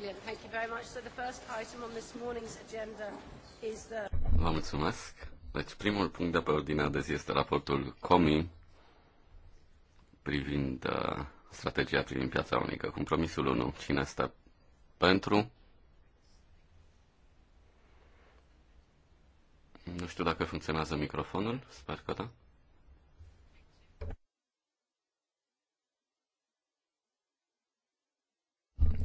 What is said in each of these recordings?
Brilliant. Thank you very much. So the first item on this morning's agenda is the... Vă mulțumesc. Deci primul punct de pe ordinea de zi este raportul COMI privind uh, strategia privind piața unică. Compromisul 1. Cine stă pentru? Nu știu dacă funcționează microfonul. Sper că da.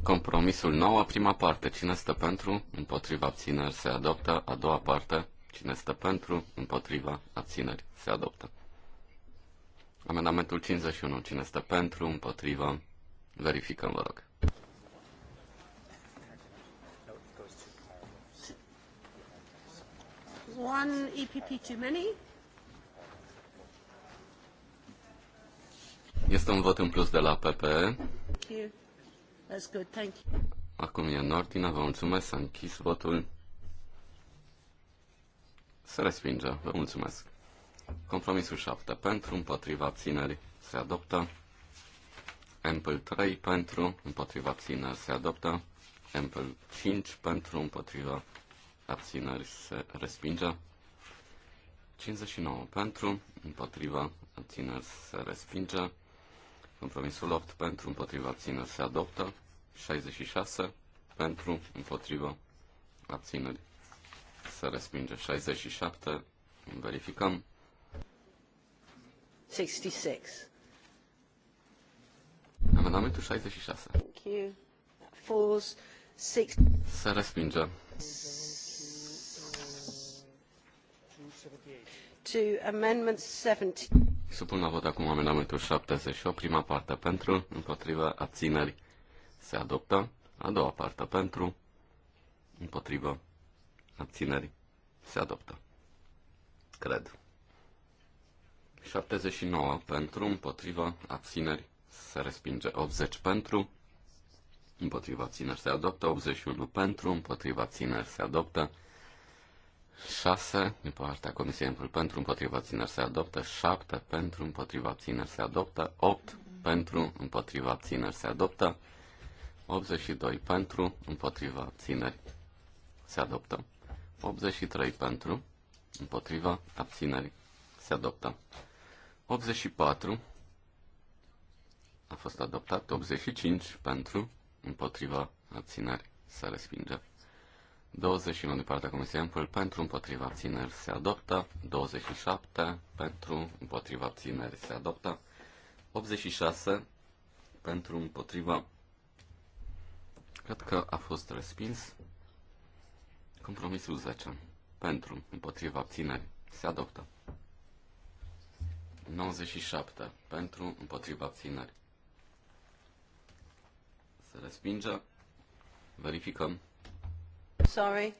Compromisul a prima parte. Cine stă pentru? Împotriva abțineri se adoptă. A doua parte. Cine stă pentru? Împotriva abțineri se adoptă. Amendamentul 51. Cine stă pentru? Împotriva? Verificăm, vă rog. One EPP too many. Este un vot în plus de la PPE. Thank you. That's good, thank you. Acum e în ordine, vă mulțumesc, s-a închis votul. Se respinge, vă mulțumesc. Compromisul 7 pentru, împotriva abținerii se adoptă. Ample 3 pentru, împotriva abținerii se adoptă. Ample 5 pentru, împotriva abținerii se respinge. 59 pentru, împotriva abținerii se respinge. Compromisul 8 pentru împotriva abținerii se adoptă. 66 pentru împotriva abținerii se respinge. 67 verificăm. 66. Amendamentul 66. Thank you. falls. Six. Se respinge. To amendment 70. Supun la vot acum amendamentul 78, prima parte pentru, împotriva abțineri se adoptă, a doua parte pentru, împotriva abțineri se adoptă. Cred. 79 pentru, împotriva abțineri se respinge, 80 pentru, împotriva abțineri se adoptă, 81 pentru, împotriva abțineri se adoptă, 6 din partea Comisiei Empul pentru împotriva țineri se adoptă, 7 pentru împotriva țineri se adoptă, 8 pentru împotriva țineri se adoptă, 82 pentru împotriva țineri se adoptă, 83 pentru împotriva abținerii se adoptă, 84 a fost adoptat, 85 pentru împotriva abținerii se respinge. 21 din partea Comisiei Ampul pentru împotriva abțineri se adoptă, 27 pentru împotriva abțineri se adoptă, 86 pentru împotriva cred că a fost respins, compromisul 10 pentru împotriva abțineri se adoptă, 97 pentru împotriva abțineri se respinge, verificăm sorry.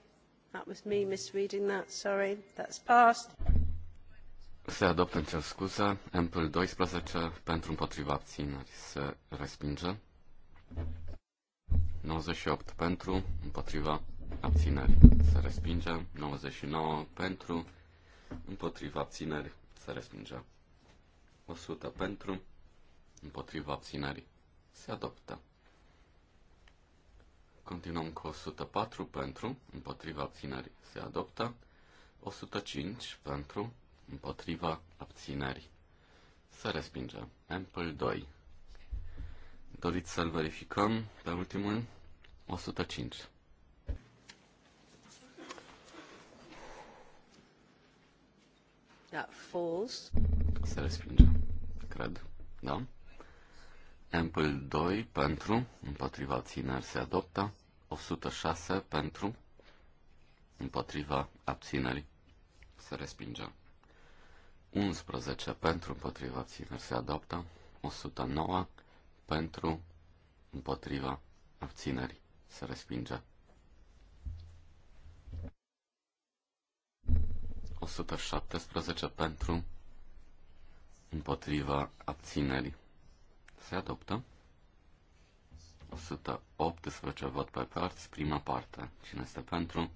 That was me misreading that, sorry. That's passed. Se adoptă, îmi cer scuze, ampul 12 pentru împotriva abțineri se respinge. 98 pentru, împotriva abțineri se respinge. 99 pentru, împotriva abțineri se respinge. 100 pentru, împotriva abținerii se adoptă. Continuăm cu 104 pentru, împotriva abținerii se adoptă. 105 pentru, împotriva abținerii. se respinge Ample 2. Doriți să-l verificăm pe ultimul? 105. That falls. Se respinge, cred, da? Ample 2 pentru, împotriva abținerii se adoptă. 106 pentru, împotriva abținerii, se respinge. 11 pentru, împotriva abținerii, se adoptă. 109 pentru, împotriva abținerii, se respinge. 117 pentru, împotriva abținerii, se adoptă. 118 vot pe părți, prima parte. Cine este pentru?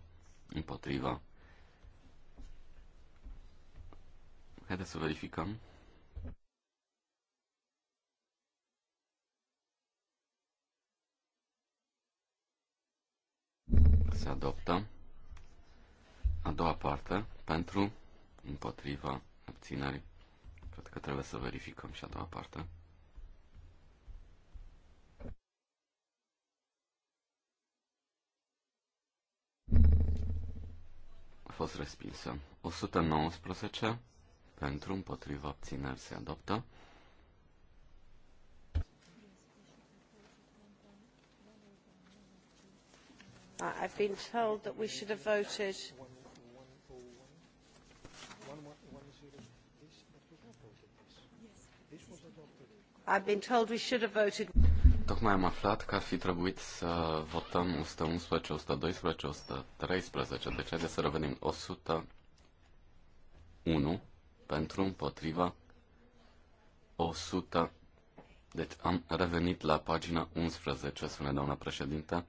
Împotriva. Haideți să verificăm. Se adoptă. A doua parte, pentru, împotriva, abținerii. Cred că trebuie să verificăm și a doua parte. fost respinsă. 119 pentru, împotriva abțineri se adoptă. Uh, I've been told that we should have voted I've been told we should have voted Tocmai am aflat că ar fi trebuit să votăm 111, 112, 113, deci haideți să revenim 101 pentru împotriva 100. Deci am revenit la pagina 11, spune doamna președinte.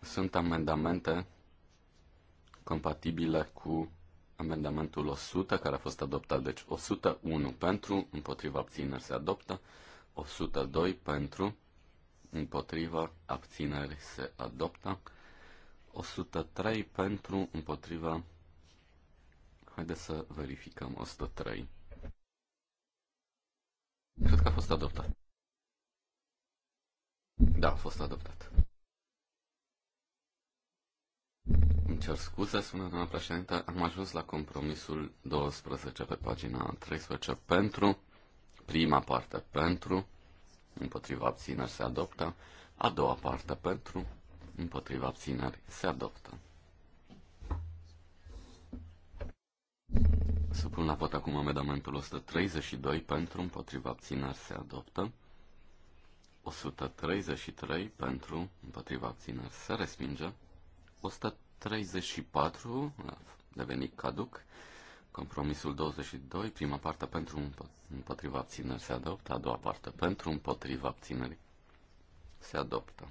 Sunt amendamente compatibile cu amendamentul 100 care a fost adoptat, deci 101 pentru, împotriva abțineri se adoptă, 102 pentru, împotriva, abțineri se adoptă. 103 pentru, împotriva, haideți să verificăm 103. Cred că a fost adoptat. Da, a fost adoptat. Îmi cer scuze, spune doamna președinte, am ajuns la compromisul 12 pe pagina 13 pentru, Prima parte pentru, împotriva abțineri se adoptă. A doua parte pentru, împotriva abțineri se adoptă. Supun la vot acum amendamentul 132 pentru, împotriva abțineri se adoptă. 133 pentru, împotriva abțineri se respinge. 134 a devenit caduc. Compromisul 22, prima parte pentru împotriva abținerii se adoptă, a doua parte pentru împotriva abținerii se adoptă.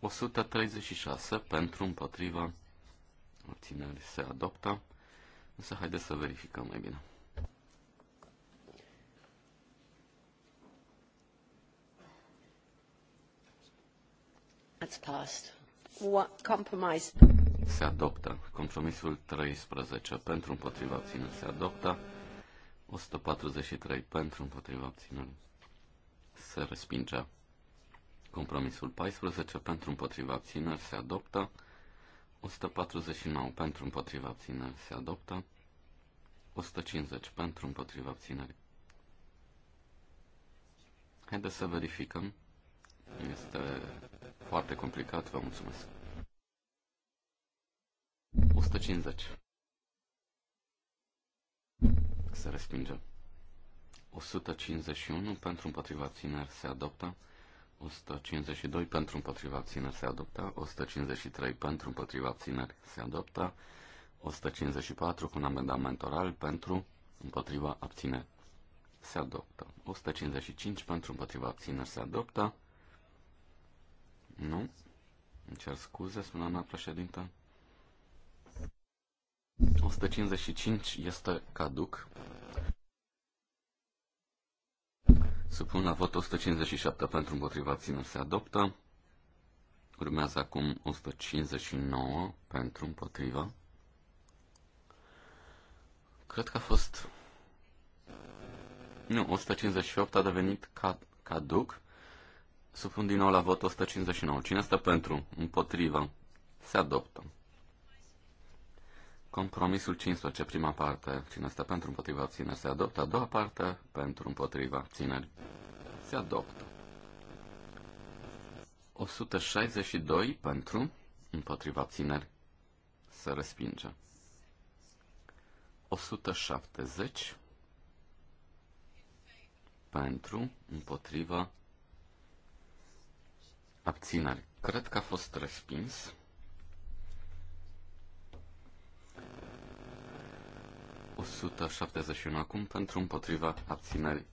136 pentru împotriva abținerii se adoptă, însă haideți să verificăm mai bine. That's passed. What compromise? se adoptă. Compromisul 13 pentru împotriva abțineri se adoptă. 143 pentru împotriva abțineri se respinge. Compromisul 14 pentru împotriva abțineri se adoptă. 149 pentru împotriva abțineri se adoptă. 150 pentru împotriva abțineri. Haideți să verificăm. Este foarte complicat, vă mulțumesc. 150. Se respinge. 151 pentru împotriva țineri se adoptă. 152 pentru împotriva țineri se adoptă, 153 pentru împotriva țineri se adoptă, 154 cu un amendament oral pentru împotriva abțineri se adoptă, 155 pentru împotriva abțineri se adoptă, nu, îmi cer scuze, spune doamna președintă, 155 este caduc. Supun la vot 157 pentru împotriva abțineri se adoptă. Urmează acum 159 pentru împotriva. Cred că a fost... Nu, 158 a devenit caduc. Supun din nou la vot 159. Cine stă pentru? Împotriva. Se adoptă. Compromisul 15, prima parte, cine este pentru împotriva abțineri se adoptă, a doua parte, pentru împotriva abțineri se adoptă. 162 pentru împotriva abțineri se respinge. 170 pentru împotriva abțineri. Cred că a fost respins. 171 acum pentru împotriva abținerii.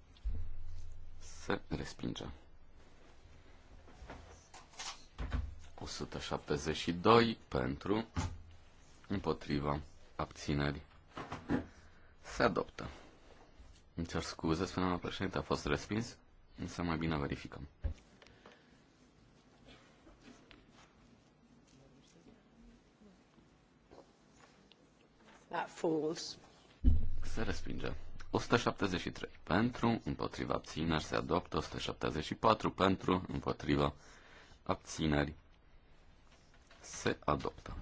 Se respinge. 172 pentru împotriva abținerii. Se adoptă. Îmi cer scuze, spunea la președinte, a fost respins, însă mai bine verificăm. That falls se respinge. 173 pentru, împotriva abțineri se adoptă, 174 pentru, împotriva abțineri se adoptă.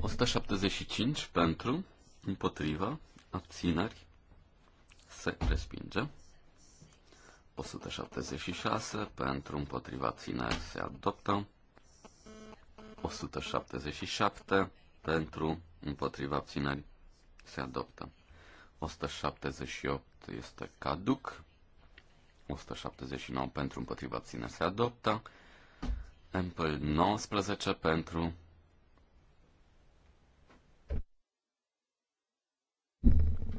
175 pentru, împotriva, abțineri, se respinge. 176 pentru, împotriva, abțineri, se adoptă. 177 pentru, împotriva abțineri, se adoptă. 178 este caduc, 179 pentru, împotriva abținerii se adoptă. Ample 19 pentru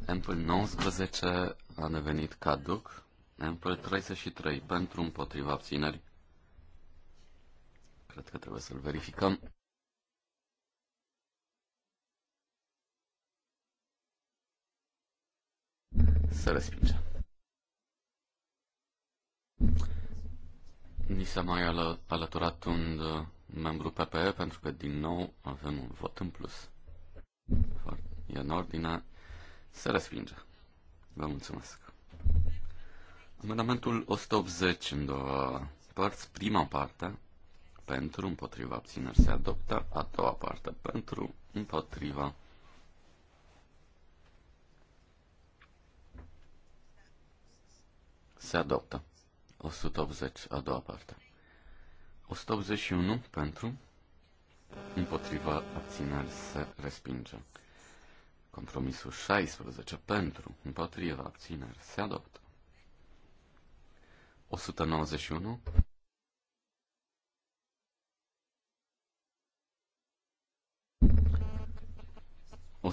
Ample 19 a devenit caduc. Ample 33 pentru împotriva abținerii. Cred că trebuie să-l verificăm. Să respinge. Ni s-a mai ală, alăturat un uh, membru PPE pentru că din nou avem un vot în plus. E în ordine. să respinge. Vă mulțumesc. Amendamentul 180 în două părți. Prima parte pentru, împotriva abțineri se adoptă. A doua parte pentru, împotriva Se adoptă. 180, a doua parte. 181 pentru, împotriva abțineri se respinge. Compromisul 16 pentru, împotriva abțineri se adoptă. 191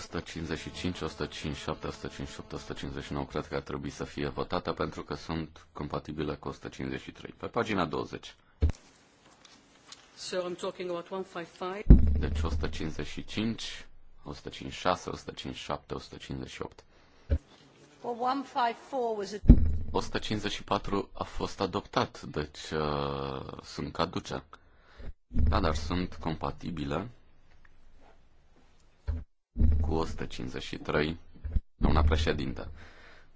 155, 157, 158, 159 cred că ar trebui să fie votată pentru că sunt compatibile cu 153. Pe pagina 20. So I'm talking about 155. Deci 155, 156, 157, 158. Well, 154 was a... 154 a fost adoptat, deci uh, sunt caduce. Da, dar sunt compatibile cu 153, doamna președintă,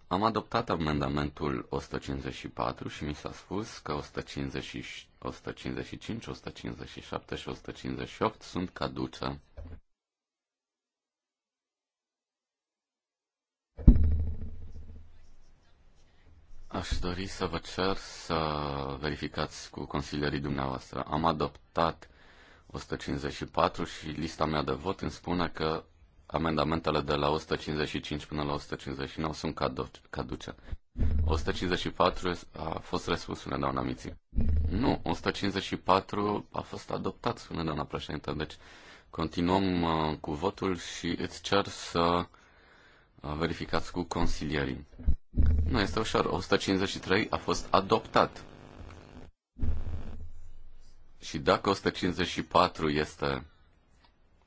am adoptat amendamentul 154 și mi s-a spus că 150, 155, 157 și 158 sunt caduce. Aș dori să vă cer să verificați cu consilierii dumneavoastră. Am adoptat 154 și lista mea de vot îmi spune că amendamentele de la 155 până la 159 sunt caduce. 154 a fost respus, spune doamna Miții. Nu, 154 a fost adoptat, spune doamna președinte. Deci continuăm uh, cu votul și îți cer să uh, verificați cu consilierii. Nu, este ușor. 153 a fost adoptat. Și dacă 154 este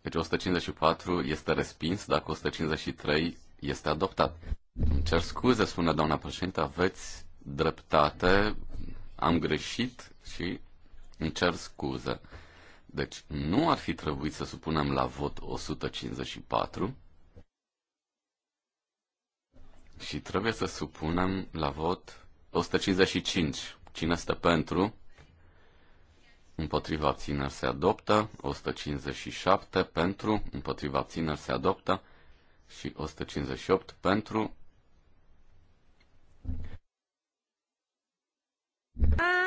deci 154 este respins, dacă 153 este adoptat. Îmi cer scuze, spune doamna președinte, aveți dreptate, am greșit și îmi cer scuze. Deci nu ar fi trebuit să supunem la vot 154 și trebuie să supunem la vot 155. Cine este pentru? împotriva abțineri se adoptă, 157 pentru, împotriva abțineri se adoptă și 158 pentru.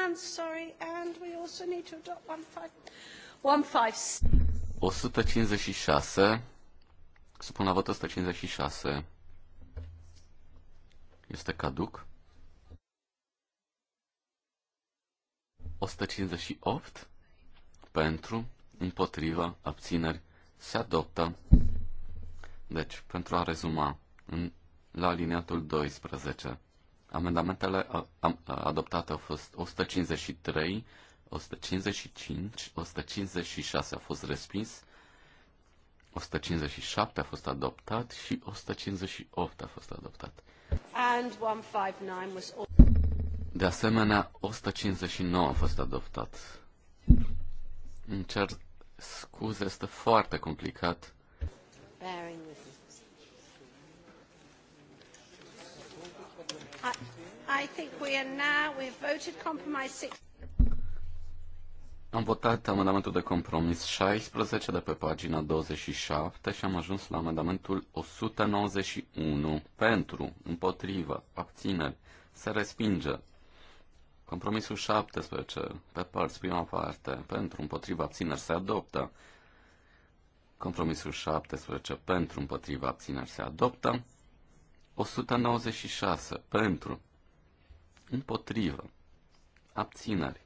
And sorry, and we also need to adopt one five, one five. 156. Supun la vot 156. Este caduc. 158 pentru, împotriva, abțineri, se adoptă. Deci, pentru a rezuma, în, la aliniatul 12, amendamentele a, a, adoptate au fost 153, 155, 156 a fost respins, 157 a fost adoptat și 158 a fost adoptat. And 159 was de asemenea, 159 a fost adoptat. Îmi cer scuze, este foarte complicat. I think we are now, we've voted compromise six. Am votat amendamentul de compromis 16 de pe pagina 27 și am ajuns la amendamentul 191 pentru, împotrivă, abțineri, se respinge. Compromisul 17, pe părți, prima parte, pentru, împotriva, abțineri, se adoptă. Compromisul 17, pentru, împotriva, abțineri, se adoptă. 196, pentru, împotrivă, abțineri.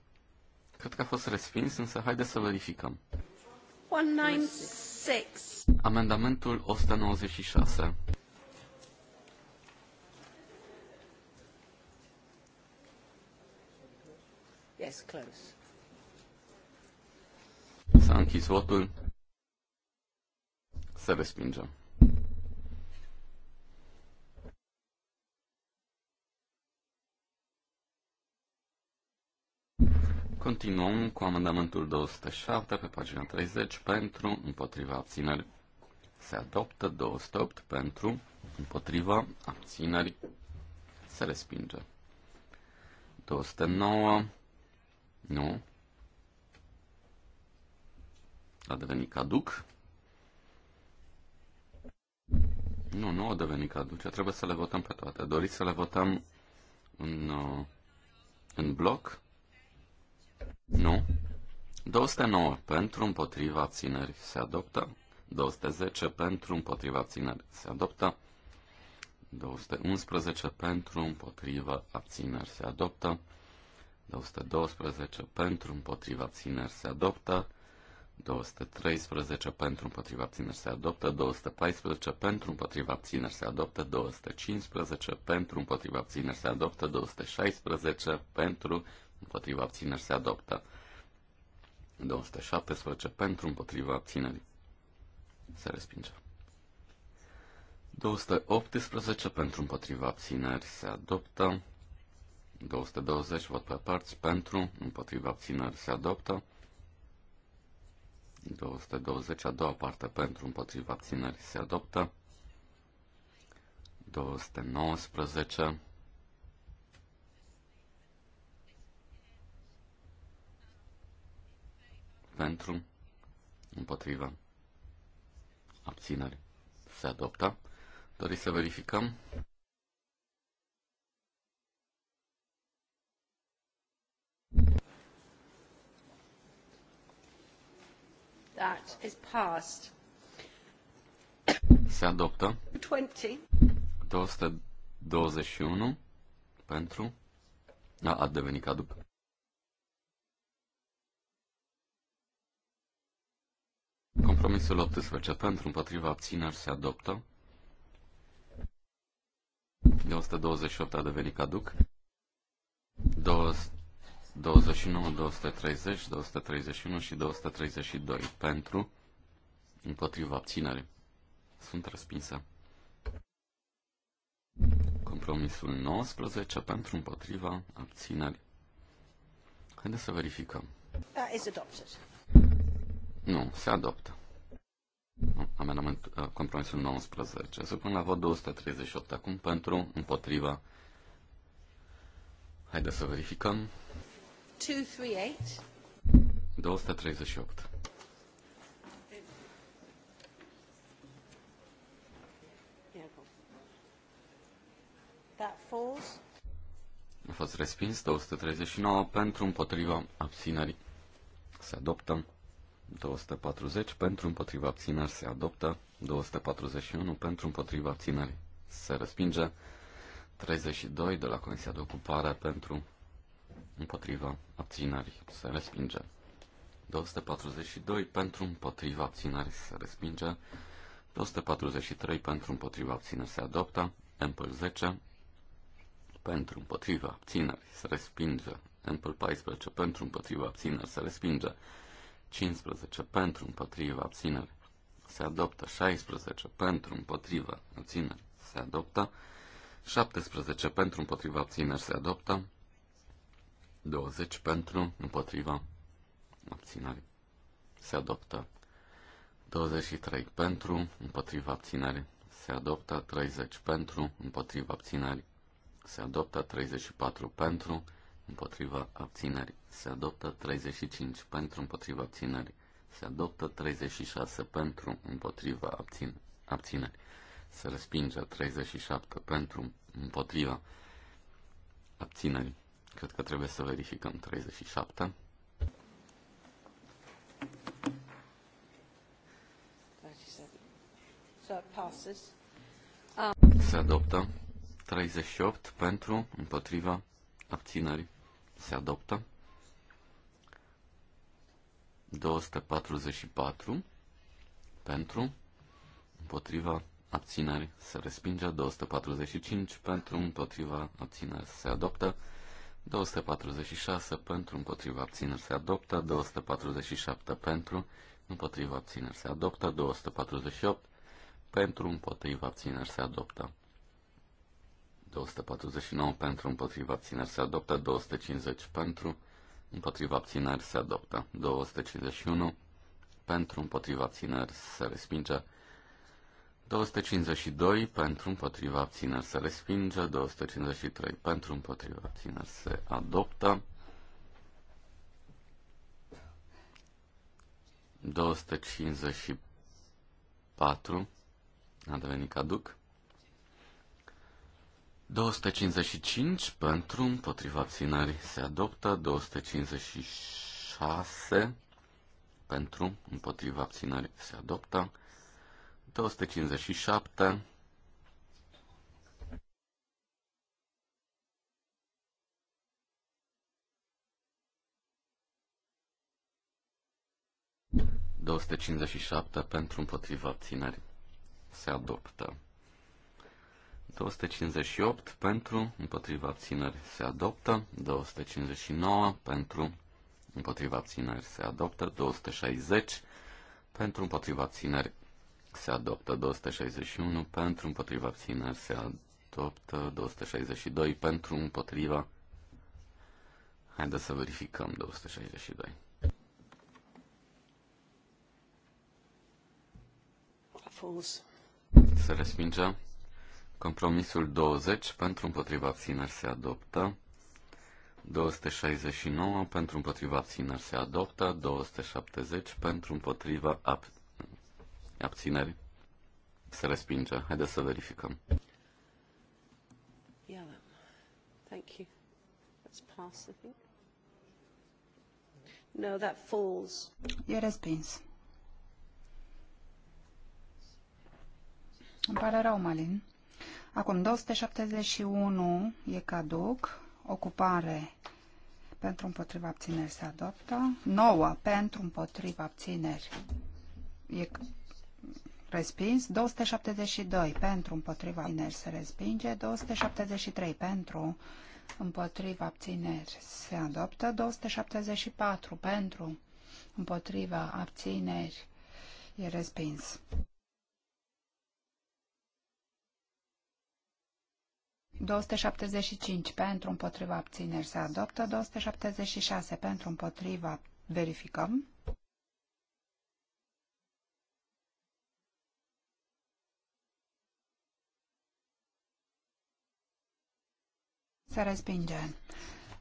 Cred că a fost respins, însă haideți să verificăm. 196. Amendamentul 196. is closed. S-a închis votul. Se respinge. Continuăm cu amendamentul 207 pe pagina 30 pentru, împotriva abțineri. Se adoptă 208 pentru, împotriva abțineri. Se respinge. 209 nu. A devenit caduc? Nu, nu a devenit caduc. Deci trebuie să le votăm pe toate. Doriți să le votăm în, uh, în bloc? Nu. 209 pentru, împotriva, abțineri se adoptă. 210 pentru, împotriva, abțineri se adoptă. 211 pentru, împotriva, abțineri se adoptă. 212 pentru, împotriva țineri se adoptă, 213 pentru, împotriva țineri se adoptă, 214 pentru, împotriva țineri se adoptă, 215 pentru, împotriva țineri se adoptă, 216 pentru, împotriva țineri se adoptă, 217 pentru, împotriva țineri se respinge. 218 pentru împotriva abțineri se adoptă, 220 vot pe părți pentru, împotriva abțineri se adoptă. 220 a doua parte pentru, împotriva abțineri se adoptă. 219 pentru, împotriva abțineri se adoptă. Doriți să verificăm? That is passed. Se adoptă. 20. 221 pentru. A, da, a devenit caduc. Compromisul 18 pentru împotriva abțineri se adoptă. 228 a devenit caduc. 200 29, 230, 231 și 232 pentru, împotriva abținere. Sunt respinse. Compromisul 19 pentru împotriva abținere. Haideți să verificăm. Nu, se adoptă. Amendament, uh, compromisul 19. Să pun la vot 238 acum pentru împotriva. Haideți să verificăm. 238. That falls. A fost respins 239 pentru împotriva abținerii. Se adoptă 240 pentru împotriva abținerii. Se adoptă 241 pentru împotriva abținerii. Se respinge 32 de la Comisia de Ocupare pentru împotriva abținerii se respinge. 242 pentru împotriva abținerii se respinge. 243 pentru împotriva abțineri se adoptă. Ample 10 pentru împotriva abțineri se respinge. Ample 14 pentru împotriva abțineri se respinge. 15 pentru împotriva abțineri se adoptă. 16 pentru împotriva abțineri se adoptă. 17 pentru împotriva abțineri se adoptă. 20 pentru, împotriva, abținere. Se adoptă. 23 pentru, împotriva abținere. Se adoptă 30 pentru, împotriva abținere. Se adoptă 34 pentru, împotriva abținerii. Se adoptă 35 pentru împotriva abținerii. Se adoptă 36 pentru împotriva abțin, abținerii. Se respinge 37 pentru împotriva abținerii. Cred că trebuie să verificăm 37. Um, Se adoptă 38 pentru, împotriva, abțineri. Se adoptă 244 pentru, împotriva, abțineri. Se respinge 245 pentru, împotriva, abțineri. Se adoptă 246 pentru, împotriva abțineri se adoptă, 247 pentru, împotriva abțineri se adoptă, 248 pentru, împotriva abțineri se adoptă. 249 pentru, împotriva abțineri se adoptă, 250 pentru, împotriva abțineri se adoptă, 251 pentru, împotriva abțineri se respinge, 252 pentru împotriva abțineri se respinge, 253 pentru împotriva abțineri se adoptă, 254 a devenit caduc, 255 pentru împotriva abținării se adoptă, 256 pentru împotriva abținării se adoptă, 157. ...257 pentru împotriva abțineri se adoptă. 258 pentru, împotriva abțineri se adoptă, 259 pentru, împotriva abțineri se adoptă, 260 pentru, împotriva abțineri se adoptă 261 pentru împotriva abțineri, se adoptă 262 pentru împotriva. Haideți să verificăm 262. Fals. Se respinge. Compromisul 20 pentru împotriva abțineri se adoptă. 269 pentru împotriva abțineri se adoptă. 270 pentru împotriva abțineri abțineri, se respinge. Haideți să verificăm. Yeah, thank you. That's passed, I think. No, that falls. E respins. Îmi pare rău, Malin. Acum, 271 e caduc, ocupare pentru împotriva abțineri se adoptă, 9 pentru împotriva abțineri e respins, 272 pentru împotriva abțineri se respinge, 273 pentru împotriva abțineri se adoptă, 274 pentru împotriva abțineri e respins. cinci pentru împotriva abțineri se adoptă, 276 pentru împotriva verificăm. Se respinge.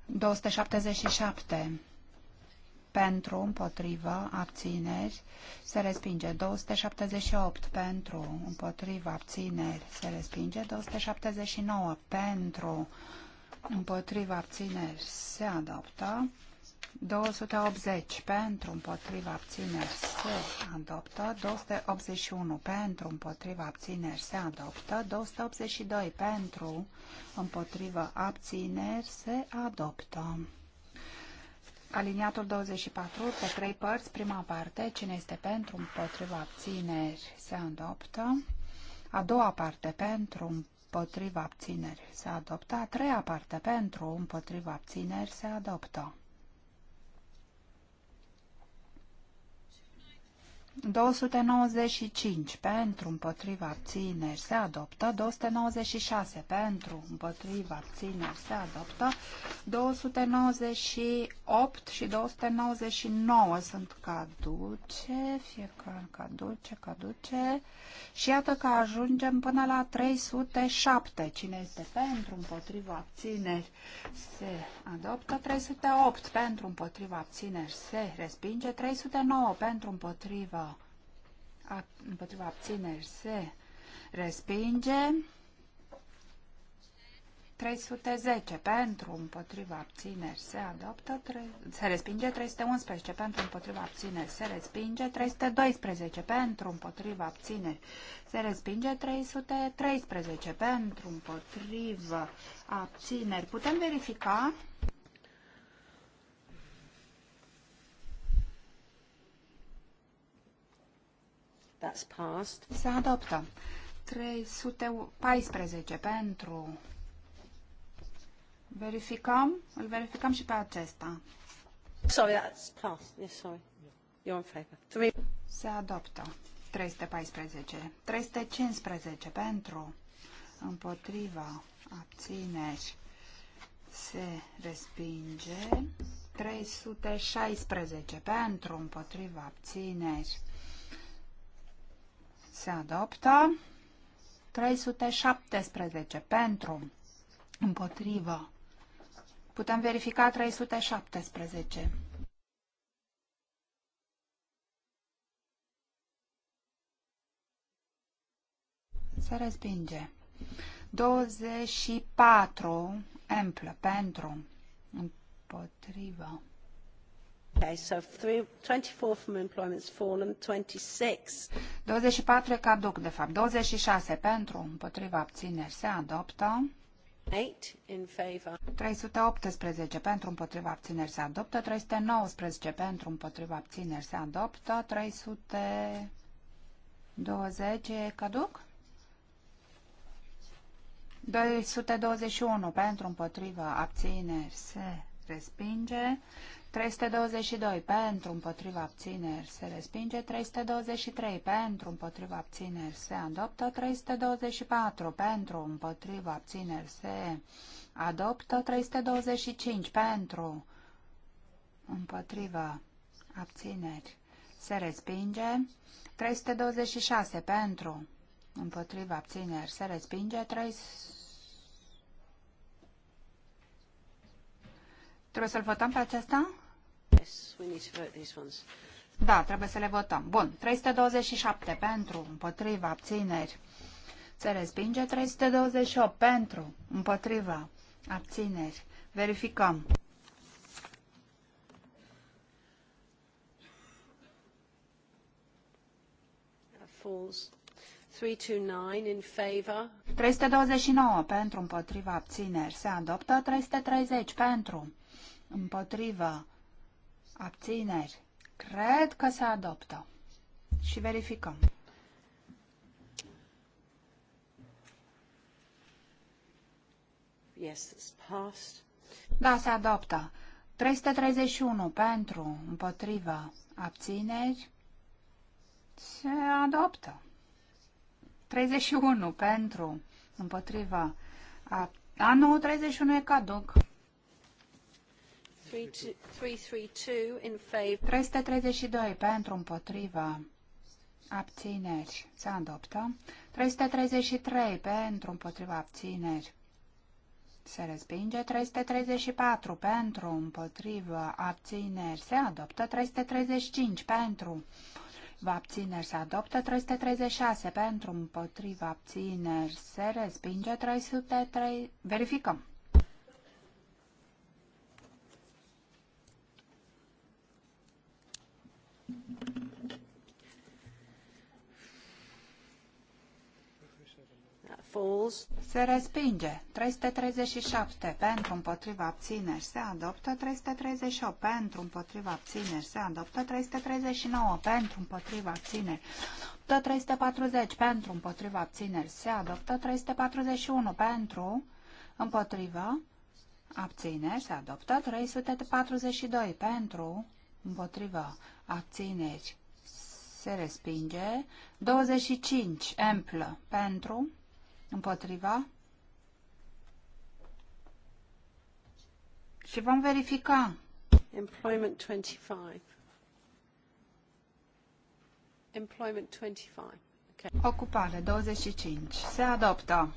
277 pentru, împotrivă, abțineri, se respinge 278 pentru, împotrivă, abțineri, se respinge 279 pentru, împotrivă, abțineri, se adoptă 280 pentru împotriva abțineri se adoptă, 281 pentru împotriva abțineri se adoptă, 282 pentru împotriva abțineri se adoptă. Aliniatul 24 pe trei părți, prima parte, cine este pentru împotriva abțineri se adoptă, a doua parte pentru împotriva abțineri se adoptă, a treia parte pentru împotriva abțineri se adoptă. 295 pentru împotriva abțineri se adoptă, 296 pentru împotriva abțineri se adoptă, 298 și 299 sunt caduce, fiecare caduce, caduce și iată că ajungem până la 307. Cine este pentru împotriva abțineri se adoptă, 308 pentru împotriva abțineri se respinge, 309 pentru împotriva împotriva abțineri se respinge. 310 pentru împotriva abțineri se adoptă, se respinge 311 pentru împotriva abțineri se respinge, 312 pentru împotriva abțineri se respinge, 313 pentru împotriva abțineri. Putem verifica? That's passed. Se adoptă. 314 pentru. Verificăm. Îl verificăm și pe acesta. Sorry, that's passed. Yes, sorry. You're in favor. Three. Se adoptă. 314. 315 pentru. Împotriva. Abțineri. Se respinge. 316 pentru. Împotriva. Abțineri se adoptă. 317 pentru, împotrivă. Putem verifica 317. Se respinge. 24 amplă pentru, împotrivă. Okay, so three, 24 from employment's fallen, 26. 24 e caduc, de fapt. 26 pentru, împotriva abțineri se adoptă. 8 in favor. 318 pentru împotriva abțineri se adoptă, 319 pentru împotriva abțineri se adoptă, 320 e caduc? 221 pentru împotriva abțineri se respinge, 322 pentru împotriva abțineri se respinge, 323 pentru împotriva abțineri se adoptă, 324 pentru împotriva abțineri se adoptă, 325 pentru împotriva abțineri se respinge, 326 pentru împotriva abțineri se respinge, 3 Trebuie să-l votăm pe acesta? Yes, we need to vote these ones. Da, trebuie să le votăm. Bun, 327 pentru, împotriva, abțineri. Se respinge 328 pentru, împotriva, abțineri. Verificăm. Falls. 329 in favor. 329 pentru împotriva abțineri. Se adoptă 330 pentru împotrivă, abțineri, cred că se adoptă. Și verificăm. Yes, it's passed. Da, se adoptă. 331 pentru, împotrivă, abțineri, se adoptă. 31 pentru, împotrivă, a, a nu, 31 e caduc. 332 in favor. 332 pentru împotriva abțineri se adoptă. 333 pentru împotriva abțineri se respinge. 334 pentru împotriva abțineri se adoptă. 335 pentru va abțineri se adoptă 336 pentru împotriva abțineri se respinge 303 verificăm Se respinge. 337 pentru împotriva abțineri se adoptă. 338 pentru împotriva abțineri se adoptă. 339 pentru împotriva abțineri. 340 pentru împotriva abțineri se adoptă. 341 pentru împotriva abțineri se adoptă. 342 pentru împotriva abțineri se respinge. 25 amplă pentru Împotriva. Și vom verifica. Employment 25. Employment 25. Okay. Ocupare 25. Se adoptă.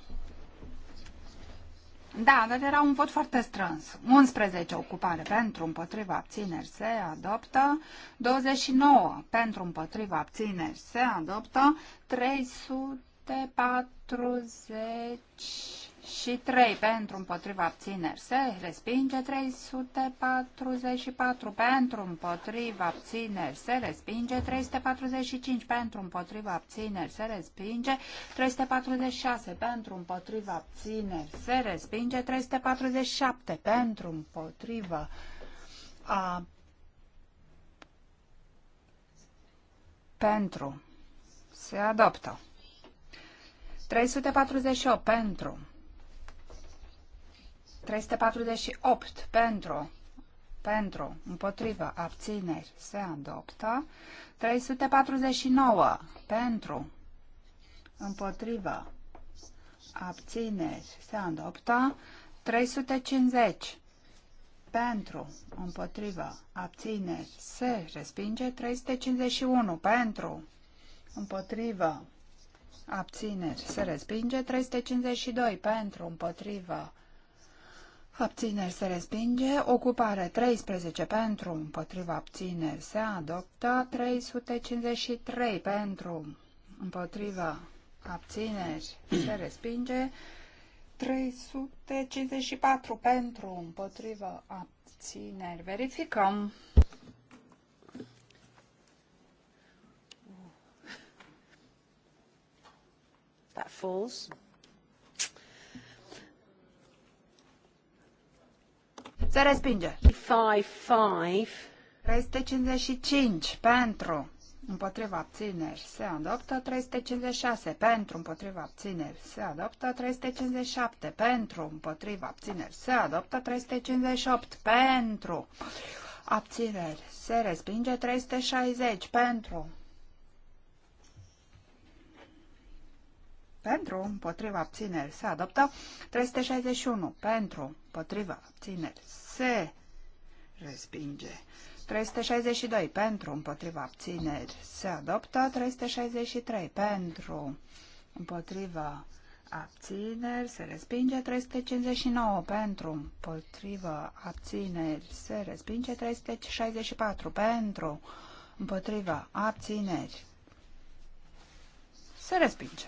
Da, dar era un vot foarte strâns. 11 ocupare pentru împotriva abțineri se adoptă, 29 pentru împotriva abțineri se adoptă, 300 3 pentru împotriva abțineri se respinge, 344 pentru împotriva abțineri se respinge, 345 pentru împotriva abțineri se respinge, 346 pentru împotriva abțineri se respinge, 347 pentru împotriva a, pentru se adoptă. 348 pentru. 348 pentru. Pentru. Împotrivă. Abțineri. Se adoptă. 349 pentru. Împotrivă. Abțineri. Se adoptă. 350 pentru, împotriva, abțineri, se respinge 351, pentru, împotriva, abțineri, se respinge. 352 pentru, împotrivă, abțineri, se respinge. Ocupare 13 pentru, împotrivă, abțineri, se adoptă. 353 pentru, împotrivă, abțineri, se respinge. 354 pentru, împotrivă, abțineri. Verificăm. That falls. Se respinge. 55. 355 pentru împotriva abțineri se adoptă 356 pentru împotriva abțineri se adoptă 357 pentru împotriva abțineri se adoptă 358 pentru abțineri se respinge 360 pentru pentru, împotriva abțineri se adoptă, 361 pentru, împotriva abțineri se respinge, 362 pentru, împotriva abțineri se adoptă, 363 pentru, împotriva abțineri se respinge, 359 pentru, împotriva abțineri se respinge, 364 pentru, împotriva abțineri se respinge.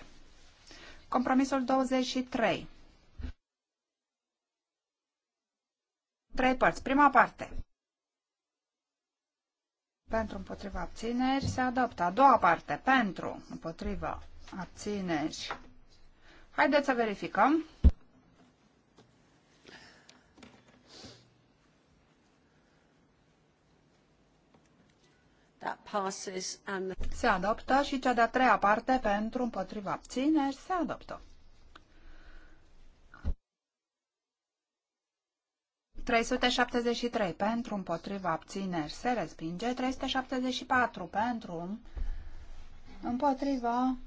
Compromisul 23. Trei părți. Prima parte. Pentru împotriva abțineri se adoptă. A doua parte. Pentru împotriva abțineri. Haideți să verificăm. Se adoptă și cea de-a treia parte pentru împotriva abțineri se adoptă. 373 pentru împotriva abțineri se respinge, 374 pentru împotriva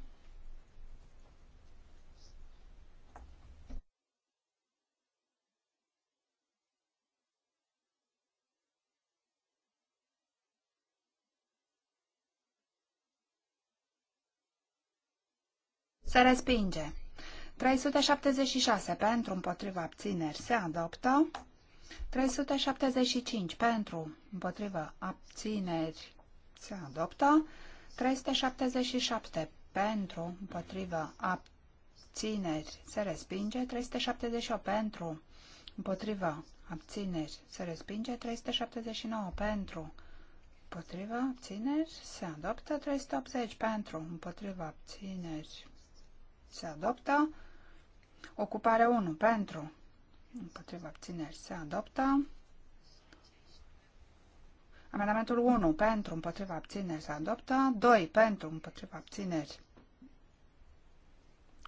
Se respinge. 376 pentru împotriva abțineri se adoptă. 375 pentru împotriva abțineri se adoptă. 377 pentru împotriva abțineri se respinge. 378 pentru împotriva abțineri se respinge. 379 pentru împotriva abțineri se adoptă. 380 pentru împotriva abțineri se adoptă. Ocupare 1 pentru, împotriva abțineri se adoptă. Amendamentul 1 pentru, împotriva abțineri se adoptă. 2 pentru, împotriva abțineri.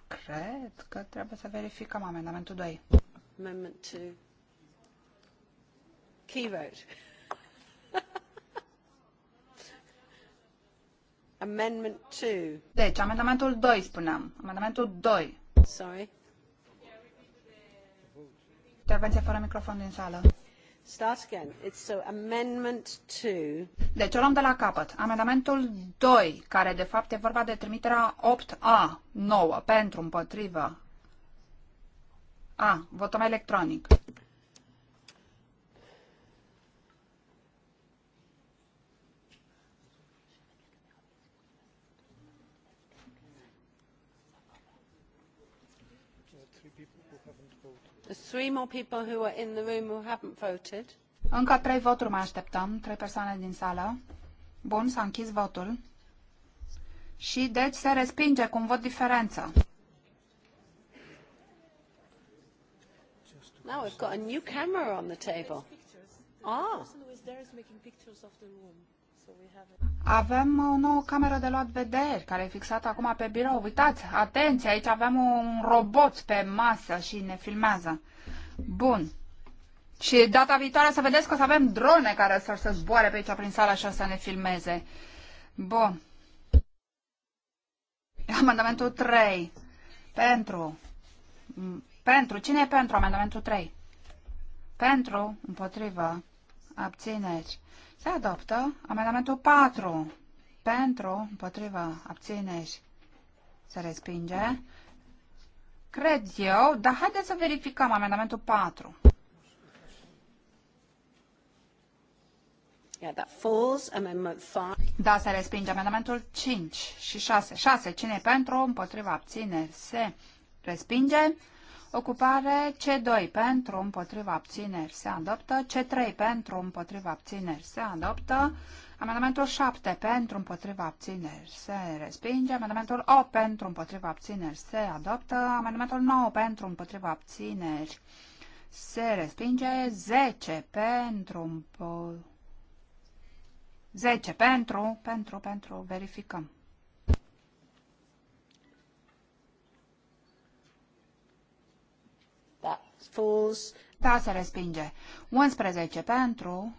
Cred că trebuie să verificăm amendamentul 2. Amendment 2. Key vote. Amendment 2. Deci, amendamentul 2, spuneam. Amendamentul 2. Sorry. Intervenție fără microfon din sală. Start again. It's so amendment 2. Deci o luăm de la capăt. Amendamentul 2, care de fapt e vorba de trimiterea 8A, 9, pentru, împotrivă. A, votăm electronic. Încă trei voturi mai așteptăm, trei persoane din sală. Bun, s-a închis votul. Și deci se respinge cu un vot diferență. Now we've got a new camera on the table. Ah. Oh. Avem o nouă cameră de luat vederi care e fixată acum pe birou. Uitați, atenție, aici avem un robot pe masă și ne filmează. Bun. Și data viitoare să vedeți că o să avem drone care să, se zboare pe aici prin sala și o să ne filmeze. Bun. Amendamentul 3. Pentru. Pentru. Cine e pentru amendamentul 3? Pentru. Împotrivă. Abțineri. Se adoptă amendamentul 4 pentru, împotrivă, abțineri, se respinge. Cred eu, dar haideți să verificăm amendamentul 4. Yeah, that falls. Amendment 5. Da, se respinge amendamentul 5 și 6. 6. Cine e pentru? Împotriva abțineri. Se respinge. Ocupare C2 pentru împotriva abțineri se adoptă. C3 pentru împotriva abțineri se adoptă. Amendamentul 7 pentru împotriva abțineri se respinge. Amendamentul 8 pentru împotriva abțineri se adoptă. Amendamentul 9 pentru împotriva abțineri se respinge. 10 pentru împotriva 10 pentru, pentru, pentru, verificăm. refuz, da, se respinge. 11 pentru,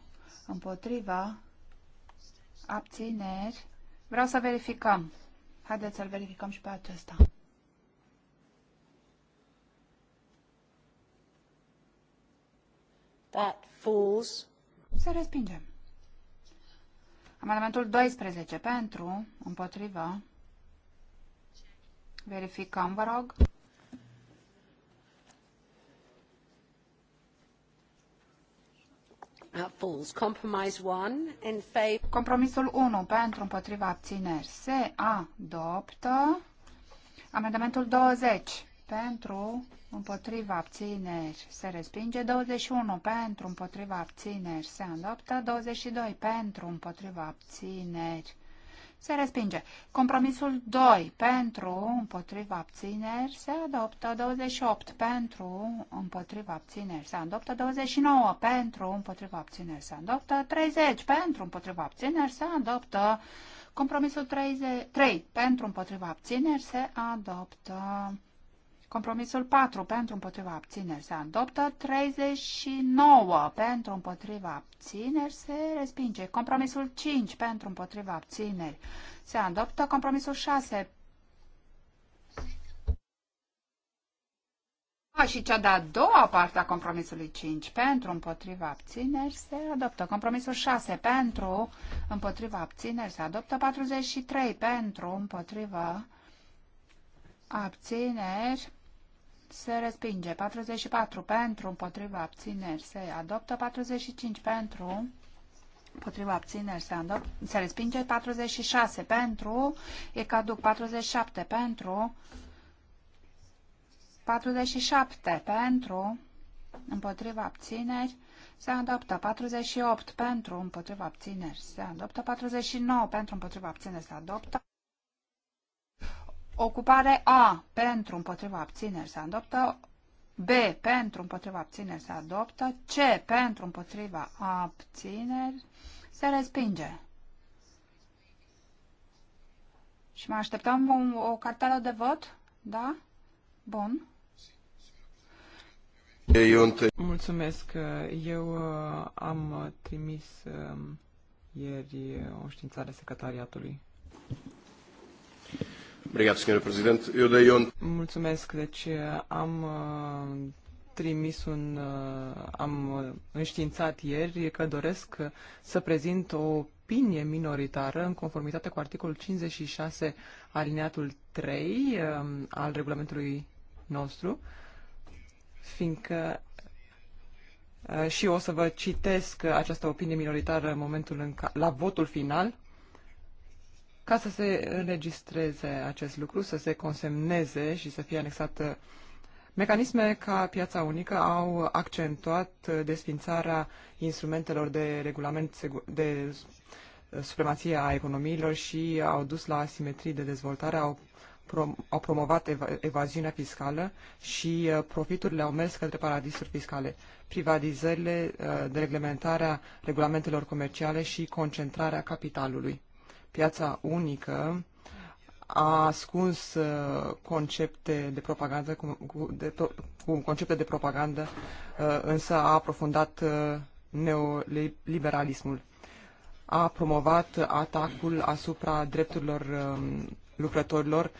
împotriva, abțineri. Vreau să verificăm. Haideți să-l verificăm și pe acesta. That falls. Se respinge. Amendamentul 12 pentru, împotriva, verificăm, vă rog. Uh, Compromisul 1 pentru împotriva abțineri se adoptă. Amendamentul 20 pentru împotriva abțineri se respinge. 21 pentru împotriva abțineri se adoptă. 22 pentru împotriva abțineri se respinge. Compromisul 2 pentru, împotriva abțineri, se adoptă 28 pentru, împotriva abțineri, se adoptă 29 pentru, împotriva abțineri, se adoptă 30 pentru, împotriva abțineri, se adoptă compromisul 30, 3 pentru, împotriva abțineri, se adoptă Compromisul 4 pentru împotriva abțineri se adoptă. 39 pentru împotriva abțineri se respinge. Compromisul 5 pentru împotriva abțineri se adoptă. Compromisul 6 A, ah, și cea de-a doua parte a compromisului 5 pentru împotriva abțineri se adoptă. Compromisul 6 pentru împotriva abțineri se adoptă. 43 pentru împotriva abțineri se respinge. 44 pentru, împotriva abțineri se adoptă. 45 pentru, împotriva abțineri se, adoptă, se respinge. 46 pentru, e caduc. 47 pentru, 47 pentru, împotriva abțineri se adoptă 48 pentru împotriva abțineri, se adoptă 49 pentru împotriva abțineri, se adoptă Ocupare A pentru împotriva abțineri se adoptă. B pentru împotriva abțineri se adoptă. C pentru împotriva abțineri se respinge. Și mai așteptăm o, o cartelă de vot? Da? Bun. Mulțumesc. Eu uh, am trimis uh, ieri uh, o științare secretariatului. Mulțumesc. Deci uh, am uh, trimis un... Uh, am înștiințat ieri că doresc să prezint o opinie minoritară în conformitate cu articolul 56 alineatul 3 um, al regulamentului nostru, fiindcă și o să vă citesc această opinie minoritară în momentul în ca, la votul final, ca să se înregistreze acest lucru, să se consemneze și să fie anexată Mecanisme ca piața unică au accentuat uh, desfințarea instrumentelor de regulament de uh, supremație a economiilor și au dus la asimetrii de dezvoltare, au, prom au promovat ev evaziunea fiscală și uh, profiturile au mers către paradisuri fiscale. Privatizările, dereglementarea regulamentelor comerciale și concentrarea capitalului piața unică a ascuns uh, concepte de propagandă, cu, de, cu concepte de propagandă, uh, însă a aprofundat uh, neoliberalismul. A promovat atacul asupra drepturilor um, lucrătorilor,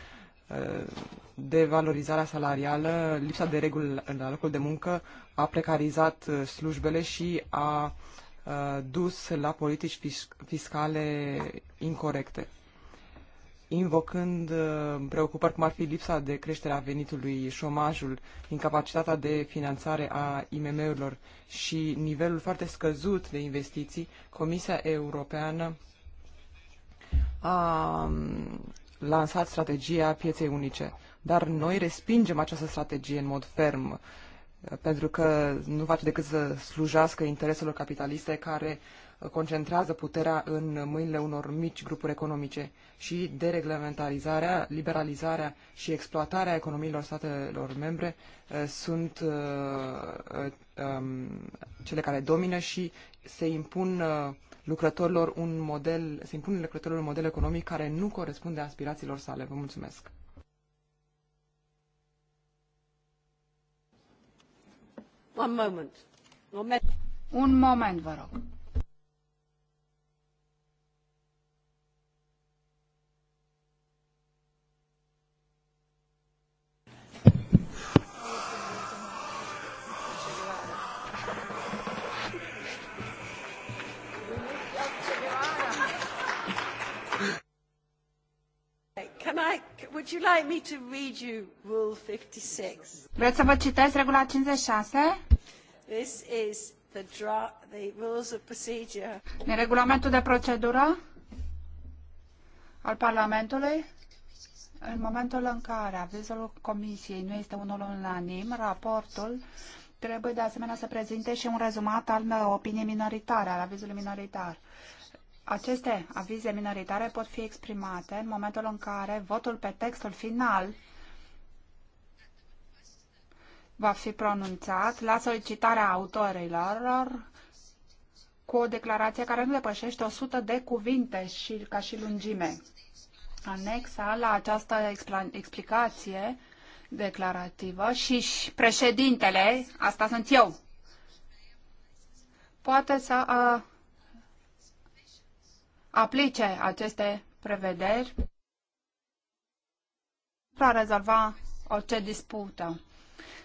devalorizarea salarială, lipsa de reguli la locul de muncă, a precarizat slujbele și a Uh, dus la politici fiscale incorrecte, invocând uh, preocupări cum ar fi lipsa de creștere a venitului, șomajul, incapacitatea de finanțare a IMM-urilor și nivelul foarte scăzut de investiții, Comisia Europeană a um, lansat strategia pieței unice. Dar noi respingem această strategie în mod ferm. Uh, pentru că nu face decât să slujească intereselor capitaliste care uh, concentrează puterea în mâinile unor mici grupuri economice și dereglementarizarea, liberalizarea și exploatarea economiilor statelor membre uh, sunt uh, um, cele care domină și se impun lucrătorilor un model, se impun lucrătorilor un model economic care nu corespunde aspirațiilor sale. Vă mulțumesc! Un moment, vă rog. would you like me to read you Rule 56? Vreți să vă citesc regula 56? This is the, the rules of procedure. regulamentul de procedură al Parlamentului, în momentul în care avizul Comisiei nu este unul unanim, raportul trebuie de asemenea să prezinte și un rezumat al opiniei minoritare, al avizului minoritar aceste avize minoritare pot fi exprimate în momentul în care votul pe textul final va fi pronunțat la solicitarea autorilor cu o declarație care nu depășește 100 de cuvinte și ca și lungime. Anexa la această explicație declarativă și președintele, asta sunt eu, poate să uh, aplice aceste prevederi pentru a rezolva orice dispută.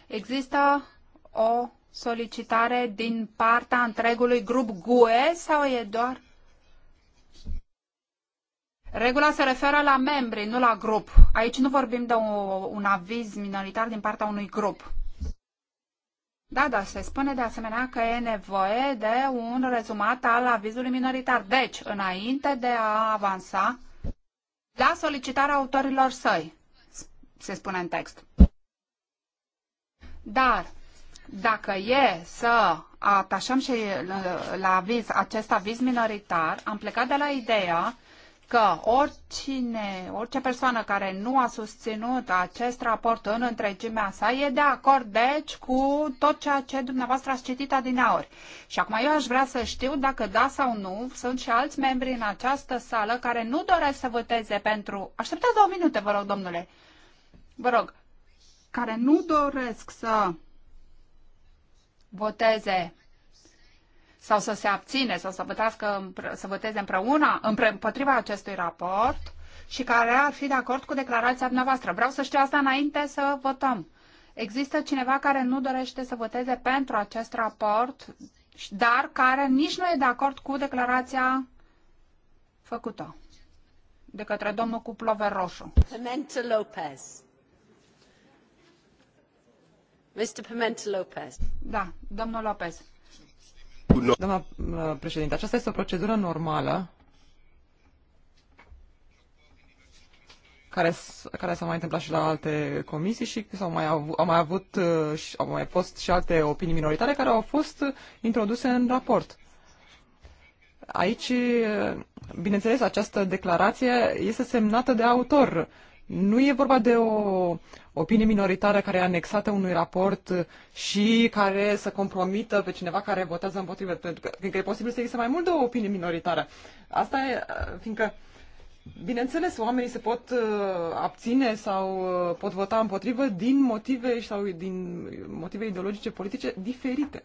Există o solicitare din partea întregului grup GUE sau e doar? Regula se referă la membri, nu la grup. Aici nu vorbim de o, un aviz minoritar din partea unui grup. Da, da, se spune de asemenea că e nevoie de un rezumat al avizului minoritar. Deci, înainte de a avansa, la solicitarea autorilor săi, se spune în text. Dar, dacă e să atașăm și la aviz, acest aviz minoritar, am plecat de la ideea că oricine, orice persoană care nu a susținut acest raport în întregimea sa e de acord, deci, cu tot ceea ce dumneavoastră ați citit adineaori. Și acum eu aș vrea să știu dacă da sau nu sunt și alți membri în această sală care nu doresc să voteze pentru... Așteptați două minute, vă rog, domnule. Vă rog. Care nu doresc să voteze sau să se abține sau să, vătească, să voteze împreună împotriva acestui raport și care ar fi de acord cu declarația dumneavoastră. Vreau să știu asta înainte să votăm. Există cineva care nu dorește să voteze pentru acest raport, dar care nici nu e de acord cu declarația făcută de către domnul cu plover roșu. Pimenta Lopez. Mr. Pimenta Lopez. Da, domnul Lopez. Doamna uh, președinte, aceasta este o procedură normală care, care s-a mai întâmplat și la alte comisii și s-au mai, av- au mai avut uh, și au mai fost și alte opinii minoritare care au fost introduse în raport. Aici, uh, bineînțeles, această declarație este semnată de autor. Nu e vorba de o opinie minoritară care e anexată unui raport și care să compromită pe cineva care votează împotrivă. Pentru că, cred că e posibil să existe mai mult de o opinie minoritară. Asta e, fiindcă, bineînțeles, oamenii se pot uh, abține sau uh, pot vota împotrivă din motive sau din motive ideologice, politice diferite.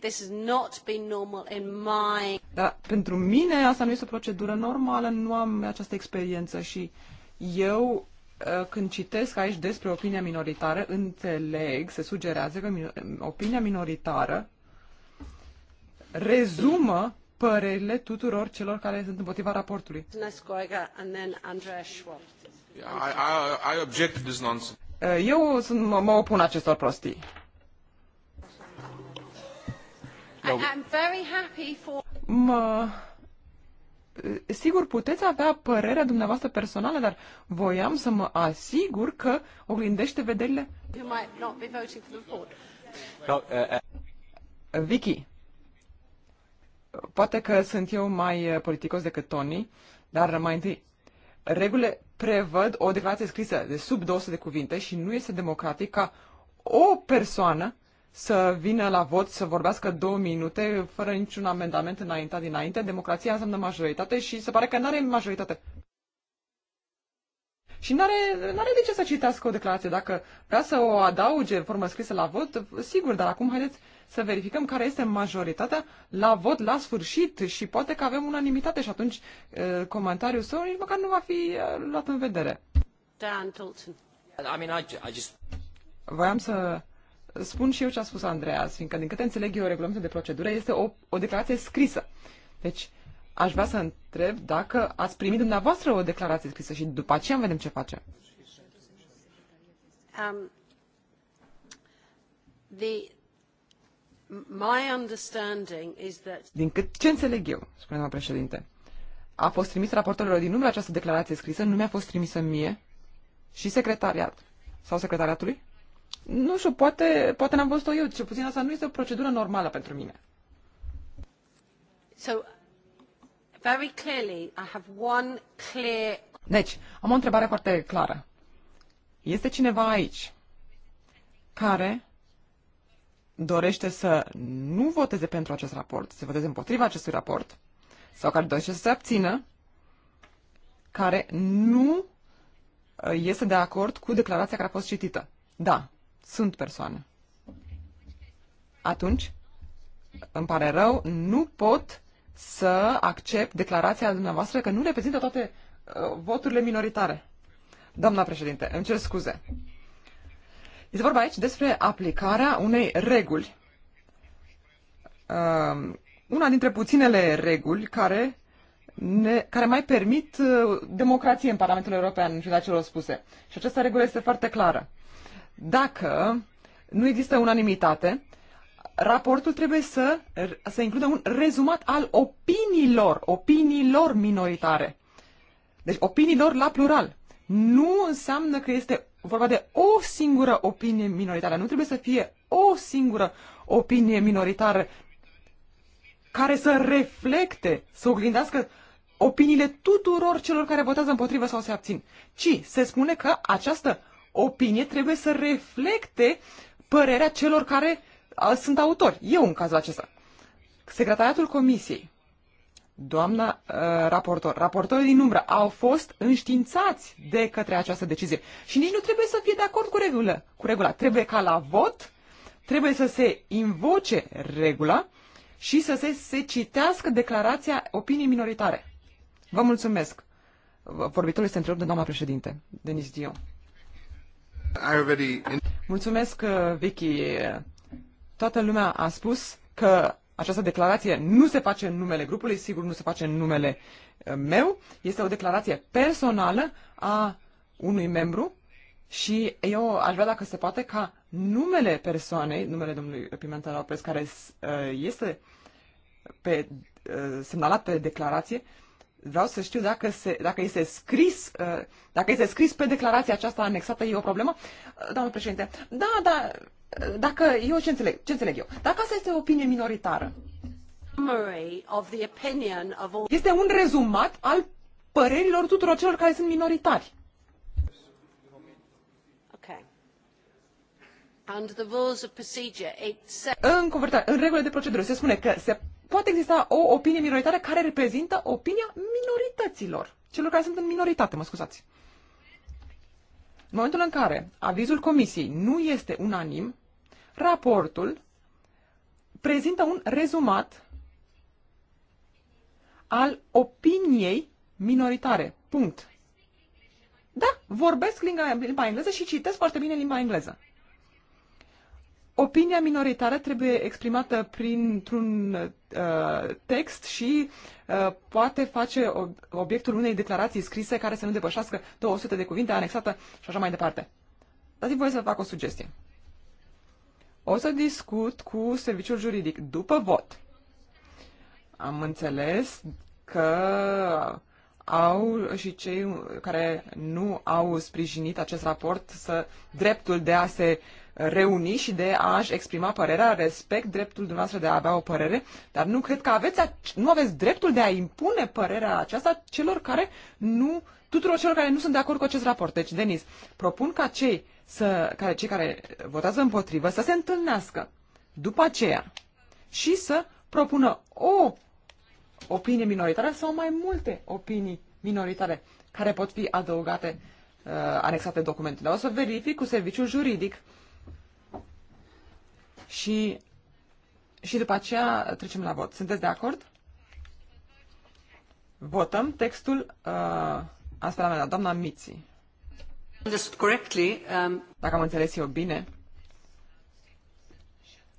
This has not been normal in my... Dar pentru mine asta nu este o procedură normală, nu am această experiență și eu, uh, când citesc aici despre opinia minoritară, înțeleg, se sugerează că opinia minoritară rezumă părerile tuturor celor care sunt împotriva raportului. Uh, eu sunt, mă, mă opun acestor prostii. No. Mă sigur, puteți avea părerea dumneavoastră personală, dar voiam să mă asigur că oglindește vederile. Uh, uh. Vicky, poate că sunt eu mai uh, politicos decât Tony, dar mai întâi, regulile prevăd o declarație scrisă de sub 200 de cuvinte și nu este democratic ca o persoană să vină la vot, să vorbească două minute, fără niciun amendament înaintea dinainte. Democrația înseamnă majoritate și se pare că nu are majoritate. Și nu are are de ce să citească o declarație. Dacă vrea să o adauge în formă scrisă la vot, sigur, dar acum haideți să verificăm care este majoritatea la vot la sfârșit și poate că avem unanimitate și atunci uh, comentariul său nici măcar nu va fi eh, luat în vedere. Dan Dalton. I mean, I, I just... Voiam să spun și eu ce a spus Andreas, fiindcă din câte înțeleg eu regulamentul de procedură este o, o declarație scrisă. Deci, aș vrea să întreb dacă ați primit dumneavoastră o declarație scrisă și după aceea vedem ce face? Um, the, my understanding is that... Din cât ce înțeleg eu, spune doamna președinte, a fost trimis raportorilor din numele această declarație scrisă, nu mi-a fost trimisă mie și secretariat sau secretariatului? Nu știu, poate, poate n-am văzut-o eu, cel puțin asta nu este o procedură normală pentru mine. So, very clearly, I have one clear... Deci, am o întrebare foarte clară. Este cineva aici care dorește să nu voteze pentru acest raport, să voteze împotriva acestui raport, sau care dorește să se abțină, care nu uh, este de acord cu declarația care a fost citită. Da, sunt persoane. Atunci, îmi pare rău, nu pot să accept declarația dumneavoastră că nu reprezintă toate uh, voturile minoritare. Doamna președinte, îmi cer scuze. Este vorba aici despre aplicarea unei reguli. Uh, una dintre puținele reguli care, ne, care mai permit uh, democrație în Parlamentul European, în ciuda celor spuse. Și această regulă este foarte clară. Dacă nu există unanimitate, raportul trebuie să, să includă un rezumat al opiniilor, opiniilor minoritare. Deci opiniilor la plural. Nu înseamnă că este vorba de o singură opinie minoritară. Nu trebuie să fie o singură opinie minoritară care să reflecte, să oglindească opiniile tuturor celor care votează împotrivă sau se abțin, ci se spune că această opinie trebuie să reflecte părerea celor care sunt autori. Eu în cazul acesta. Secretariatul Comisiei, doamna uh, raportor, raportorii din umbră au fost înștiințați de către această decizie și nici nu trebuie să fie de acord cu, regulă, cu regula. Trebuie ca la vot, trebuie să se invoce regula și să se, se citească declarația opinii minoritare. Vă mulțumesc. Vorbitorul este întrerupt de doamna președinte, Denis Dion. Mulțumesc, uh, Vicky. Toată lumea a spus că această declarație nu se face în numele grupului, sigur nu se face în numele uh, meu. Este o declarație personală a unui membru și eu aș vrea dacă se poate ca numele persoanei, numele domnului Pimentel Lopez, care uh, este pe, semnalat pe declarație, vreau să știu dacă, se, dacă, este scris, uh, dacă este scris pe declarația aceasta anexată, e o problemă? Uh, doamnă președinte, da, da, uh, dacă eu ce înțeleg, ce înțeleg eu? Dacă asta este o opinie minoritară, este un rezumat al părerilor tuturor celor care sunt minoritari. În, în regulile de procedură se spune că se poate exista o opinie minoritară care reprezintă opinia minorităților, celor care sunt în minoritate, mă scuzați. În momentul în care avizul comisiei nu este unanim, raportul prezintă un rezumat al opiniei minoritare. Punct. Da, vorbesc limba, limba engleză și citesc foarte bine limba engleză. Opinia minoritară trebuie exprimată printr-un Uh, text și uh, poate face obiectul unei declarații scrise care să nu depășească 200 de cuvinte anexată și așa mai departe. Dați-mi voie să fac o sugestie. O să discut cu serviciul juridic după vot. Am înțeles că au și cei care nu au sprijinit acest raport să dreptul de a se uh, reuni și de a-și exprima părerea, respect dreptul dumneavoastră de a avea o părere, dar nu cred că aveți, nu aveți dreptul de a impune părerea aceasta celor care nu, tuturor celor care nu sunt de acord cu acest raport. Deci, Denis, propun ca cei, să, care, cei care votează împotrivă să se întâlnească după aceea și să propună o opinie minoritară sau mai multe opinii minoritare care pot fi adăugate, uh, anexate documentele. O să verific cu serviciul juridic și, și după aceea trecem la vot. Sunteți de acord? Votăm textul uh, astfel amendat. Doamna Miți. Um, Dacă am înțeles eu bine,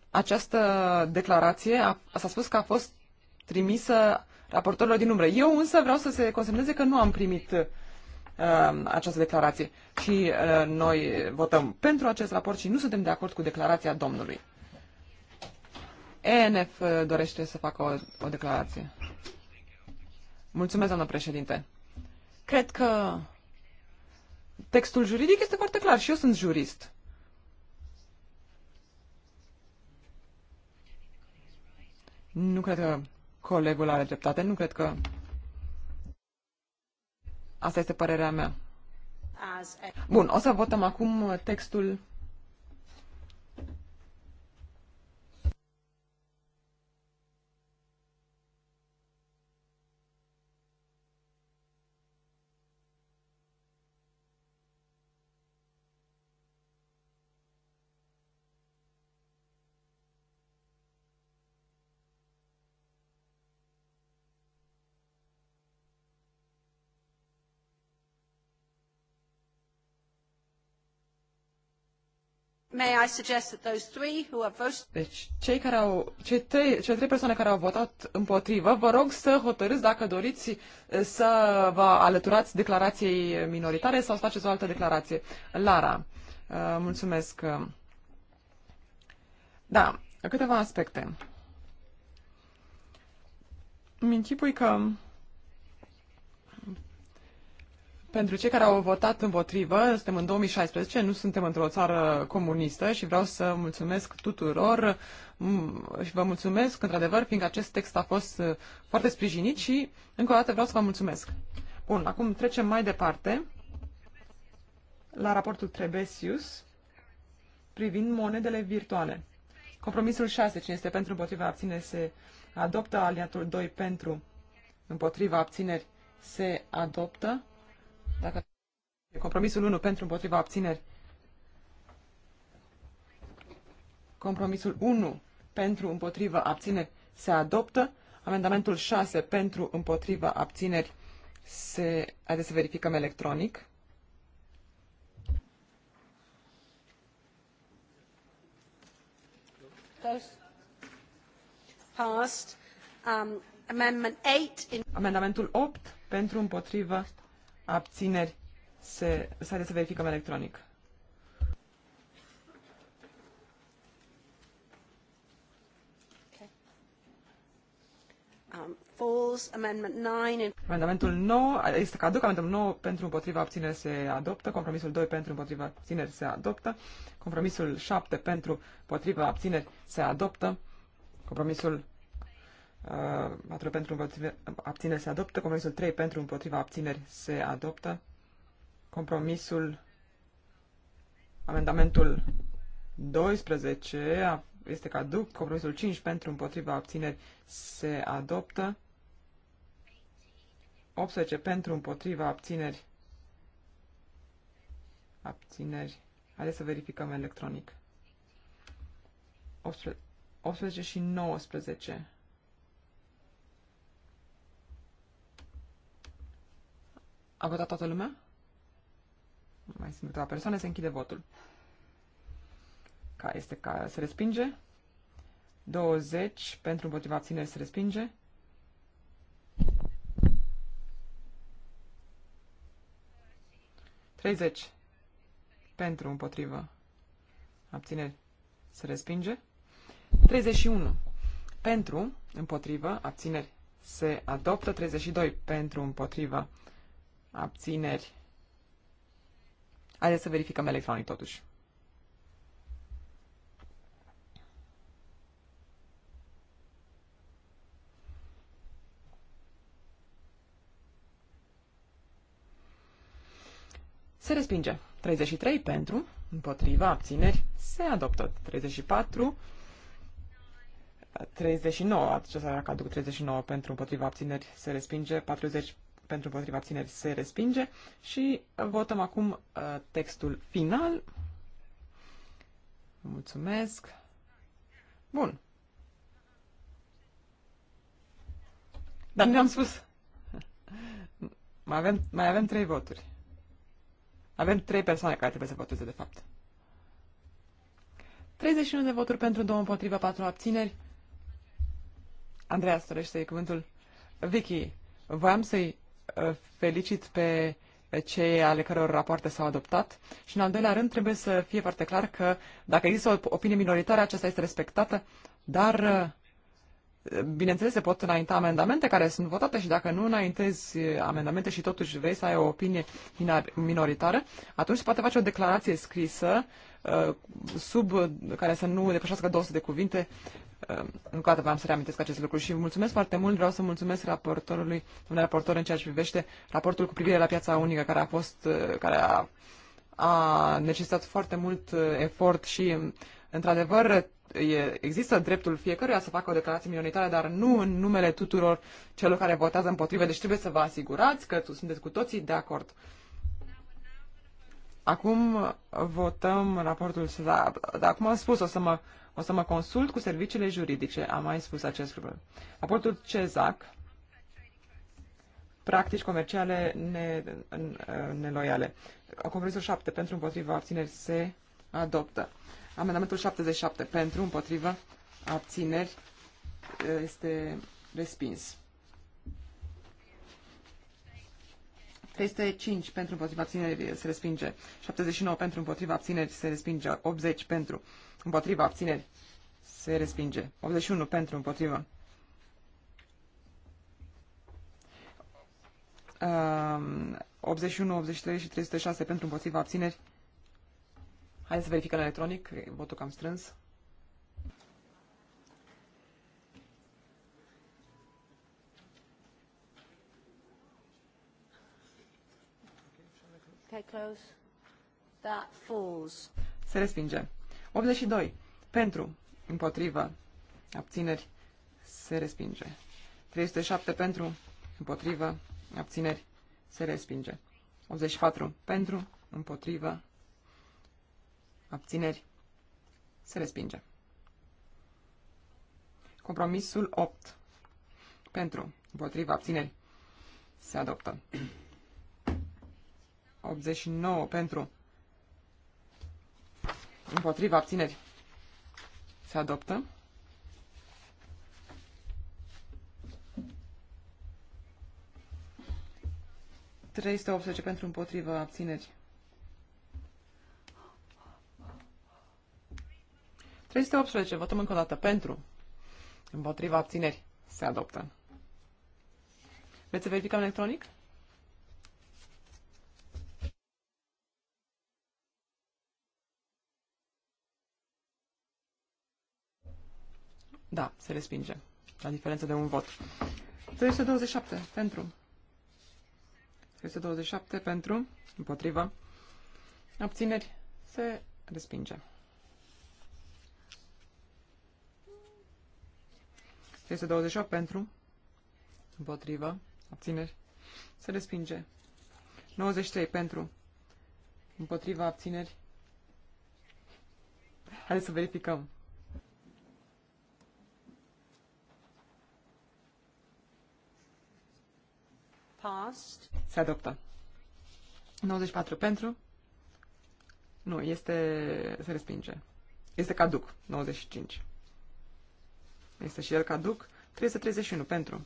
această declarație s-a spus că a fost trimisă raportorilor din umbră. Eu însă vreau să se consemneze că nu am primit uh, această declarație și uh, noi votăm pentru acest raport și nu suntem de acord cu declarația domnului. ENF dorește să facă o, o declarație. Mulțumesc, doamnă președinte. Cred că textul juridic este foarte clar și eu sunt jurist. Nu cred că colegul are dreptate, nu cred că... Asta este părerea mea. Bun, o să votăm acum textul May I suggest that those three who have voted... Deci, cei care au, cei trei, cele trei persoane care au votat împotrivă, vă rog să hotărâți dacă doriți eh, să vă alăturați declarației minoritare sau să faceți o altă declarație. Lara, eh, mulțumesc. Da, câteva aspecte. Mi închipui că Pentru cei care au votat împotrivă, suntem în 2016, nu suntem într-o țară comunistă și vreau să mulțumesc tuturor mm, și vă mulțumesc, într-adevăr, fiindcă acest text a fost uh, foarte sprijinit și, încă o dată, vreau să vă mulțumesc. Bun, acum trecem mai departe la raportul Trebesius privind monedele virtuale. Compromisul 6, cine este pentru împotriva abține, se adoptă. Aliatul 2 pentru împotriva abțineri se adoptă. Dacă compromisul 1 pentru împotriva abțineri. Compromisul 1 pentru împotriva abțineri se adoptă. Amendamentul 6 pentru împotriva abțineri se... Haideți să verificăm electronic. Passed. Um, amendment 8 in... Amendamentul 8 pentru împotriva abțineri, se, să, să verificăm electronic. Um, amendamentul 9 este caduc, amendamentul 9 pentru împotriva abțineri se adoptă, compromisul 2 pentru împotriva abțineri se adoptă, compromisul 7 pentru împotriva abțineri se adoptă, compromisul 4 uh, pentru împotriva abțineri se adoptă, compromisul 3 pentru împotriva abțineri se adoptă, compromisul, amendamentul 12 este caduc, compromisul 5 pentru împotriva abțineri se adoptă, 18 pentru împotriva abțineri, abțineri, haideți să verificăm electronic, 18, 18 și 19. A votat toată lumea? Mai sunt câteva persoane, se închide votul. Ca este ca se respinge. 20 pentru împotriva abțineri se respinge. Treizeci pentru împotriva abțineri se respinge. 31 pentru împotriva abțineri se adoptă. 32 pentru împotriva abțineri Abțineri. Haideți să verificăm electronic totuși. Se respinge. 33 pentru, împotriva, abțineri, se adoptă. 34, 39, acesta era caduc, 39 pentru, împotriva, abțineri, se respinge. 40 pentru împotriva țineri se respinge și votăm acum uh, textul final. Mulțumesc. Bun. Dar ne-am spus. Mai avem, mai avem trei voturi. Avem trei persoane care trebuie să voteze, de fapt. 31 de voturi pentru, două împotriva, patru abțineri. Andreea, să dorești cuvântul. Vicky, voiam să-i felicit pe cei ale căror rapoarte s-au adoptat și, în al doilea rând, trebuie să fie foarte clar că dacă există o opinie minoritară, aceasta este respectată, dar, bineînțeles, se pot înainta amendamente care sunt votate și dacă nu înaintezi amendamente și totuși vei să ai o opinie minoritară, atunci se poate face o declarație scrisă uh, sub, care să nu depășească 200 de cuvinte, Um, încă o dată v-am să reamintesc acest lucru și mulțumesc foarte mult, vreau să mulțumesc raportorului, domnule raportor, în ceea ce privește raportul cu privire la piața unică, care a fost, uh, care a, a necesitat foarte mult uh, efort și, um, într-adevăr, e, există dreptul fiecăruia să facă o declarație minoritară, dar nu în numele tuturor celor care votează împotrivă, deci trebuie să vă asigurați că sunteți cu toții de acord. Acum votăm raportul. Da, acum am spus, o să mă o să mă consult cu serviciile juridice, am mai spus acest lucru. Raportul CEZAC, practici comerciale ne, neloiale. Compromisul 7 pentru împotriva abțineri se adoptă. Amendamentul 77 pentru împotriva abțineri este respins. 305 pentru împotriva abțineri se respinge. 79 pentru împotriva abțineri se respinge. 80 pentru împotriva abțineri se respinge. 81 pentru împotriva. Um, 81, 83 și 306 pentru împotriva abțineri. Haideți să verificăm electronic. Votul cam strâns. Okay, close. That falls. Se respinge. 82. Pentru. Împotrivă. Abțineri. Se respinge. 307 pentru. Împotrivă. Abțineri. Se respinge. 84 pentru. Împotrivă. Abțineri. Se respinge. Compromisul 8. Pentru. Împotrivă. Abțineri. Se adoptă. 89 pentru. Împotriva abțineri. Se adoptă. ...318 pentru împotriva abțineri. 318, votăm încă o dată pentru. Împotriva abțineri. Se adoptă. Veți să verificăm electronic? Da, se respinge. La diferență de un vot. 327 pentru. 327 pentru. Împotrivă. Abțineri. Se respinge. 328 pentru. Împotrivă. Abțineri. Se respinge. 93 pentru. Împotriva abțineri. Haideți să verificăm. Se adoptă. 94 pentru. Nu, este... se respinge. Este caduc. 95. Este și el caduc. 331 pentru.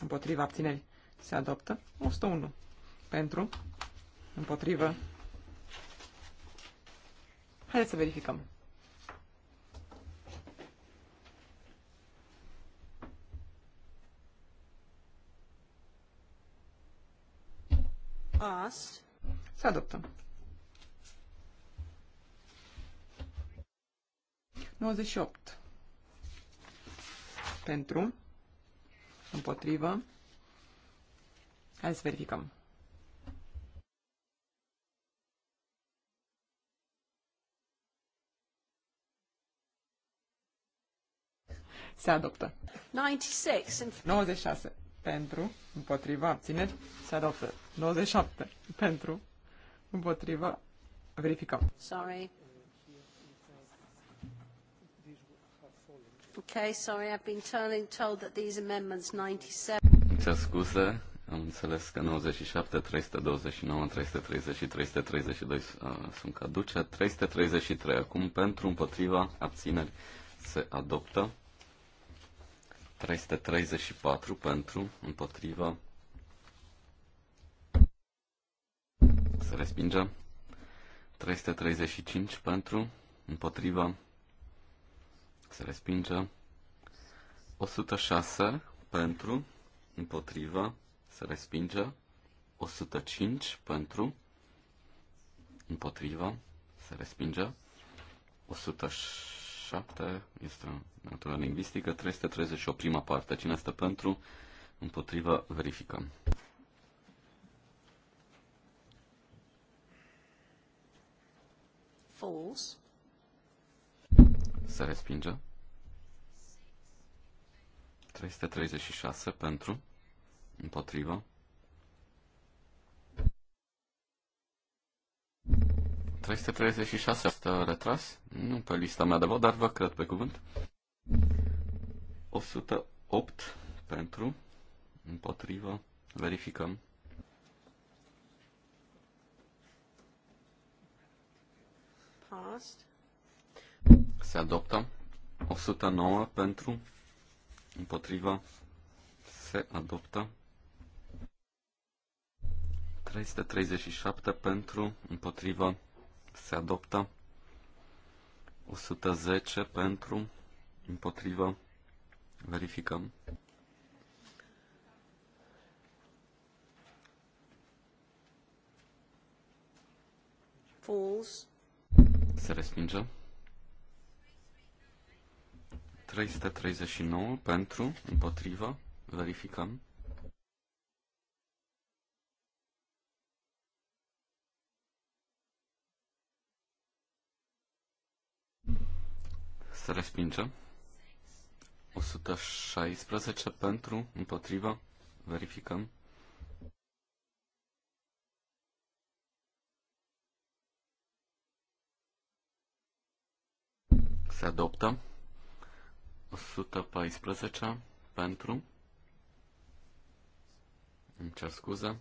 Împotriva abțineri. Se adoptă. 101 pentru. Împotrivă. Haideți să verificăm. Contrast. Se adoptă. 98. Pentru. Împotrivă. Hai să verificăm. Se adoptă. 96. 96 pentru, împotriva, abțineri, se adoptă. 27 pentru, împotriva, verificăm. Sorry. Okay, sorry, I've been turning, told that these amendments 97... Ce scuze, am înțeles că 97, 329, 330 332 uh, sunt caduce. 333 acum pentru, împotriva, abțineri, se adoptă. 334 pentru, împotriva, se respinge. 335 pentru, împotriva, se respinge. 106 pentru, împotriva, se respinge. 105 pentru, împotriva, se respinge. 106 7 este natura lingvistică, 338 prima parte. Cine este pentru? Împotrivă, verificăm. False. Se respinge. 336 pentru, împotrivă, 336 stă retras, nu pe lista mea de vot, dar vă cred pe cuvânt. 108 pentru, împotrivă, verificăm. Passed. Se adoptă. 109 pentru, împotrivă, se adoptă. 337 pentru, împotrivă, se adoptă. 110 pentru, împotrivă, verificăm. Falls. Se respinge. 339 pentru, împotrivă, verificăm. se respinge. 116 pentru, împotriva, verificăm. Se adoptă. 114 pentru. Îmi cer scuze.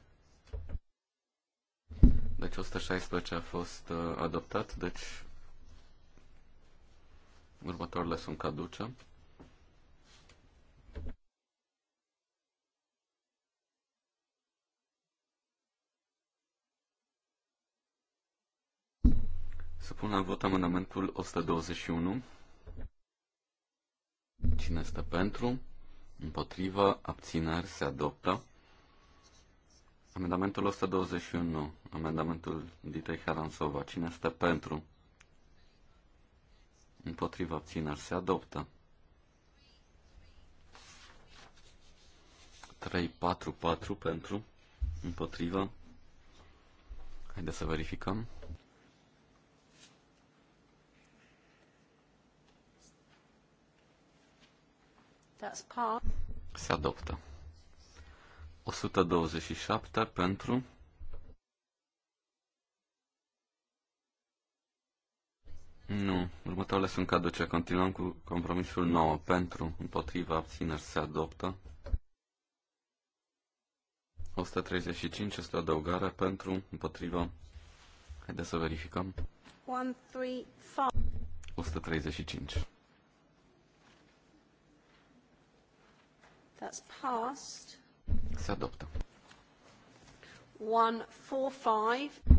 Deci 116 a fost uh, adoptat, deci Următoarele sunt caduce. Să pun la vot amendamentul 121. Cine este pentru? Împotriva? Abțineri? Se adoptă. Amendamentul 121. Amendamentul Ditei Haransova. Cine este pentru? împotriva abțineri se adoptă. 3, 4, 4 pentru, împotriva. Haideți să verificăm. That's Se adoptă. 127 pentru, Nu. Următoarele sunt caduce. Continuăm cu compromisul 9. Pentru, împotriva, abțineri se adoptă. 135 este o adăugare pentru, împotriva. Haideți să verificăm. 135. That's passed. Se adoptă. 145.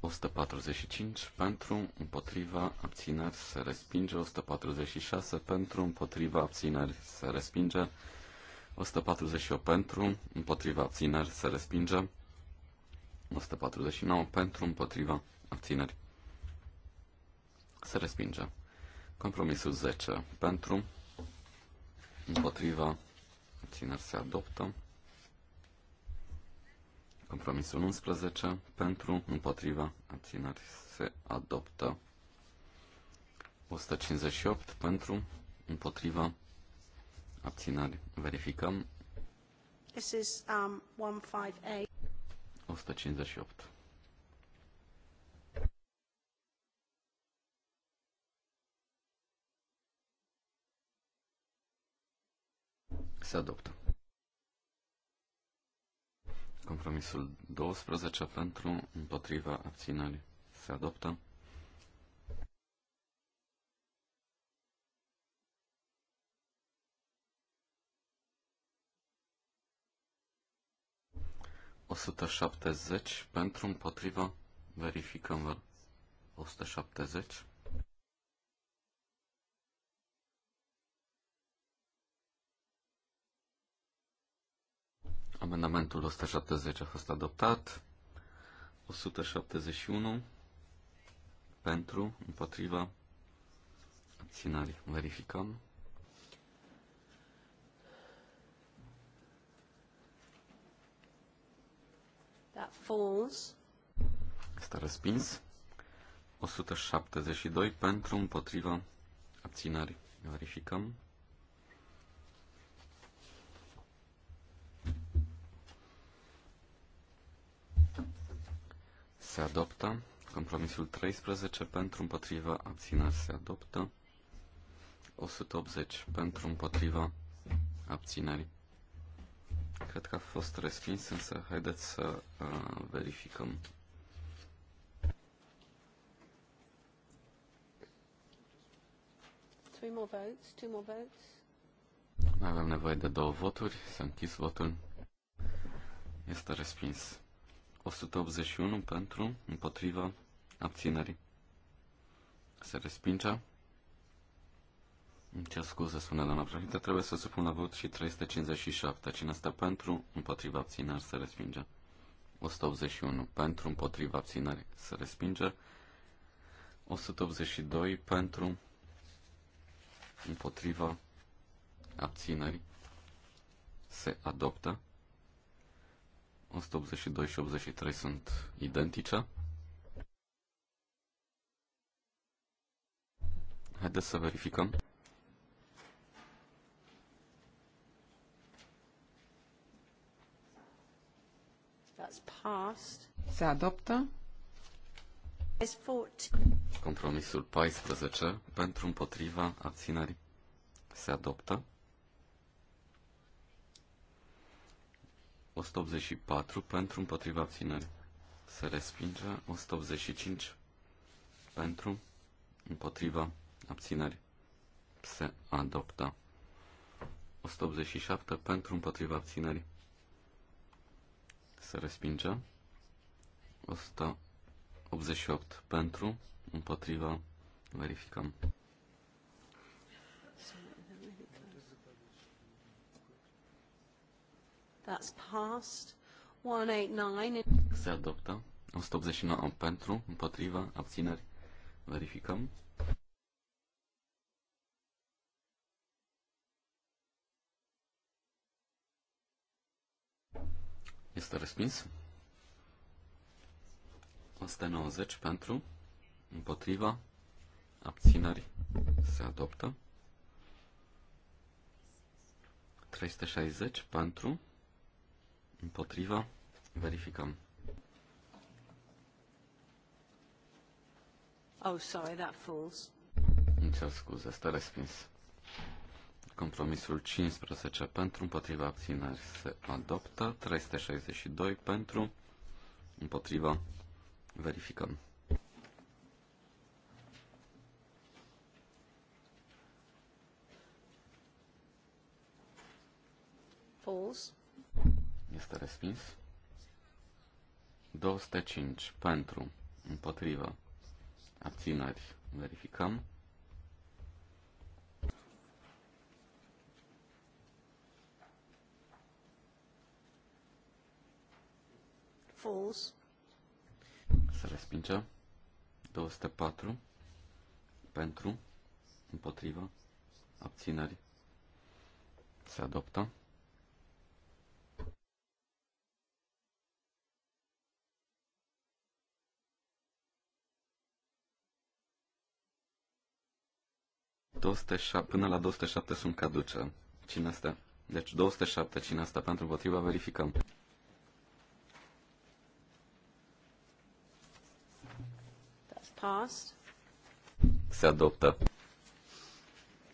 145 pentru, împotriva, abțineri, se respinge. 146 pentru, împotriva, abțineri, se respinge. 148 pentru, împotriva, abțineri, se respinge. 149 pentru, împotriva, abțineri, se respinge. Compromisul 10 pentru, împotriva, abțineri, se adoptă. Compromisul 11 pentru, împotriva, abținerii se adoptă. 158 pentru, împotriva, abținerii. Verificăm. This is um, 158. 158. Se adoptă. Compromisul 12 pentru, împotriva abținării. Se adoptă. O 170 pentru împotriva verificăm 170 Amendamentul 170 a fost adoptat. 171 pentru, împotriva, abținări. Verificăm. That falls. Este respins. 172 pentru, împotriva, abținări. Verificăm. se adoptă. Compromisul 13 pentru împotriva abțineri se adoptă. 180 pentru împotriva abținerii. Cred că a fost respins, însă haideți să uh, verificăm. Three more votes, two more votes. Mai avem nevoie de două voturi. S-a închis votul. Este respins. 181 pentru, împotriva, abținerii. Se respinge. Îmi cer scuze, spune doamna președinte, trebuie să supun la vot și 357. Cine stă pentru, împotriva abținerii, se respinge. 181 pentru, împotriva abținerii, se respinge. 182 pentru, împotriva abținerii, se adoptă. 182 și 83 sunt identice. Haideți să verificăm. Se adoptă. Compromisul 14 pentru împotriva abținerii se adoptă. 184 pentru împotriva abțineri se respinge, 185 pentru împotriva abțineri se adoptă, 187 pentru împotriva abțineri se respinge, 188 pentru împotriva verificăm. That's passed. 189. Se adoptă. 189 pentru, împotriva, abțineri. Verificăm. Este respins. 190 pentru, împotriva, abținări, se adoptă. 360 pentru, Împotriva. Verificăm. Oh, sorry, that falls. Îmi cer scuze, este respins. Compromisul 15 pentru, împotriva abțineri se adoptă, 362 pentru, împotriva, verificăm. Falls. Este respins. 205 pentru, împotrivă, abțineri, verificăm. False. Se respinge. 204 pentru, împotrivă, abțineri, se adoptă. 207, până la 207 sunt caduce. Cine este? Deci 207, cine este pentru potriva verificăm. That's passed. Se adoptă.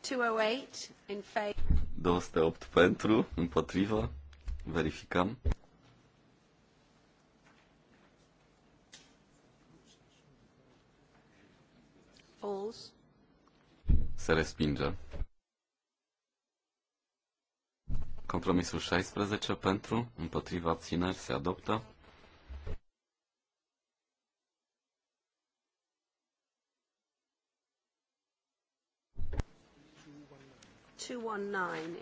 208, in 208 pentru, împotrivă verificăm. se respinge. Compromisul 16 pentru, împotriva abțineri se adoptă. Two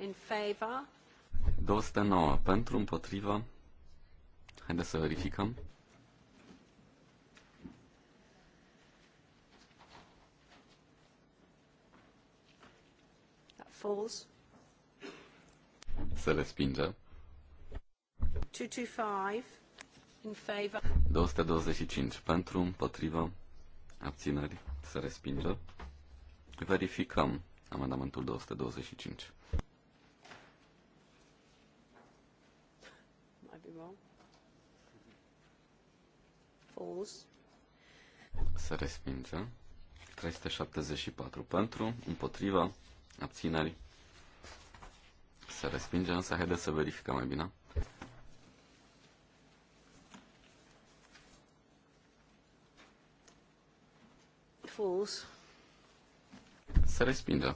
in favor. 209 pentru, împotriva. Haideți să verificăm. falls. Să respinge. 225 in favor. 225 pentru, împotriva, abțineri, să respingă. Verificăm amendamentul 225. Might be wrong. Falls. 374 pentru, împotriva, abținerii. Se respinge, însă haideți să verificăm mai bine. False. Se respinge.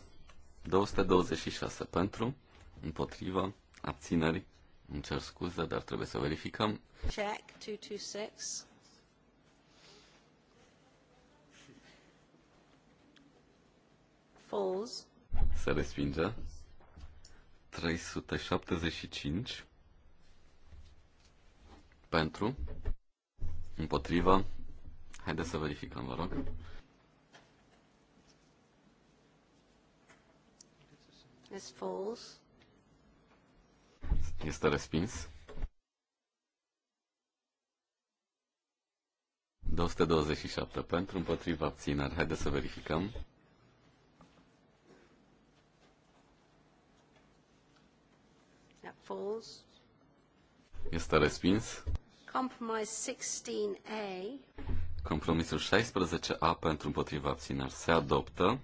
226 pentru, împotriva, abțineri. Îmi cer scuze, dar trebuie să verificăm. Check 226. Falls se respinge. 375 pentru, împotriva. Haideți să verificăm, vă rog. Este respins. 227 pentru, împotriva abțineri. Haideți să verificăm. Este respins. Compromisul 16A pentru împotriva abțineri se adoptă.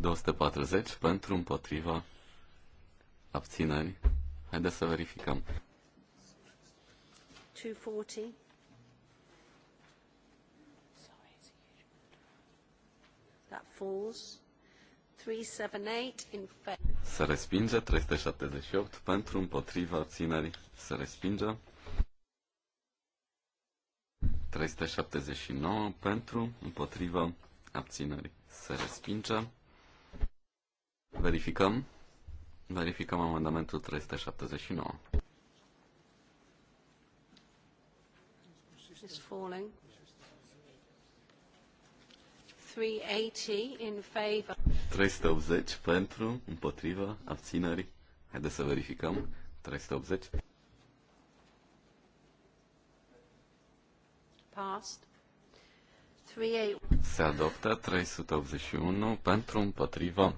240 pentru împotriva abțineri. Haideți să verificăm. 240. That falls. Să Se respinge 378 pentru împotriva abținerii. Se respinge 379 pentru împotriva abținerii. Se respinge. Verificăm. Verificăm amendamentul 379. It's falling. 380 380 pentru, împotriva, abțineri. Haideți să verificăm. 380. Passed. Se adoptă 381 pentru, împotriva,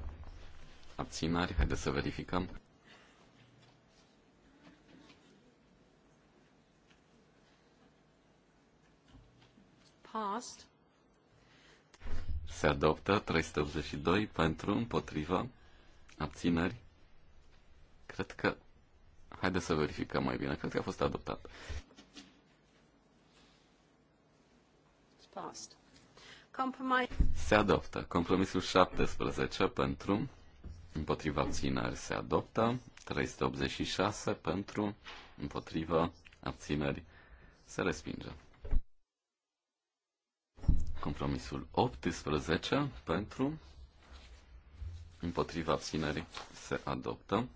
abțineri. Haideți să verificăm. Passed. Se adoptă 382 pentru, împotriva, abțineri. Cred că... Haideți să verificăm mai bine. Cred că a fost adoptat. Se adoptă. Compromisul 17 pentru, împotriva abțineri se adoptă. 386 pentru, împotriva abțineri se respinge. Compromisul 18 pentru, împotriva abținerii, se adoptă.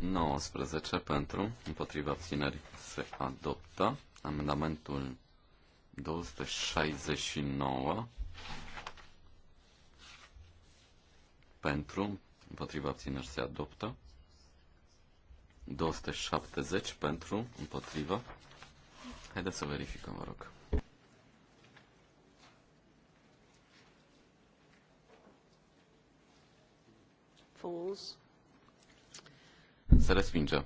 19 pentru, împotriva abținerii, se adoptă. Amendamentul 269 pentru, împotriva abținerii se adoptă. 270 pentru, împotriva Haideți să verificăm, vă rog. Falls. Se respinge.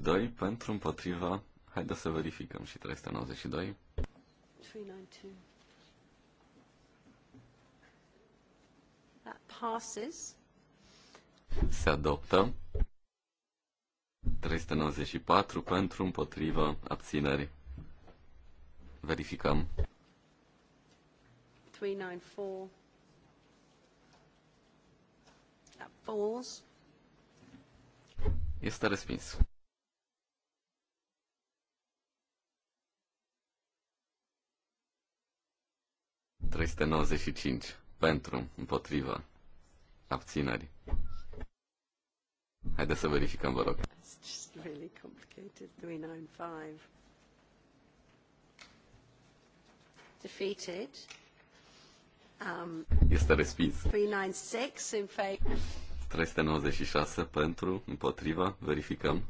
doi pentru împotriva. Haideți să verificăm și 392. 392. That passes se adoptă. 394 pentru, împotriva, abțineri. Verificăm. 394. That falls. Este respins. Trei pentru, împotriva, abținării. Haideți să verificăm, vă rog. Defeated. Um, este respins. 396 in favor. 396 pentru, împotriva, verificăm.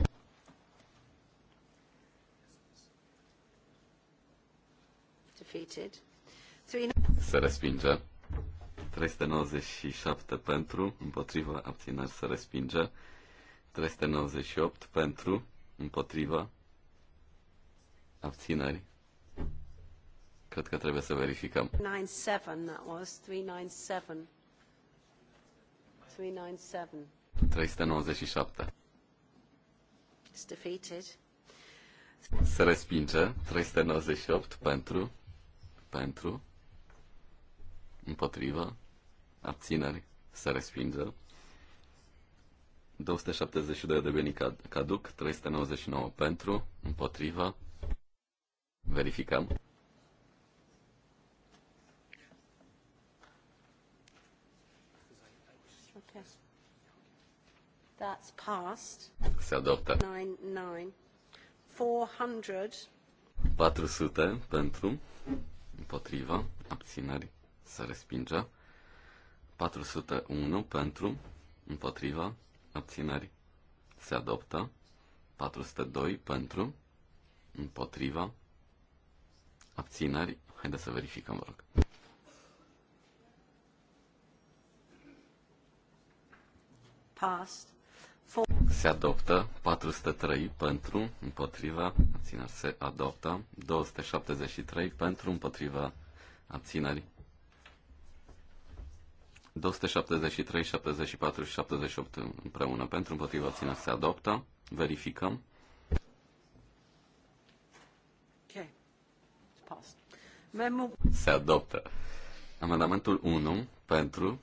Defeated. Se respinge. 397 pentru, împotriva, abțineri, se respinge. 398 pentru, împotriva, abțineri. Cred că trebuie să verificăm. 397. 397. It's defeated. Se respinge 398 pentru, pentru, împotriva, abțineri, se respinge 272 de devenit caduc, 399 pentru, împotriva. Verificăm. That's passed. Se adoptă. 400. 400 pentru, împotriva, abțineri, se respinge. 401 pentru, împotriva, abțineri, se adoptă. 402 pentru, împotriva, abțineri. Haideți să verificăm, vă rog. Past. Se adoptă 403 pentru, împotriva, abțineri se adoptă, 273 pentru, împotriva, abțineri 273, 74 și 78 împreună pentru, împotriva ține se adoptă. Verificăm. Se adoptă. Amendamentul 1 pentru,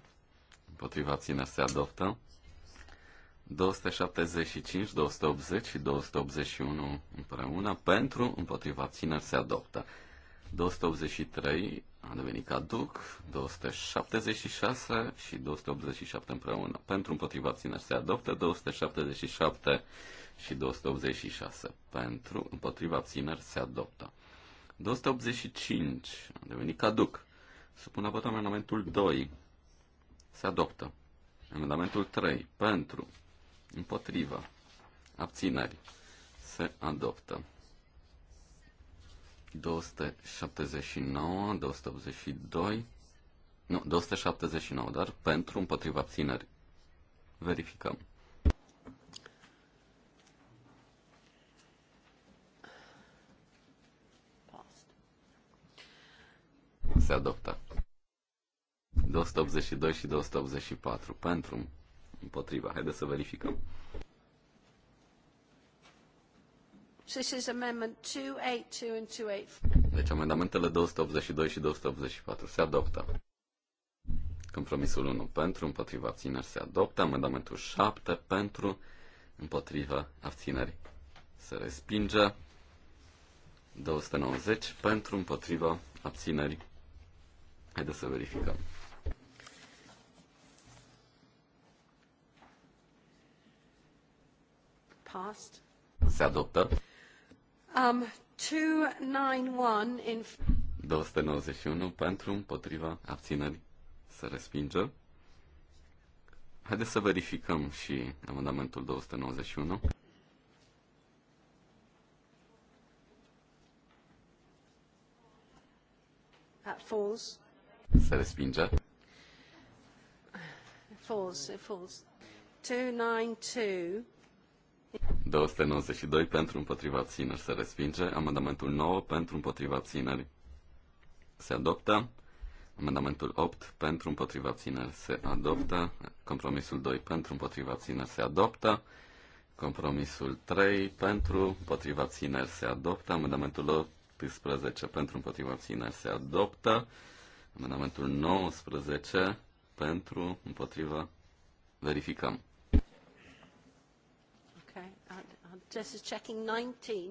împotriva ține se adoptă. 275, 280 și 281 împreună pentru, împotriva țineri se adoptă. 283 a devenit caduc, 276 și 287 împreună. Pentru împotriva abțineri se adoptă 277 și 286. Pentru împotriva abțineri se adoptă. 285 a devenit caduc. Supun la amendamentul 2. Se adoptă. Amendamentul 3. Pentru împotriva abținerii se adoptă. 279, 282, nu, 279, dar pentru împotriva abțineri. Verificăm. Se adoptă. 282 și 284 pentru împotriva. Haideți să verificăm. This is amendment 282 and 284. Deci amendamentele 282 și 284 se adoptă. Compromisul 1 pentru, împotriva abțineri se adoptă. Amendamentul 7 pentru, împotriva abțineri se respinge. 290 pentru, împotriva abțineri. Haideți să verificăm. Passed. Se adoptă. Um, 291 291 pentru, împotriva, abțineri, să respinge. Haideți să verificăm și amendamentul 291. That falls. Se respinge. Falls, it falls. 292. 292 pentru împotriva țineri se respinge. Amendamentul 9 pentru împotriva țineri se adoptă. Amendamentul 8 pentru împotriva țineri se adoptă. Compromisul 2 pentru împotriva țineri se adoptă. Compromisul 3 pentru împotriva țineri se adoptă. Amendamentul 18 pentru împotriva țineri se adoptă. Amendamentul 19 pentru împotriva verificăm. Jess checking 19.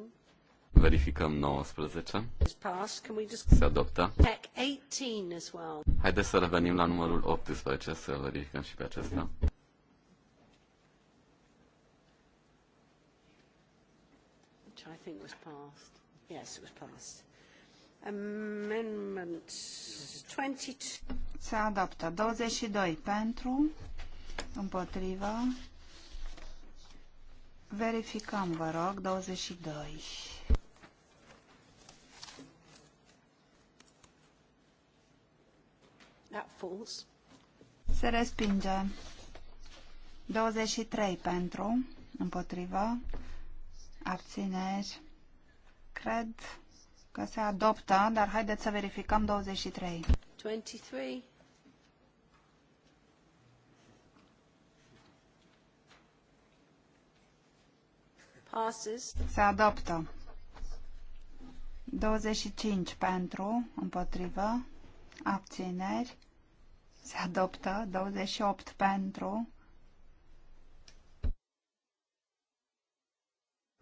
Verificăm 19. Se adoptă. Check 18 as well. Haideți să revenim la numărul 18, să verificăm și pe acesta. Which I think was passed. Yes, it was passed. Amendment 22. Se adoptă. 22 pentru, împotriva, Verificăm, vă rog, 22. That falls. Se respinge. 23 pentru, împotrivă, abțineri. Cred că se adoptă, dar haideți să verificăm 23. 23. Se adoptă. 25 pentru, împotrivă, abțineri. Se adoptă. 28 pentru.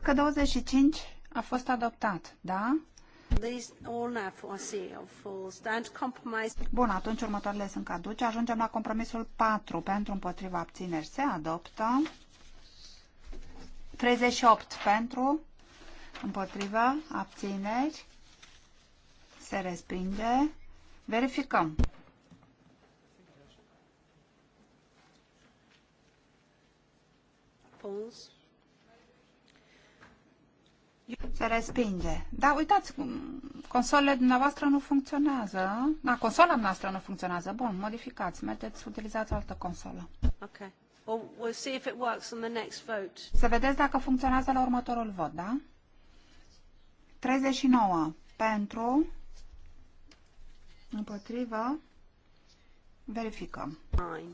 Că 25 a fost adoptat, da? Bun, atunci următoarele sunt caduce. Ajungem la compromisul 4 pentru împotriva abțineri. Se adoptă. 38 pentru, împotriva, abțineri, se respinge. Verificăm. Se respinge. Da, uitați, consolele dumneavoastră nu funcționează. Da, consola noastră nu funcționează. Bun, modificați. Mergeți, utilizați o altă consolă. Okay. Să vedeți dacă funcționează la următorul vot, da? 39 pentru, împotrivă, verificăm. Nine.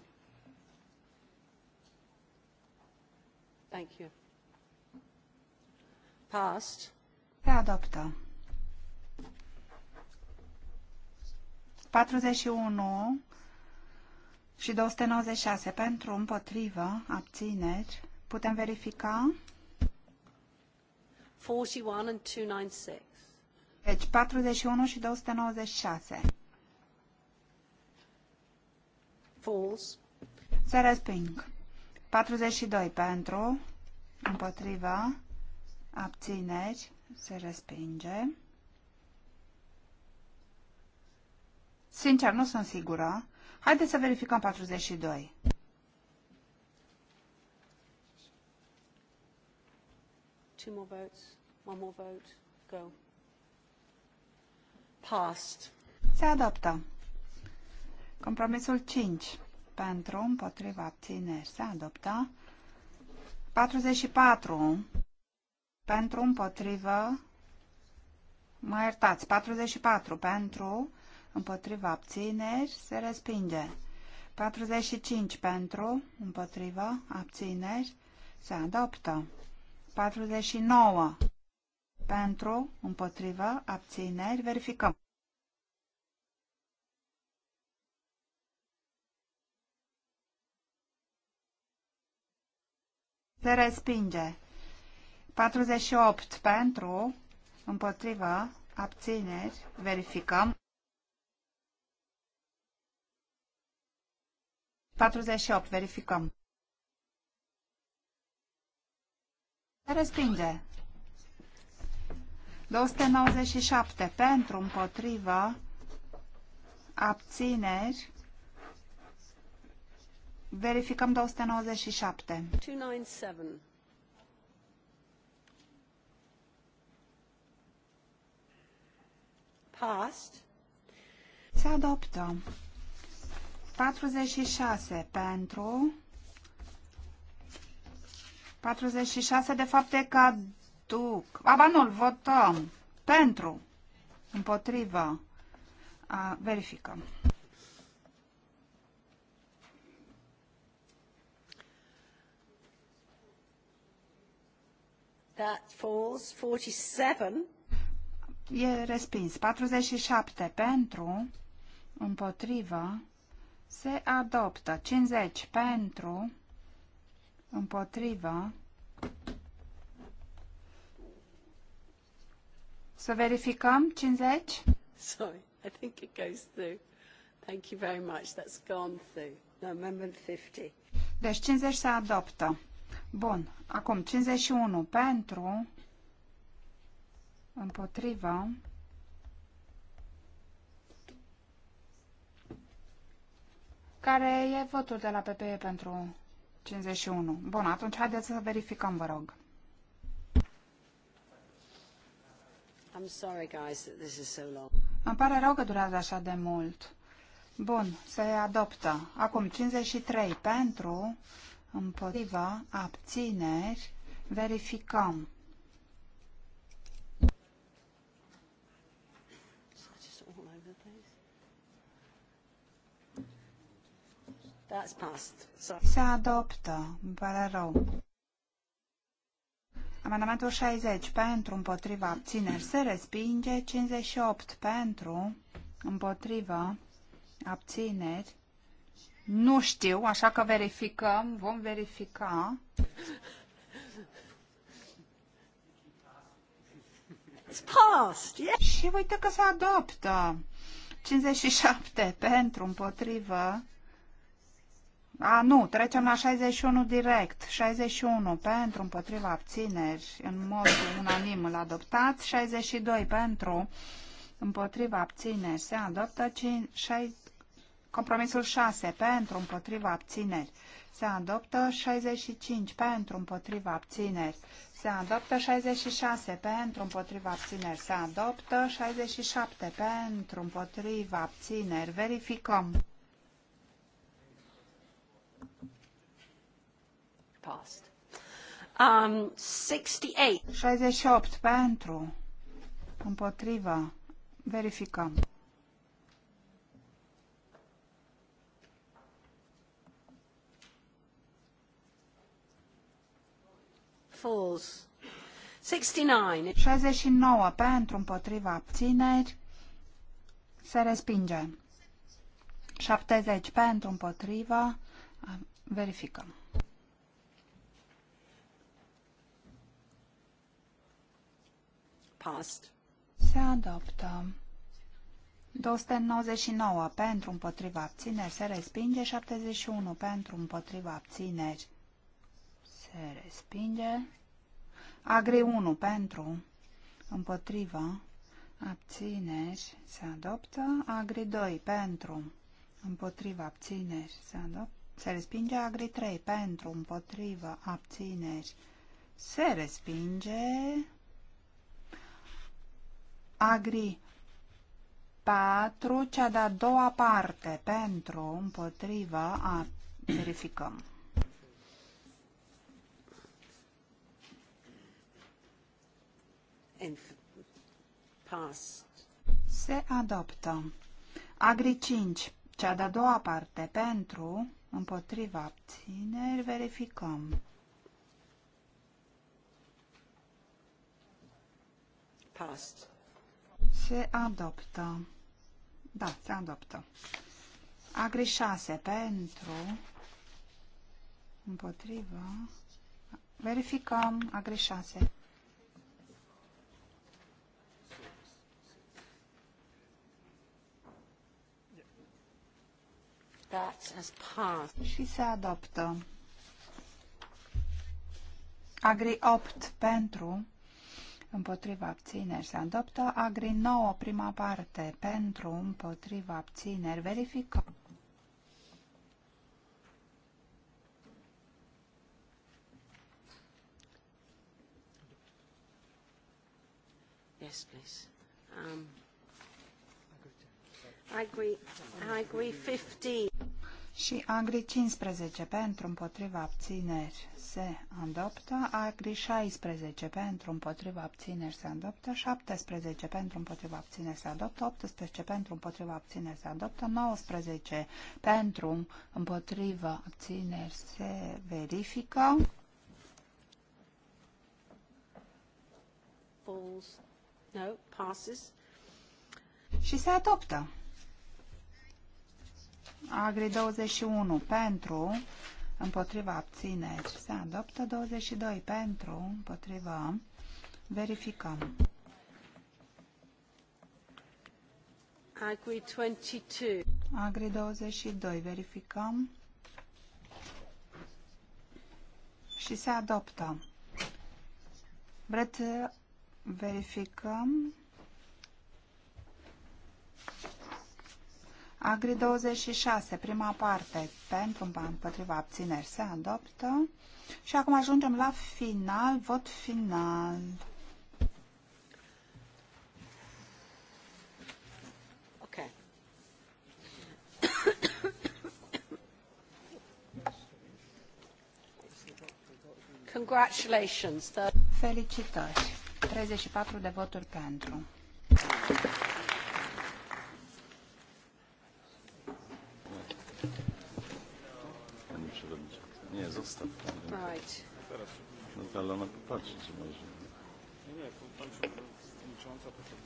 Thank you. Passed. Se adoptă. 41 și 296 pentru, împotrivă, abțineri. Putem verifica? 41 and 296. Deci 41 și 296. Falls. Se resping. 42 pentru, împotrivă, abțineri, se respinge. Sincer, nu sunt sigură. Haideți să verificăm 42. Two more votes. One more vote. Go. Passed. Se adoptă. Compromisul 5. Pentru, împotriva, abțineri. Se adoptă. 44. Pentru, împotrivă, mă iertați, 44. Pentru, împotriva abțineri, se respinge. 45 pentru, împotriva, abțineri, se adoptă. 49 pentru, împotriva, abțineri, verificăm. Se respinge. 48 pentru, împotriva, abțineri, verificăm. 48. Verificăm. Se respinge. 297. Pentru, împotrivă, abțineri. Verificăm 297. 297. Passed. Se adoptă. 46 pentru. 46 de fapt e caduc. Aba nu votăm. Pentru. Împotrivă. A, verificăm. That falls 47. E respins. 47 pentru, împotrivă, se adoptă. 50 pentru, împotrivă. Să verificăm 50? Sorry, I think it goes through. Thank you very much. That's gone through. No, amendment 50. Deci 50 se adoptă. Bun. Acum 51 pentru, împotrivă. Care e votul de la PPE pentru 51? Bun, atunci haideți să verificăm, vă rog. I'm sorry, guys, that this is so long. Îmi pare rău că durează așa de mult. Bun, se adoptă. Acum 53 pentru, împotriva, abțineri, verificăm. That's passed. So. Se adoptă. Îmi pare rău. Amendamentul 60 pentru, împotriva, abțineri se respinge. 58 pentru, împotriva, abțineri. Nu știu, așa că verificăm, vom verifica. It's passed, yeah. Și uite că se adoptă. 57 pentru, împotrivă, a, nu, trecem la 61 direct. 61 pentru, împotriva abțineri, în mod unanim îl adoptați. 62 pentru, împotriva abțineri, se adoptă. 5, 6, compromisul 6 pentru, împotriva abțineri, se adoptă. 65 pentru, împotriva abțineri, se adoptă. 66 pentru, împotriva abțineri, se adoptă. 67 pentru, împotriva abțineri, verificăm. passed. Um, 68. 68 pentru, împotriva, verificăm. Falls. 69. 69 pentru, împotriva, abțineri, se respinge. 70 pentru, împotriva, verificăm. passed. Se adoptă. 299 pentru împotriva abțineri se respinge, 71 pentru împotriva abțineri se respinge, agri 1 pentru împotriva abțineri se adoptă, agri 2 pentru împotriva abțineri se adoptă, se respinge, agri 3 pentru împotriva abțineri se respinge, Agri 4, cea de-a doua parte, pentru, împotrivă, a, verificăm. Se adoptă. Agri 5, cea de-a doua parte, pentru, împotriva abțineri, verificăm. Passed. Se adoptă. Da, se adoptă. Agri 6 pentru, împotrivă, verificăm, agri 6. Și se adoptă. Agri 8 pentru, împotriva abțineri se adoptă, Agri 9, prima parte, pentru, împotriva abțineri, verificăm. Yes, please. Um, I agree. I agree 15 și Agri 15 pentru împotriva abțineri se adoptă, Agri 16 pentru împotriva abțineri se adoptă, 17 pentru împotriva abțineri se adoptă, 18 pentru împotriva abțineri se adoptă, 19 pentru împotriva abțineri se verifică. Falls. No, passes. Și se adoptă. Agri 21 pentru, împotriva abțineri se adoptă. 22 pentru, împotriva, verificăm. Agri 22. Agri 22, verificăm. Și se adoptă. Vreți să verificăm Agri 26, prima parte, pentru împotriva abțineri se adoptă. Și acum ajungem la final, vot final. Ok. Congratulations. Felicitări. 34 de voturi pentru. zostaw. No to ale ona popatrzy,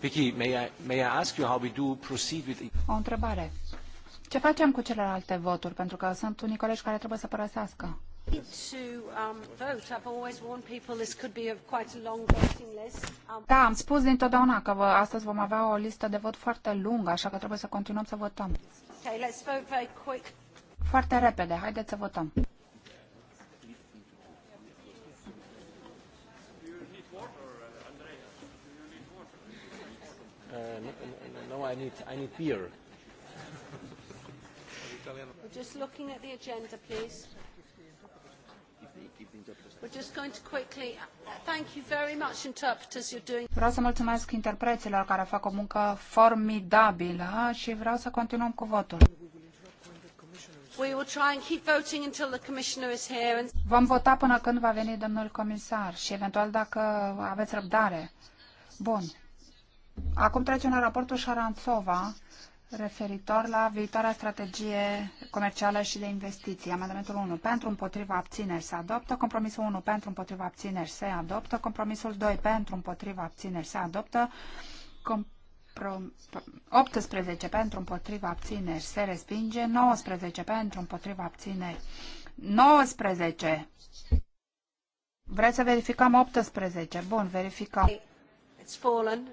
Vicky, may I, may I ask you how we do proceed with... O întrebare. Ce facem cu celelalte voturi? Pentru că sunt unii colegi care trebuie să părăsească. Da, am spus dintotdeauna că vă, astăzi vom avea o listă de vot foarte lungă, așa că trebuie să continuăm să votăm. Okay, let's vote very quick. Foarte repede, haideți să votăm. no, I need, I need beer. We're just looking at the agenda, please. We're just going to quickly... Thank you very much, interpreters. You're doing... Vreau să mulțumesc interpreților care fac o muncă formidabilă și vreau să continuăm cu votul. We will try and keep voting until the commissioner is here and... Vom vota până când va veni domnul comisar și eventual dacă aveți răbdare. Bun. Acum trecem la raportul Șaranțova referitor la viitoarea strategie comercială și de investiții. Amendamentul 1 pentru împotriva abțineri se adoptă, compromisul 1 pentru împotriva abțineri se adoptă, compromisul 2 pentru împotriva abțineri se adoptă, Com 18 pentru împotriva abțineri se respinge, 19 pentru împotriva abțineri 19. Vreți să verificăm 18? Bun, verificăm. It's fallen.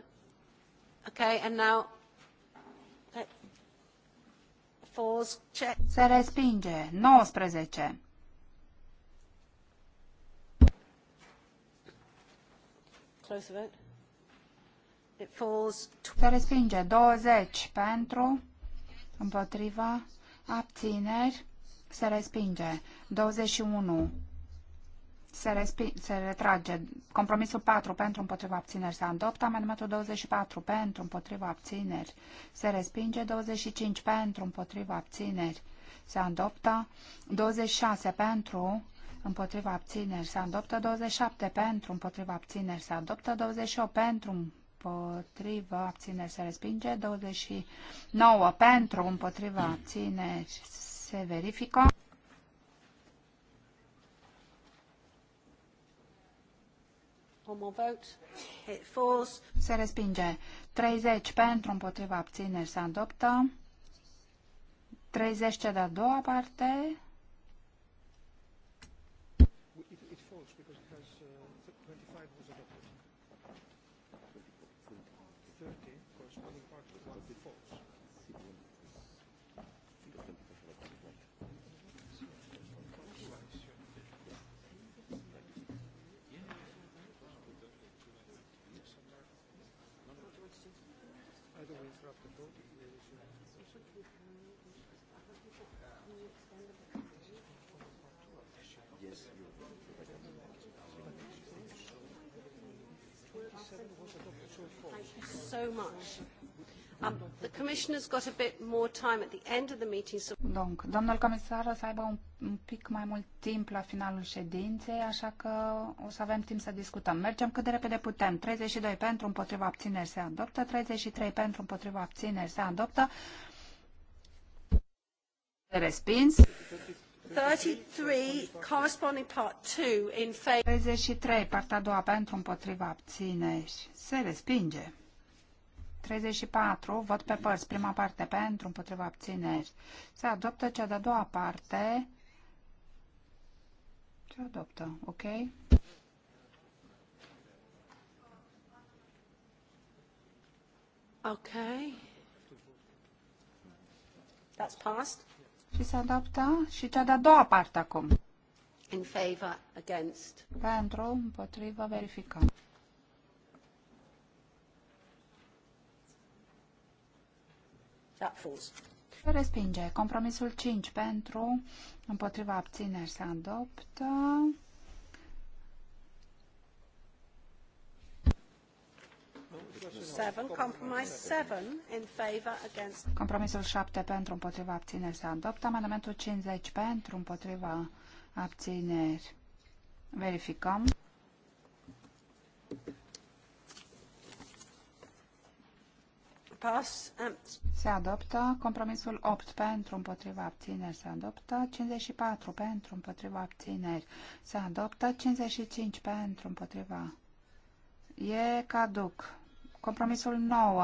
Okay, and now falls. Se respinge. 19. Close the vote. It falls. Se respinge. 20 pentru, împotriva, abțineri, se respinge. 21 se, respi- se retrage. Compromisul 4 pentru împotriva abțineri se adoptă. Amendamentul 24 pentru împotriva abțineri se respinge. 25 pentru împotriva abțineri se adoptă. 26 pentru împotriva abțineri se adoptă. 27 pentru împotriva abțineri se adoptă. 28 pentru împotriva abțineri se respinge, 29 pentru, împotriva, abțineri se verifică. One vote. It falls. Se respinge. 30 pentru, împotriva abțineri se adoptă. 30 cea de-a doua parte. so much. Um, the commissioner's got a bit more time at the end of the meeting. So... Donc, domnul comisar o să aibă un, un pic mai mult timp la finalul ședinței, așa că o să avem timp să discutăm. Mergem cât de repede putem. 32 pentru, împotriva abțineri se adoptă, 33 pentru, împotriva abțineri se adoptă. Respins. 33, 2, partea a doua, pentru, împotriva, abțineri, se respinge. 34, vot pe părți, prima parte, pentru, împotriva, abțineri, se adoptă cea de-a doua parte, se adoptă, ok? Ok. That's passed. Și se adoptă și cea de-a doua parte acum. In favor, against. Pentru, împotrivă, verificăm. That falls. respinge. Compromisul 5 pentru, împotriva abțineri se adoptă. 7, compromise 7 in favor against. Compromisul 7 pentru împotriva abțineri se adoptă. Amendamentul 50 pentru împotriva abțineri. Verificăm. Um, se adoptă. Compromisul 8 pentru împotriva abțineri se adoptă. 54 pentru împotriva abțineri se adoptă. 55 pentru împotriva. E caduc. Compromisul 9.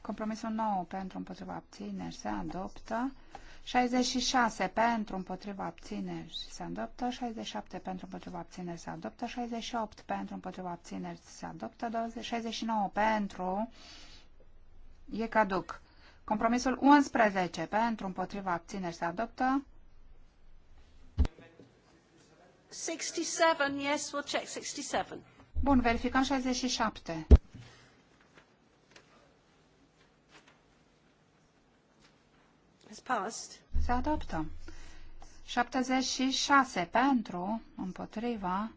Compromisul 9 pentru împotriva abțineri se adoptă. 66 pentru împotriva abțineri se adoptă, 67 pentru împotriva abțineri se adoptă, 68 pentru împotriva abțineri se adoptă, 20, 69 pentru e caduc. Compromisul 11 pentru împotriva abțineri se adoptă. 67, yes, we'll check 67. Bun, verificăm 67. Se adoptă. 76 pentru, împotriva,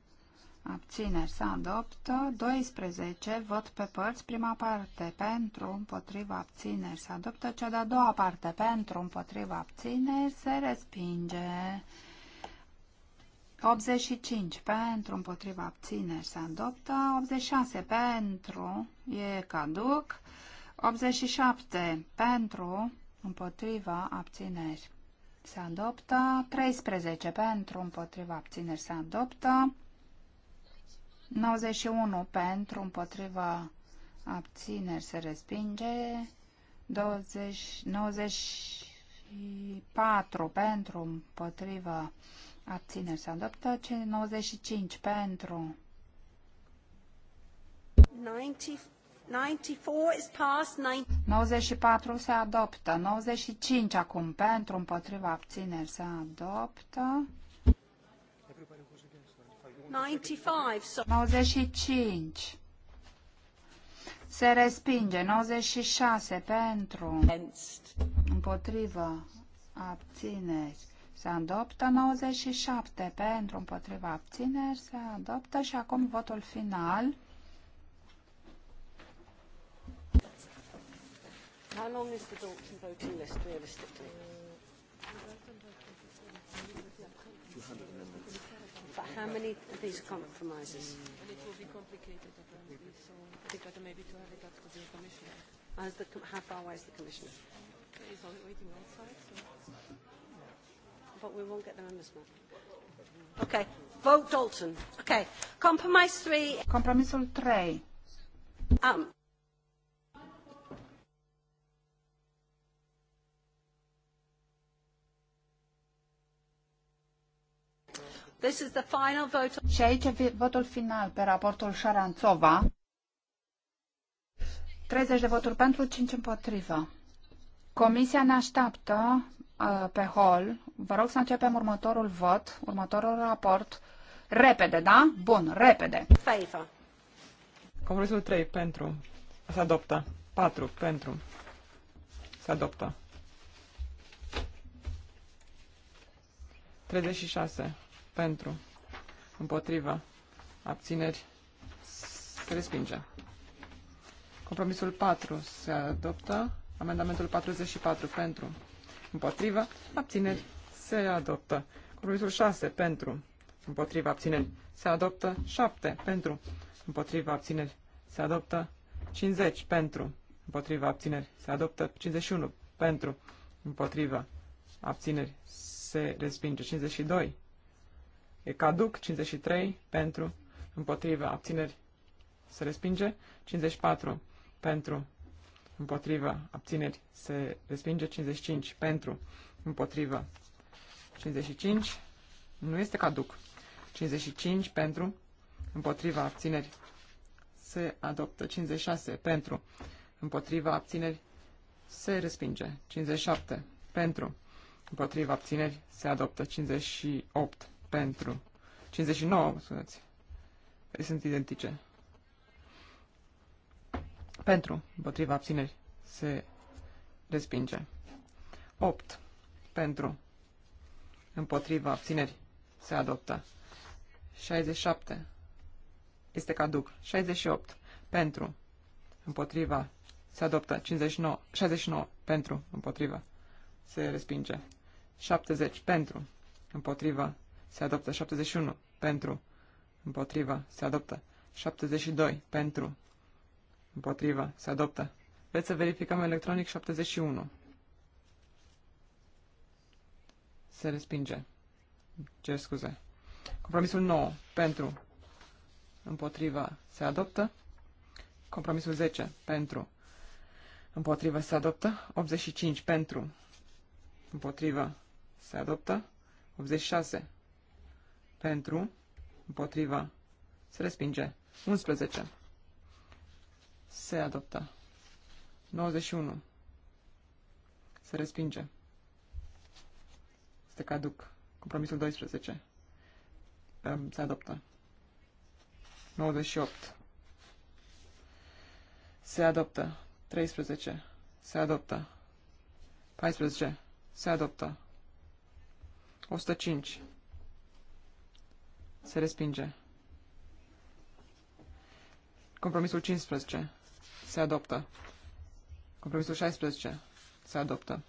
abțineri se adoptă. 12 vot pe părți, prima parte pentru, împotriva, abțineri se adoptă. Cea de-a doua parte pentru, împotriva, abțineri se respinge. 85 pentru, împotriva abțineri se adoptă. 86 pentru, e caduc. 87 pentru, împotriva abțineri se adoptă. 13 pentru, împotriva abțineri se adoptă. 91 pentru, împotriva abțineri se respinge. 20, 94 pentru, împotriva Abțineri se adoptă. 95 pentru. 94 se adoptă. 95 acum pentru împotriva abțineri se adoptă. 95. Se respinge. 96 pentru. Împotriva Abțineri se adoptă 97 pentru împotriva abțineri. Se adoptă și acum votul final. How long is the Dalton voting list realistically? But how many of these compromises? And it will be complicated apparently, so I think that maybe to have it up to the commissioner. As the, how far away is the commissioner? He's waiting outside. So but We won't get the members back. Okay. Vote Dalton. Okay. Compromise 3. Compromisul 3. Um. This is the final vote. Și aici votul final pe raportul Șaranțova. 30 de voturi pentru, 5 împotrivă. Comisia ne așteaptă uh, pe hol Vă rog să începem următorul vot, următorul raport. Repede, da? Bun, repede. Favor. Compromisul 3 pentru. Se adoptă. 4 pentru. Se adoptă. 36 pentru. Împotrivă. Abțineri. Se respinge. Compromisul 4 se adoptă. Amendamentul 44 pentru. Împotrivă. Abțineri se adoptă. Compromisul 6 pentru, împotriva abțineri, se adoptă. 7 pentru, împotriva abțineri, se adoptă. 50 pentru, împotriva abțineri, se adoptă. 51 pentru, împotriva abțineri, se respinge. 52 e caduc. 53 pentru, împotriva abțineri, se respinge. 54 pentru, împotriva abțineri, se respinge. 55 pentru, împotriva 55 nu este caduc. 55 pentru, împotriva abțineri se adoptă. 56 pentru, împotriva abțineri se respinge. 57 pentru, împotriva abțineri se adoptă. 58 pentru, 59, spuneți, sunt identice. Pentru, împotriva abțineri se respinge. 8 pentru, Împotriva abținerii. se adoptă. 67. Este caduc. 68. Pentru. Împotriva. Se adoptă. 59. 69. Pentru. Împotriva. Se respinge. 70. Pentru. Împotriva. Se adoptă. 71. Pentru. Împotriva. Se adoptă. 72. Pentru. Împotriva. Se adoptă. Veți să verificăm electronic 71. Se respinge. Cer scuze. Compromisul 9. Pentru. Împotriva. Se adoptă. Compromisul 10. Pentru. Împotrivă se adoptă. 85 pentru. Împotrivă se adoptă. 86 pentru. Împotrivă se respinge. 11 se adoptă. 91 se respinge se caduc. Compromisul 12. Se adoptă. 98. Se adoptă. 13. Se adoptă. 14. Se adoptă. 105. Se respinge. Compromisul 15. Se adoptă. Compromisul 16. Se adoptă.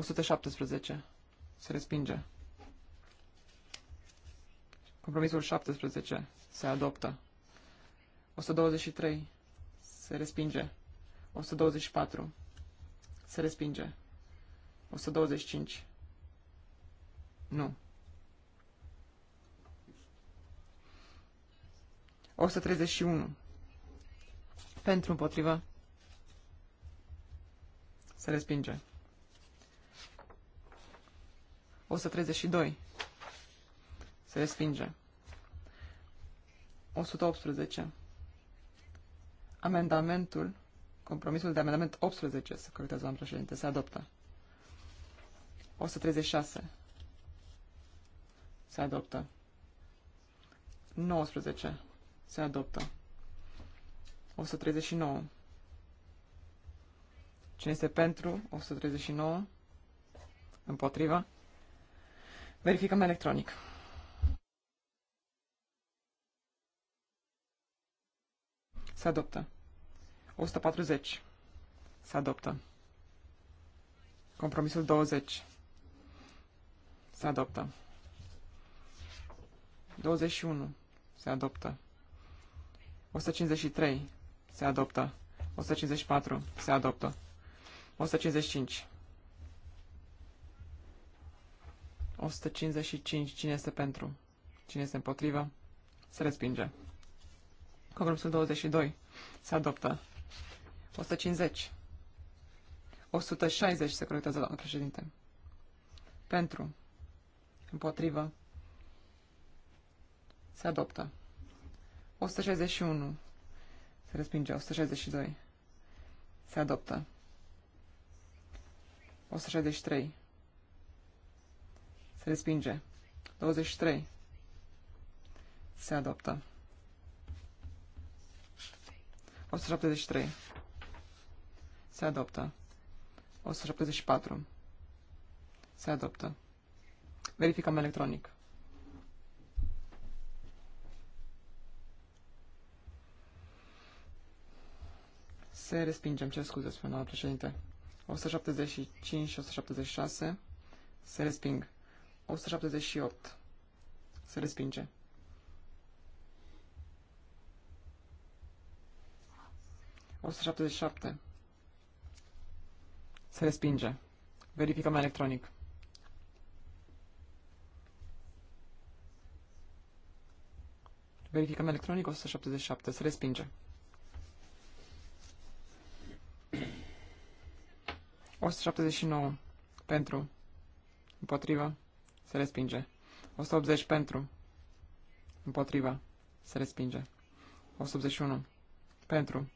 117. Se respinge. Compromisul 17. Se adoptă. 123. Se respinge. 124. Se respinge. 125. Nu. 131. Pentru împotrivă. Se respinge. 132. Se respinge. 118. Amendamentul, compromisul de amendament 18, se corectează doamnă președinte, se adoptă. 136. Se adoptă. 19. Se adoptă. 139. Cine este pentru? 139. Împotriva? Verificăm electronic. Se adoptă. 140. Se adoptă. Compromisul 20. Se adoptă. 21. Se adoptă. 153. Se adoptă. 154. Se adoptă. 155. 155. Cine este pentru? Cine este împotrivă? Se respinge. Compromisul 22. Se adoptă. 150. 160 se corectează, doamnă președinte. Pentru. Împotrivă. Se adoptă. 161. Se respinge. 162. Se adoptă. 163. Se respinge. 23. Se adoptă. 173. Se adoptă. 174. Se adoptă. Verificăm electronic. Se respingem, cer scuze, spune doamna președinte. 175 și 176 se resping. 178. Se respinge. O 177. Se respinge. Verificăm electronic. Verificăm electronic 177. Se respinge. 179. Pentru. Împotrivă. Se respinge. 180 pentru. Împotriva. Se respinge. 181. Pentru.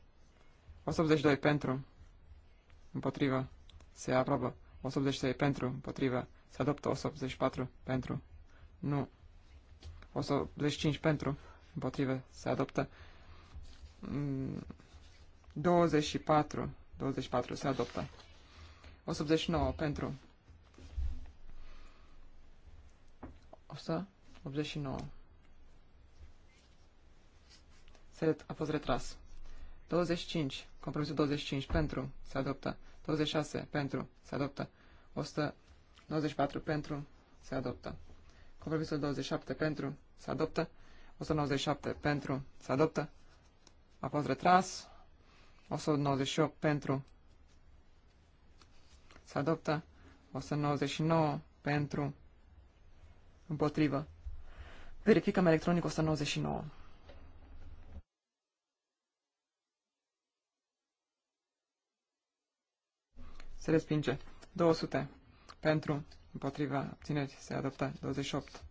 182. Pentru. Împotriva. Se aprobă. 183. Pentru. Împotriva. Se adoptă. 184. Pentru. Nu. 185. Pentru. Împotriva. Se adoptă. 24. Mm, 24. Se adoptă. 189. Pentru. 189. Se a fost retras. 25. Compromisul 25. Pentru. Se adoptă. 26. Pentru. Se adoptă. 194. Pentru. Se adoptă. Compromisul 27. Pentru. Se adoptă. 197. Pentru. Se adoptă. A fost retras. 198. Pentru. Se adoptă. 199. Pentru. Împotrivă. Verificăm electronic 199. Se respinge. 200. Pentru. Împotriva. Abțineri. Se adoptă. 28.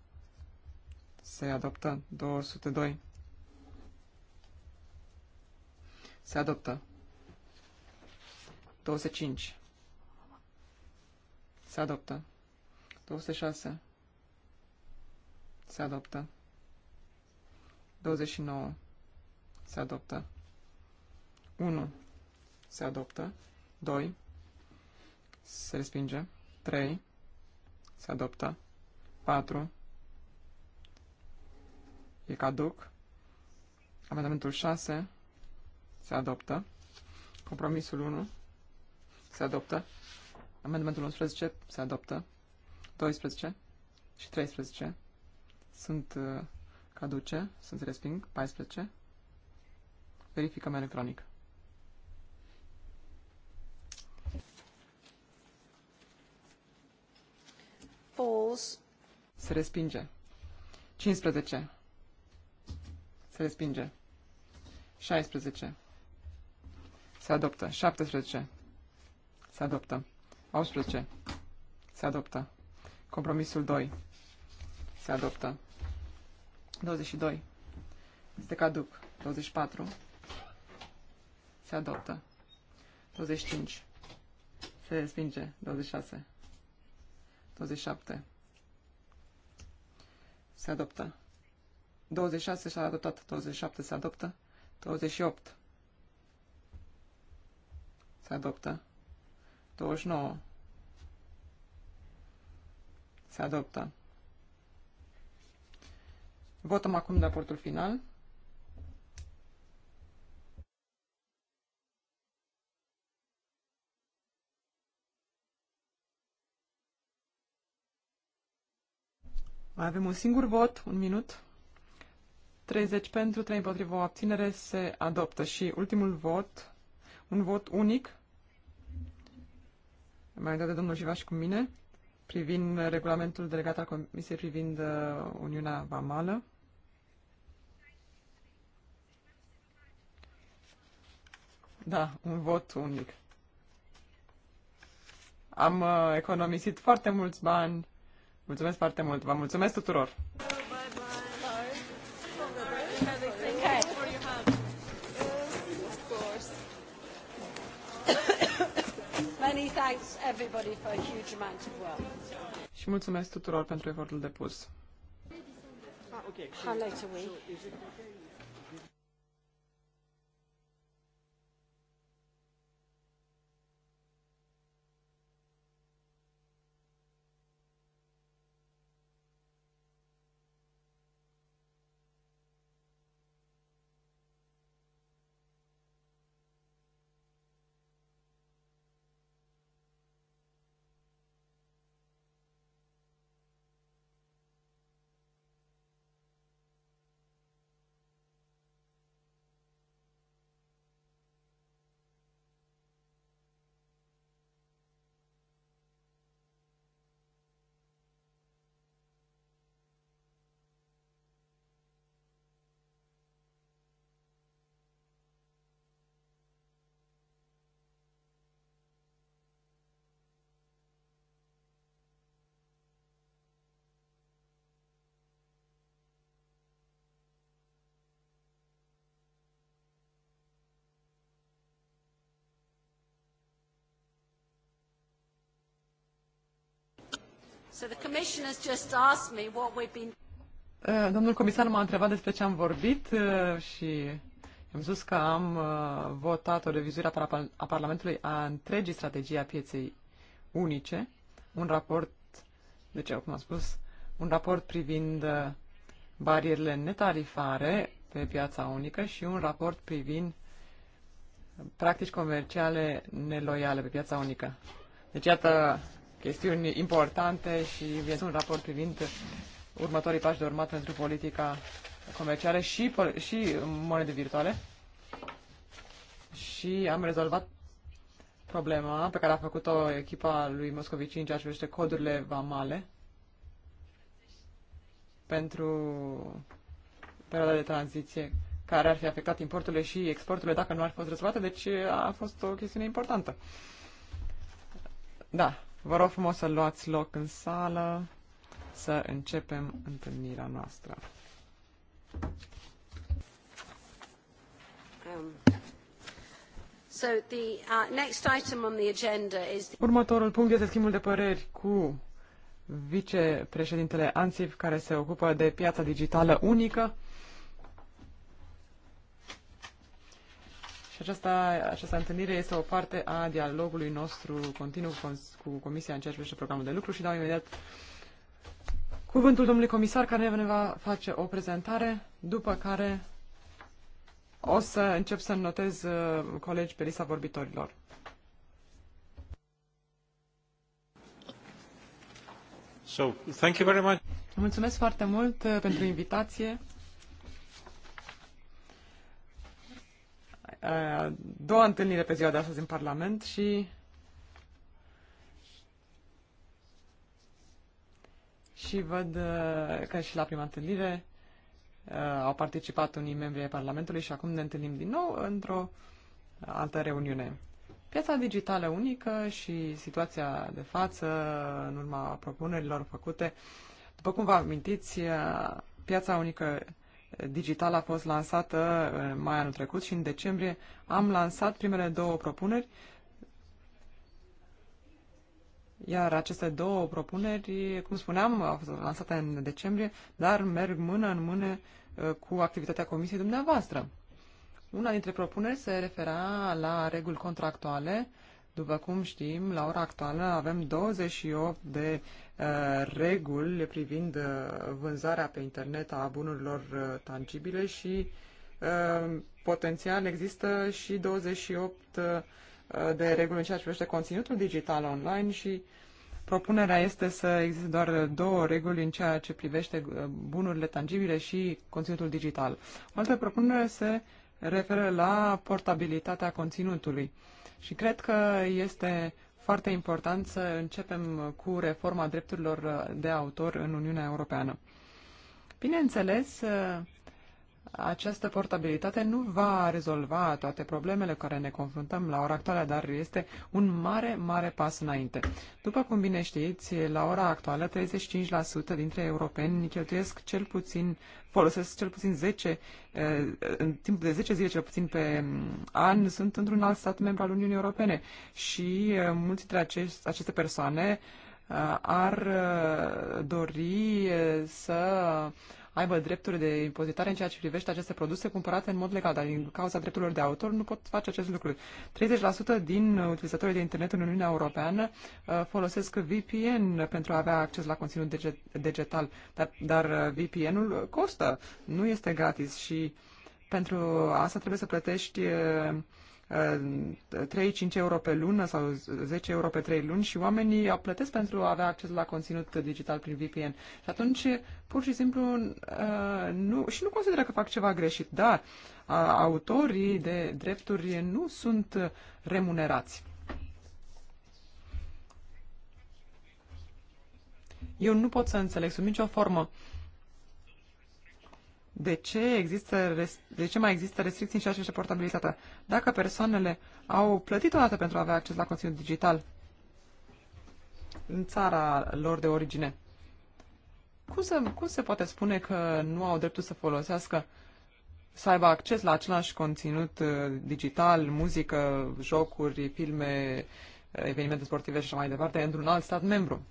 Se adoptă. 202. Se adoptă. 205. Se adoptă. 206. Se adoptă. 29. Se adoptă. 1. Se adoptă. 2. Se respinge. 3. Se adoptă. 4. E caduc. Amendamentul 6. Se adoptă. Compromisul 1. Se adoptă. Amendamentul 11. Se adoptă. 12 și 13 sunt uh, caduce, sunt resping, 14. Verificăm electronic. False. Se respinge. 15. Se respinge. 16. Se adoptă. 17. Se adoptă. 18. Se adoptă. Compromisul 2. Se adoptă. 22. Este caduc. 24. Se adoptă. 25. Se respinge. 26. 27. Se adoptă. 26 s-a adoptat. 27 se adoptă. 28. Se adoptă. 29. Se adoptă. Votăm acum raportul final. Mai avem un singur vot, un minut. 30 pentru, 3 împotrivă, o abținere se adoptă. Și ultimul vot, un vot unic, mai dat de domnul Jivaș cu mine, privind regulamentul delegat al Comisiei privind uh, Uniunea Vamală. Da, un vot unic. Am uh, economisit foarte mulți bani. Mulțumesc foarte mult. Vă mulțumesc tuturor! everybody for a huge amount of work. Și mulțumesc tuturor pentru efortul depus. How late are we? Uh, domnul comisar m-a întrebat despre ce am vorbit uh, și am spus că am uh, votat o revizuire a Parlamentului a întregii strategii a pieței unice, un raport, deci, cum am spus, un raport privind barierele netarifare pe piața unică și un raport privind practici comerciale neloiale pe piața unică. Deci, iată, chestiuni importante și este un raport privind următorii pași de urmat pentru politica comercială și, și monede virtuale. Și am rezolvat problema pe care a făcut-o echipa lui Moscovici în ceea ce privește codurile vamale pentru perioada de tranziție care ar fi afectat importurile și exporturile dacă nu ar fi fost rezolvate, deci a fost o chestiune importantă. Da, Vă rog frumos să luați loc în sală, să începem întâlnirea noastră. Um. So the, uh, next item on the agenda is... Următorul punct este schimbul de păreri cu vicepreședintele ANSIF care se ocupă de piața digitală unică. Și aceasta, această întâlnire este o parte a dialogului nostru continuu cu Comisia în ceea ce privește programul de lucru și dau imediat cuvântul domnului comisar care ne va face o prezentare, după care o să încep să notez uh, colegi pe lista vorbitorilor. So, thank you very much. Mulțumesc foarte mult uh, pentru invitație. două întâlniri pe ziua de astăzi în Parlament și și văd uh, că și la prima întâlnire uh, au participat unii membri ai Parlamentului și acum ne întâlnim din nou într-o altă reuniune. Piața digitală unică și situația de față în urma propunerilor făcute. După cum vă amintiți, uh, piața unică digital a fost lansată în uh, mai anul trecut și în decembrie am lansat primele două propuneri, iar aceste două propuneri, cum spuneam, au fost lansate în decembrie, dar merg mână în mână uh, cu activitatea comisiei dumneavoastră. Una dintre propuneri se refera la reguli contractuale uh, după cum știm, la ora actuală avem 28 de uh, reguli privind uh, vânzarea pe internet a bunurilor uh, tangibile și uh, potențial există și 28 uh, de reguli în ceea ce privește conținutul digital online și propunerea este să existe doar două reguli în ceea ce privește uh, bunurile tangibile și conținutul digital. O altă propunere se referă la portabilitatea conținutului. Uh, și cred că este foarte important să începem cu reforma drepturilor de autor în Uniunea Europeană. Bineînțeles, această portabilitate nu va rezolva toate problemele care ne confruntăm la ora actuală, dar este un mare, mare pas înainte. După cum bine știți, la ora actuală 35% dintre europeni cheltuiesc cel puțin, folosesc cel puțin 10, eh, în timp de 10 zile cel puțin pe mm, an, sunt într-un alt stat membru al Uniunii Europene și eh, mulți dintre acest, aceste persoane eh, ar dori să aibă drepturi de impozitare în ceea ce privește aceste produse cumpărate în mod legal, dar din cauza drepturilor de autor nu pot face acest lucru. 30% din utilizatorii de internet în Uniunea Europeană uh, folosesc VPN pentru a avea acces la conținut digital, dar, dar uh, VPN-ul costă, nu este gratis și pentru asta trebuie să plătești uh, 3-5 euro pe lună sau 10 euro pe 3 luni și oamenii plătesc pentru a avea acces la conținut digital prin VPN. Și atunci, pur și simplu, uh, nu, și nu consideră că fac ceva greșit, dar uh, autorii de drepturi nu sunt remunerați. Eu nu pot să înțeleg sub nicio formă de ce, există, de ce mai există restricții în ceea ce portabilitatea. Dacă persoanele au plătit o dată pentru a avea acces la conținut digital în țara lor de origine, cum se, cum se poate spune că nu au dreptul să folosească, să aibă acces la același conținut uh, digital, muzică, jocuri, filme, uh, evenimente sportive și așa mai departe, într-un alt stat membru?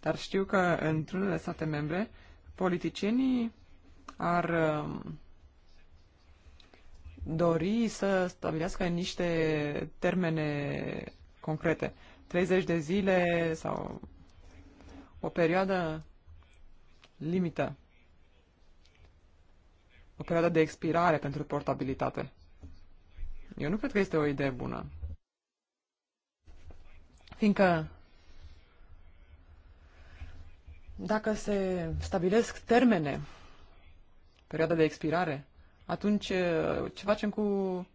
Dar știu că într-unele state membre, politicienii ar um, dori să stabilească niște termene concrete. 30 de zile sau o perioadă limită. O perioadă de expirare pentru portabilitate. Eu nu cred că este o idee bună. Fiindcă dacă se stabilesc termene, perioada de expirare, atunci eh, ce facem cu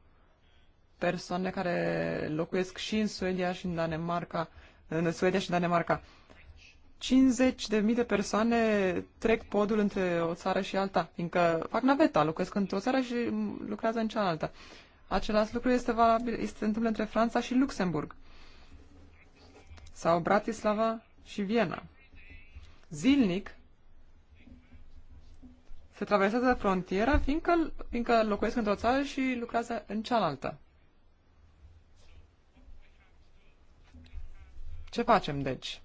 persoane care locuiesc și în Suedia și în Danemarca, în Suedia și Danemarca? 50 de mii de persoane trec podul între o țară și alta, fiindcă fac naveta, locuiesc într-o țară și lucrează în cealaltă. Același lucru este valabil, este întâmplă între Franța și Luxemburg. Sau Bratislava și Viena zilnic se traversează frontiera fiindcă, fiindcă locuiesc într-o țară și lucrează în cealaltă. Ce facem, deci?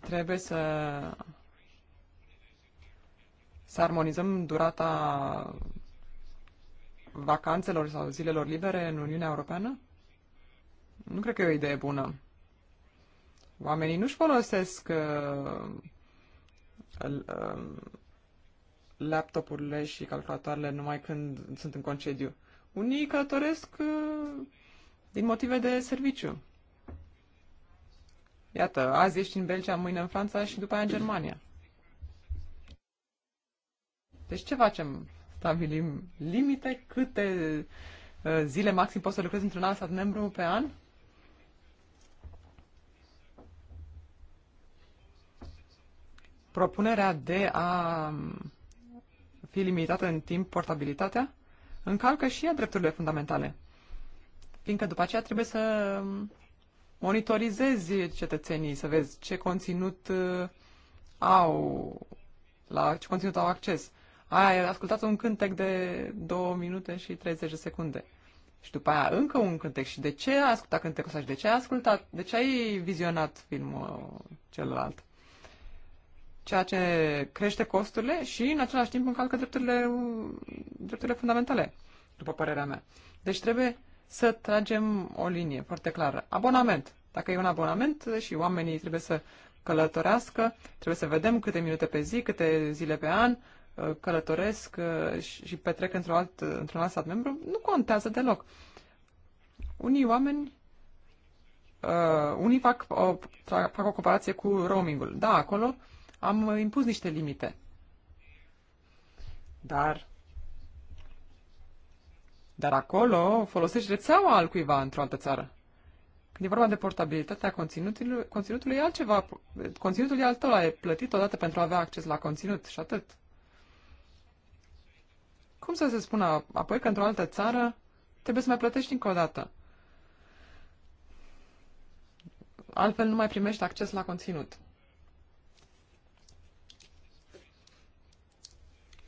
Trebuie să, să armonizăm durata vacanțelor sau zilelor libere în Uniunea Europeană? Nu cred că e o idee bună oamenii nu-și folosesc uh, uh, laptopurile și calculatoarele numai când sunt în concediu. Unii călătoresc uh, din motive de serviciu. Iată, azi ești în Belgia, mâine în Franța și după aia în Germania. Deci ce facem? Stabilim limite câte uh, zile maxim poți să lucrezi într-un alt stat membru pe an? propunerea de a fi limitată în timp portabilitatea încalcă și ea drepturile fundamentale. Fiindcă după aceea trebuie să monitorizezi cetățenii, să vezi ce conținut uh, au, la ce conținut au acces. Ai ascultat un cântec de 2 minute și 30 de secunde. Și după aia încă un cântec. Și de ce ai ascultat cântecul ăsta? Și de ce ai ascultat? De ce ai vizionat filmul uh, celălalt? ceea ce crește costurile și în același timp încalcă drepturile, drepturile fundamentale, după părerea mea. Deci trebuie să tragem o linie foarte clară. Abonament. Dacă e un abonament și oamenii trebuie să călătorească, trebuie să vedem câte minute pe zi, câte zile pe an uh, călătoresc uh, și petrec într-un alt, într alt stat membru, nu contează deloc. Unii oameni Uh, unii fac o, fac o comparație cu roamingul. Da, acolo uh, am impus niște limite. Dar dar acolo folosești rețeaua al cuiva într-o altă țară. Când e vorba de portabilitatea conținutului, conținutul e altceva. Conținutul e al tău, ai plătit odată pentru a avea acces la conținut și atât. Cum să se spună apoi că într-o altă țară trebuie să mai plătești încă o dată? Altfel nu mai primești acces la conținut.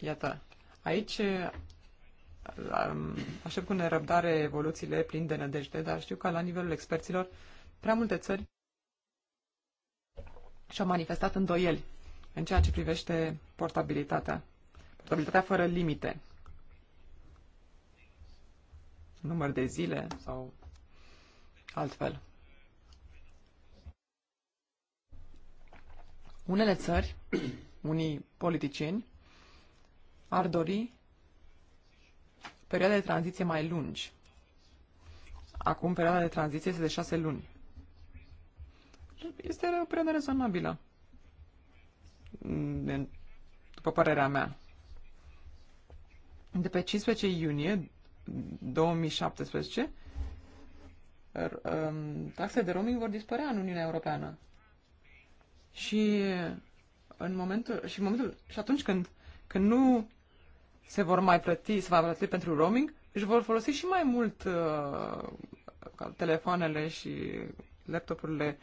Iată, aici eh, aștept cu nerăbdare evoluțiile plin de nădejde, dar știu că la nivelul experților prea multe țări și-au manifestat îndoieli în ceea ce privește portabilitatea. Portabilitatea fără limite. Număr de zile sau altfel. Unele țări, unii politicieni, ar dori perioade de tranziție mai lungi. Acum perioada de tranziție este de șase luni. Este o perioadă rezonabilă, după părerea mea. De pe 15 iunie 2017, um, taxele de roaming vor dispărea în Uniunea Europeană. Și în momentul, și în momentul, și atunci când, când nu se vor mai plăti, se va plăti pentru roaming, își vor folosi și mai mult uh, telefoanele și laptopurile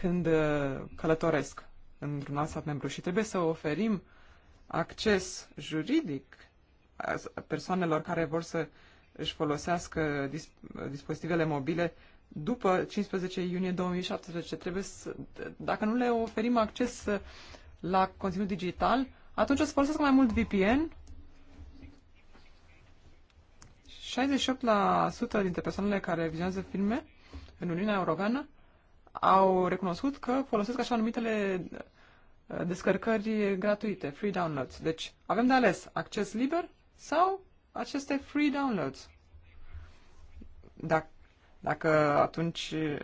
când uh, călătoresc într-un alt stat membru. Și trebuie să oferim acces juridic persoanelor care vor să își folosească disp- dispozitivele mobile după 15 iunie 2017. Trebuie să, dacă nu le oferim acces la conținut digital, atunci o să folosesc mai mult VPN 68% dintre persoanele care vizionează filme în Uniunea Europeană au recunoscut că folosesc așa numitele uh, descărcări gratuite, free downloads. Deci avem de ales acces liber sau aceste free downloads. Dacă, dacă atunci uh,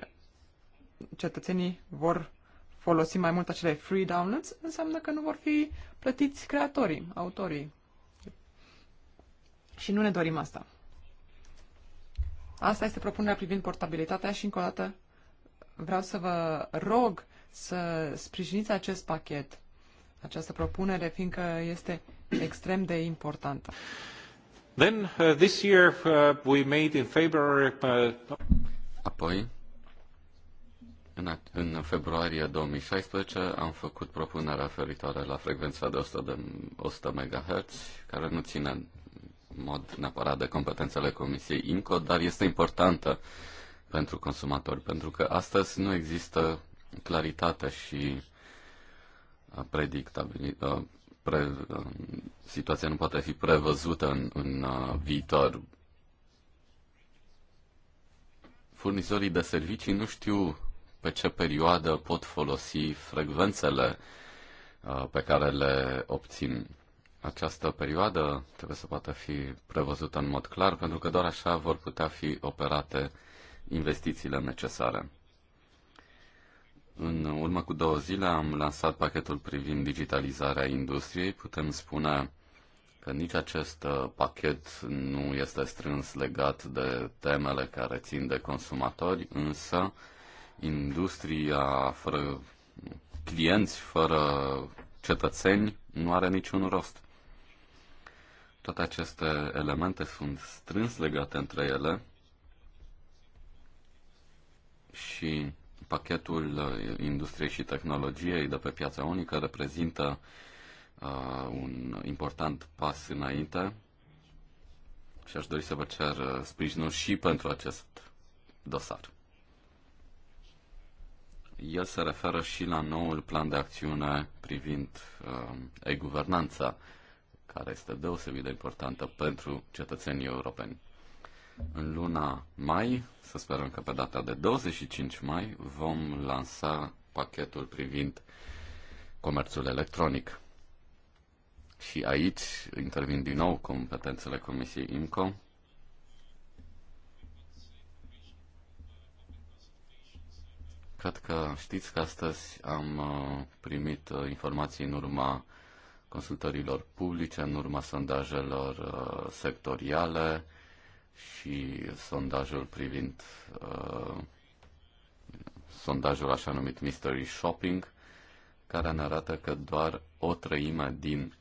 cetățenii vor folosi mai mult acele free downloads, înseamnă că nu vor fi plătiți creatorii, autorii. Și nu ne dorim asta. Asta este propunerea privind portabilitatea și încă o dată vreau să vă rog să sprijiniți acest pachet, această propunere, fiindcă este extrem de importantă. Then, uh, this year, uh, we made in February, uh... Apoi, în, în februarie 2016 am făcut propunerea referitoare la frecvența de 100, de 100 MHz, care nu ține mod neapărat de competențele Comisiei INCO, dar este importantă pentru consumatori, pentru că astăzi nu există claritate și uh, predictabilitate. Uh, pre, uh, situația nu poate fi prevăzută în, în viitor. Furnizorii de servicii nu știu pe ce perioadă pot folosi frecvențele pe care le obțin. Această perioadă trebuie să poată fi prevăzută în mod clar, pentru că doar așa vor putea fi operate investițiile necesare. În urmă cu două zile am lansat pachetul privind digitalizarea industriei. Putem spune că nici acest uh, pachet nu este strâns legat de temele care țin de consumatori, însă industria fără clienți, fără cetățeni, nu are niciun rost. Toate aceste elemente sunt strâns legate între ele și pachetul industriei și tehnologiei de pe piața unică reprezintă uh, un important pas înainte și aș dori să vă cer uh, sprijinul și pentru acest dosar. El se referă și la noul plan de acțiune privind uh, e-guvernanța uh, care este deosebit de importantă pentru cetățenii europeni. În luna mai, să sperăm că pe data de 25 mai, vom lansa pachetul privind comerțul electronic. Și aici intervin din nou competențele Comisiei IMCO, Cred că știți că astăzi am uh, primit uh, informații în urma consultărilor publice, în urma sondajelor uh, sectoriale și sondajul privind uh, sondajul așa numit Mystery Shopping, care ne arată că doar o treime din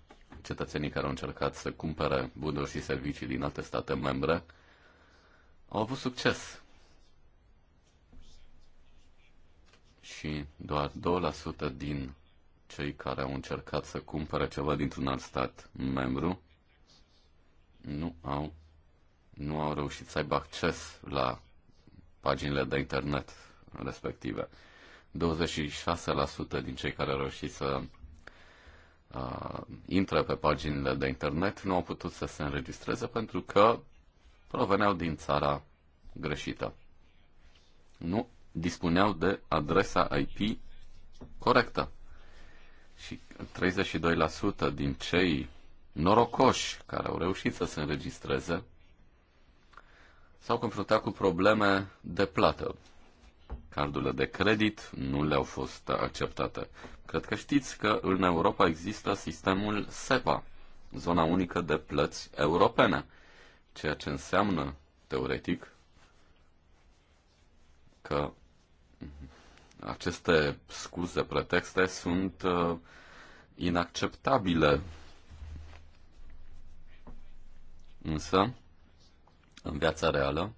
cetățenii care au încercat să cumpere bunuri și servicii din alte state membre au avut succes. Și doar 2% din cei care au încercat să cumpere ceva dintr-un alt stat membru nu au, nu au reușit să aibă acces la paginile de internet respective. 26% din cei care au reușit să uh, intre pe paginile de internet nu au putut să se înregistreze pentru că proveneau din țara greșită. Nu dispuneau de adresa IP corectă și 32% din cei norocoși care au reușit să se înregistreze s-au confruntat cu probleme de plată. Cardurile de credit nu le-au fost acceptate. Cred că știți că în Europa există sistemul SEPA, zona unică de plăți europene, ceea ce înseamnă, teoretic, că aceste scuze, pretexte sunt uh, inacceptabile. Însă, în viața reală,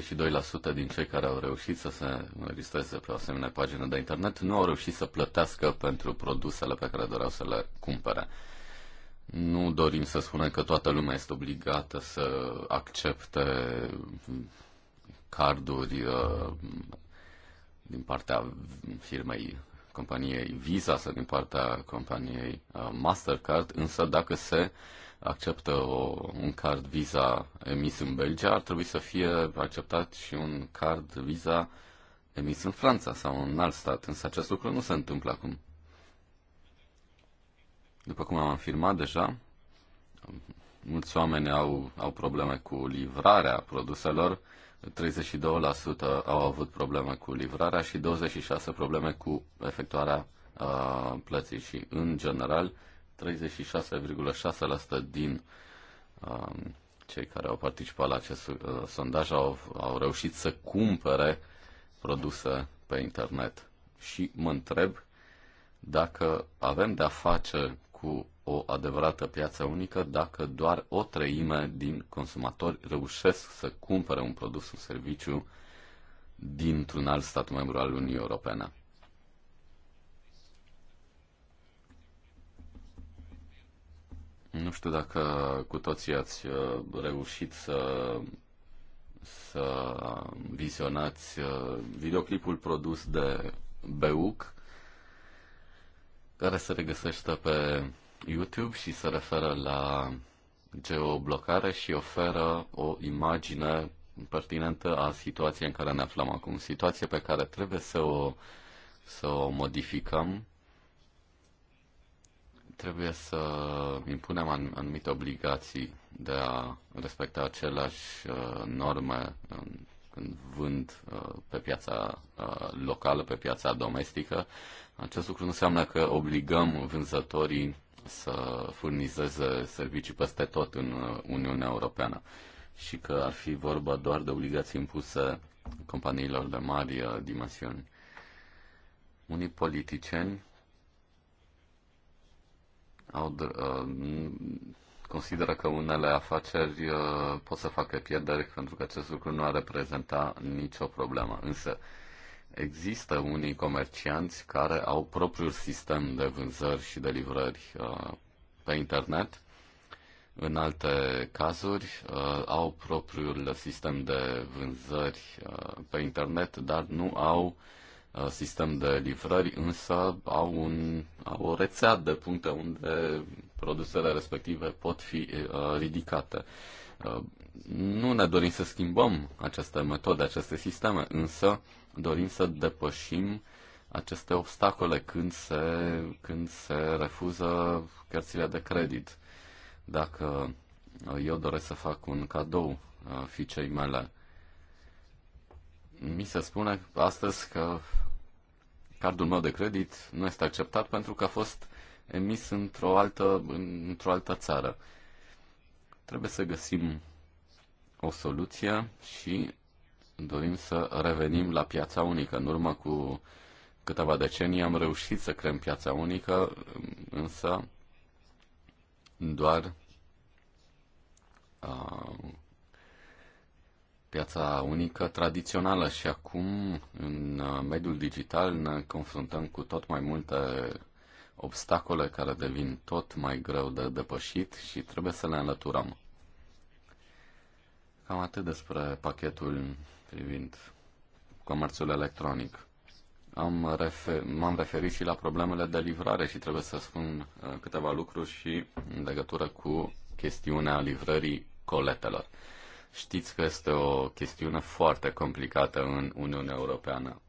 32% din cei care au reușit să se înregistreze pe o asemenea pagină de internet nu au reușit să plătească pentru produsele pe care doreau să le cumpere. Nu dorim să spunem că toată lumea este obligată să accepte carduri uh, din partea firmei companiei Visa sau din partea companiei uh, Mastercard, însă dacă se acceptă o, un card Visa emis în Belgia, ar trebui să fie acceptat și un card Visa emis în Franța sau în alt stat, însă acest lucru nu se întâmplă acum. După cum am afirmat deja, mulți oameni au, au probleme cu livrarea produselor, 32% au avut probleme cu livrarea și 26% probleme cu efectuarea uh, plății și, în general, 36,6% din uh, cei care au participat la acest uh, sondaj au, au reușit să cumpere produse pe internet. Și mă întreb dacă avem de-a face cu o adevărată piață unică dacă doar o treime din consumatori reușesc să cumpere un produs, un serviciu dintr-un alt stat membru al Uniunii Europene. Nu știu dacă cu toții ați uh, reușit să, să vizionați uh, videoclipul produs de Beuc, care se regăsește pe YouTube și se referă la geoblocare și oferă o imagine pertinentă a situației în care ne aflăm acum. Situație pe care trebuie să o, să o modificăm. Trebuie să impunem anumite obligații de a respecta aceleași uh, norme când vând uh, pe piața uh, locală, pe piața domestică. Acest lucru nu înseamnă că obligăm vânzătorii să furnizeze servicii peste tot în uh, Uniunea Europeană și că ar fi vorba doar de obligații impuse companiilor de mari uh, dimensiuni. Unii politicieni au, uh, consideră că unele afaceri uh, pot să facă pierderi pentru că acest lucru nu ar reprezenta nicio problemă. Însă, uh, există unii comercianți care au propriul sistem de vânzări și de livrări uh, pe internet. În alte cazuri uh, au propriul sistem de vânzări uh, pe internet, dar nu au sistem de livrări, însă au, un, au o rețea de puncte unde produsele respective pot fi ridicate. Nu ne dorim să schimbăm aceste metode, aceste sisteme, însă uh, dorim să depășim aceste obstacole când se, când se refuză cărțile de credit. Dacă eu doresc să fac un cadou uh, fiicei mele, mi se spune astăzi că cardul meu de credit nu este acceptat pentru că a fost emis într-o altă, într-o altă țară. Trebuie să găsim o soluție și dorim să revenim la piața unică. În urmă cu câteva decenii am reușit să creăm piața unică, însă doar uh, piața unică tradițională și acum în uh, mediul digital ne confruntăm cu tot mai multe obstacole care devin tot mai greu de depășit și trebuie să le înlăturăm. Cam atât despre pachetul privind comerțul electronic. Am refer, m-am referit și la problemele de livrare și trebuie să spun uh, câteva lucruri și în legătură cu chestiunea livrării coletelor. Știți că este o chestiune foarte complicată în Uniunea Europeană.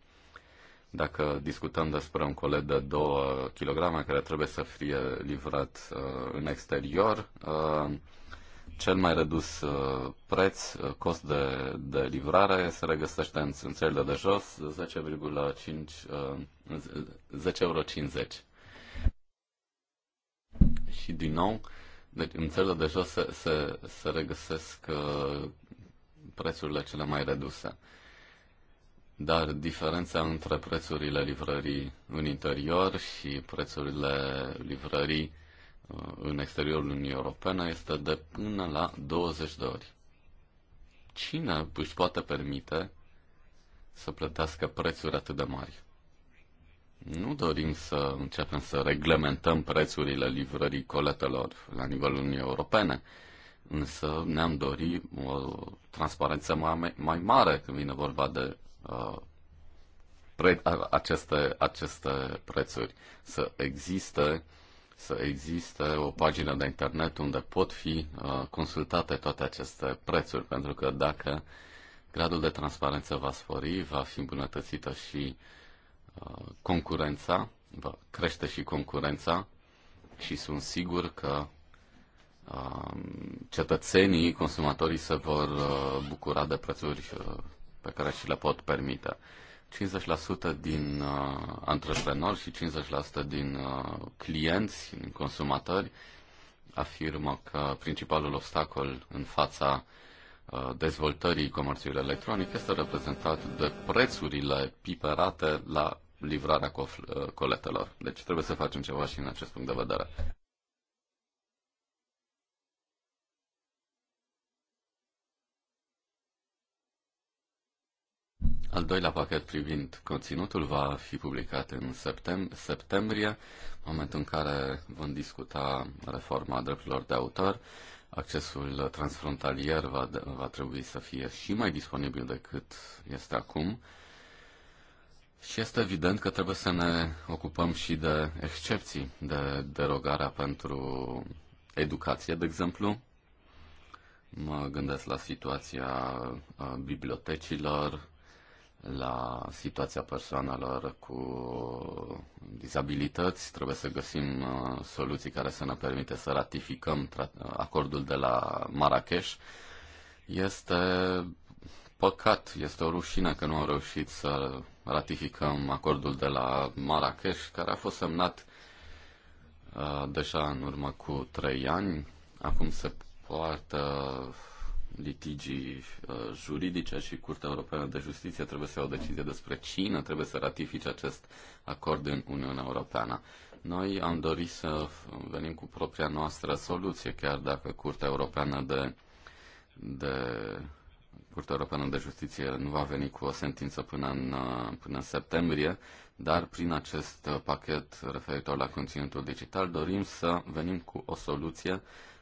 Dacă discutăm despre un colet de 2 kg care trebuie să fie livrat uh, în exterior, uh, cel mai redus uh, preț, uh, cost de, de livrare, se regăsește în, în țările de jos, 10,5 10 uh, euro. Și din nou, deci în țările de jos se, se, se regăsesc prețurile cele mai reduse. Dar diferența între prețurile livrării în interior și prețurile livrării Uh, în exteriorul Uniunii Europene este de până la 20 de ori. Cine își poate permite să plătească prețuri atât de mari? Nu dorim să începem să reglementăm prețurile livrării coletelor la nivelul Uniunii Europene, însă ne-am dorit o transparență mai, mai mare când vine vorba de uh, pre- aceste, aceste prețuri. Să existe uh, să existe o pagină de internet unde pot fi uh, consultate toate aceste prețuri, pentru că dacă gradul de transparență va spori, va fi îmbunătățită și uh, concurența, va crește și concurența și sunt sigur că um, cetățenii, consumatorii se vor uh, bucura de prețuri pe care și le pot permite. 50% din uh, antreprenori și 50% din uh, clienți, din consumatori, afirmă că principalul obstacol în fața uh, dezvoltării comerțului electronic este reprezentat de prețurile piperate la livrarea uh, coletelor. Deci trebuie să facem ceva și în acest punct de vedere. Al doilea pachet privind conținutul va fi publicat în septem- septembrie, momentul în care vom discuta reforma drepturilor de autor. Accesul transfrontalier va, va trebui să fie și mai disponibil decât este acum. Și este evident că trebuie să ne ocupăm și de excepții, de derogarea pentru educație, de exemplu. Mă gândesc la situația bibliotecilor, la situația persoanelor cu dizabilități. Trebuie să găsim uh, soluții care să ne permite să ratificăm acordul de la Marrakesh. Este păcat, este o rușine că nu am reușit să ratificăm acordul de la Marrakesh, care a fost semnat uh, deja în urmă cu trei ani. Acum se poartă litigii uh, juridice și Curtea Europeană de Justiție trebuie să ia o decizie despre cine trebuie să ratifice acest acord în Uniunea Europeană. Noi am dorit să venim cu propria noastră soluție, chiar dacă Curtea Europeană de, de Curtea Europeană de Justiție nu va veni cu o sentință până în, uh, până în septembrie, dar prin acest pachet referitor la conținutul digital dorim să venim cu o soluție uh,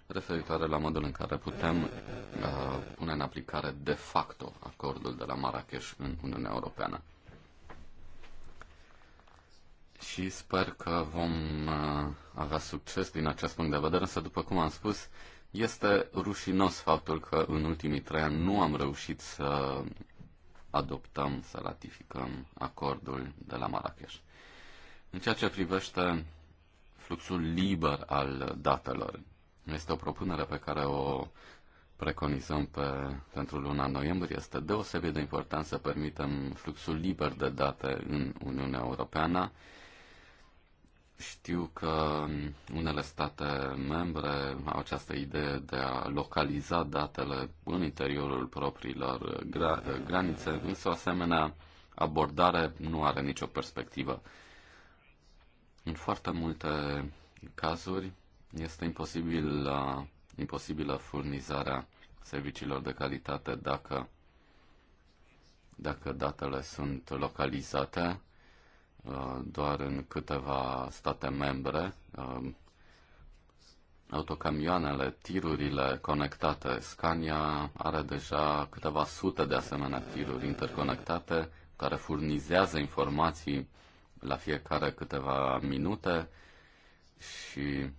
referitoare la modul în care putem uh, pune în aplicare de facto acordul de la Marrakesh în Uniunea Europeană. Și sper că vom uh, avea succes din acest punct de vedere, însă, după cum am spus, este rușinos faptul că în ultimii trei ani nu am reușit să adoptăm, să ratificăm acordul de la Marrakesh. În ceea ce privește fluxul liber al datelor, este o propunere pe care o preconizăm pe, pentru luna noiembrie. Este deosebit de important să permitem fluxul liber de date în Uniunea Europeană. Știu că unele state membre au această idee de a localiza datele în interiorul propriilor gra- granițe, însă o asemenea abordare nu are nicio perspectivă. În foarte multe cazuri, este imposibil, uh, imposibilă furnizarea serviciilor de calitate dacă, dacă datele sunt localizate uh, doar în câteva state membre. Uh, autocamioanele, tirurile conectate, Scania are deja câteva sute de asemenea tiruri interconectate care furnizează informații la fiecare câteva minute și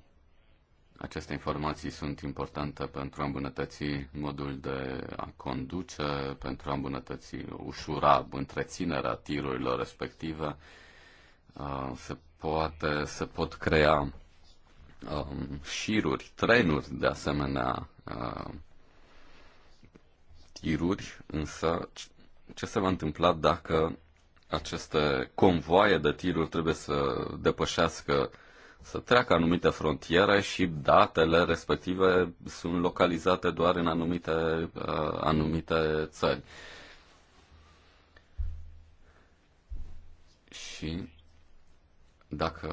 aceste informații sunt importante pentru a îmbunătăți modul de a conduce, pentru a îmbunătăți, ușura întreținerea tirurilor respective. Uh, se, poate, se pot crea um, șiruri, trenuri de asemenea uh, tiruri, însă ce se va întâmpla dacă aceste convoaie de tiruri trebuie să depășească să treacă anumite frontiere și datele respective sunt localizate doar în anumite, uh, anumite țări. Și dacă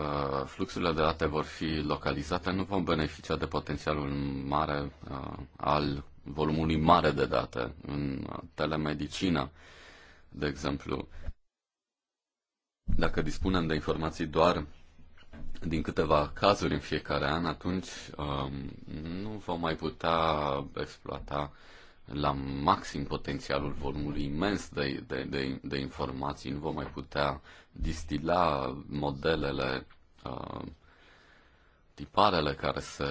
fluxurile de date vor fi localizate, nu vom beneficia de potențialul mare uh, al volumului mare de date în telemedicină, de exemplu. Dacă dispunem de informații doar din câteva cazuri în fiecare an, atunci um, nu vom mai putea exploata la maxim potențialul volumului imens de, de, de, de informații, nu vom mai putea distila modelele, um, tiparele care se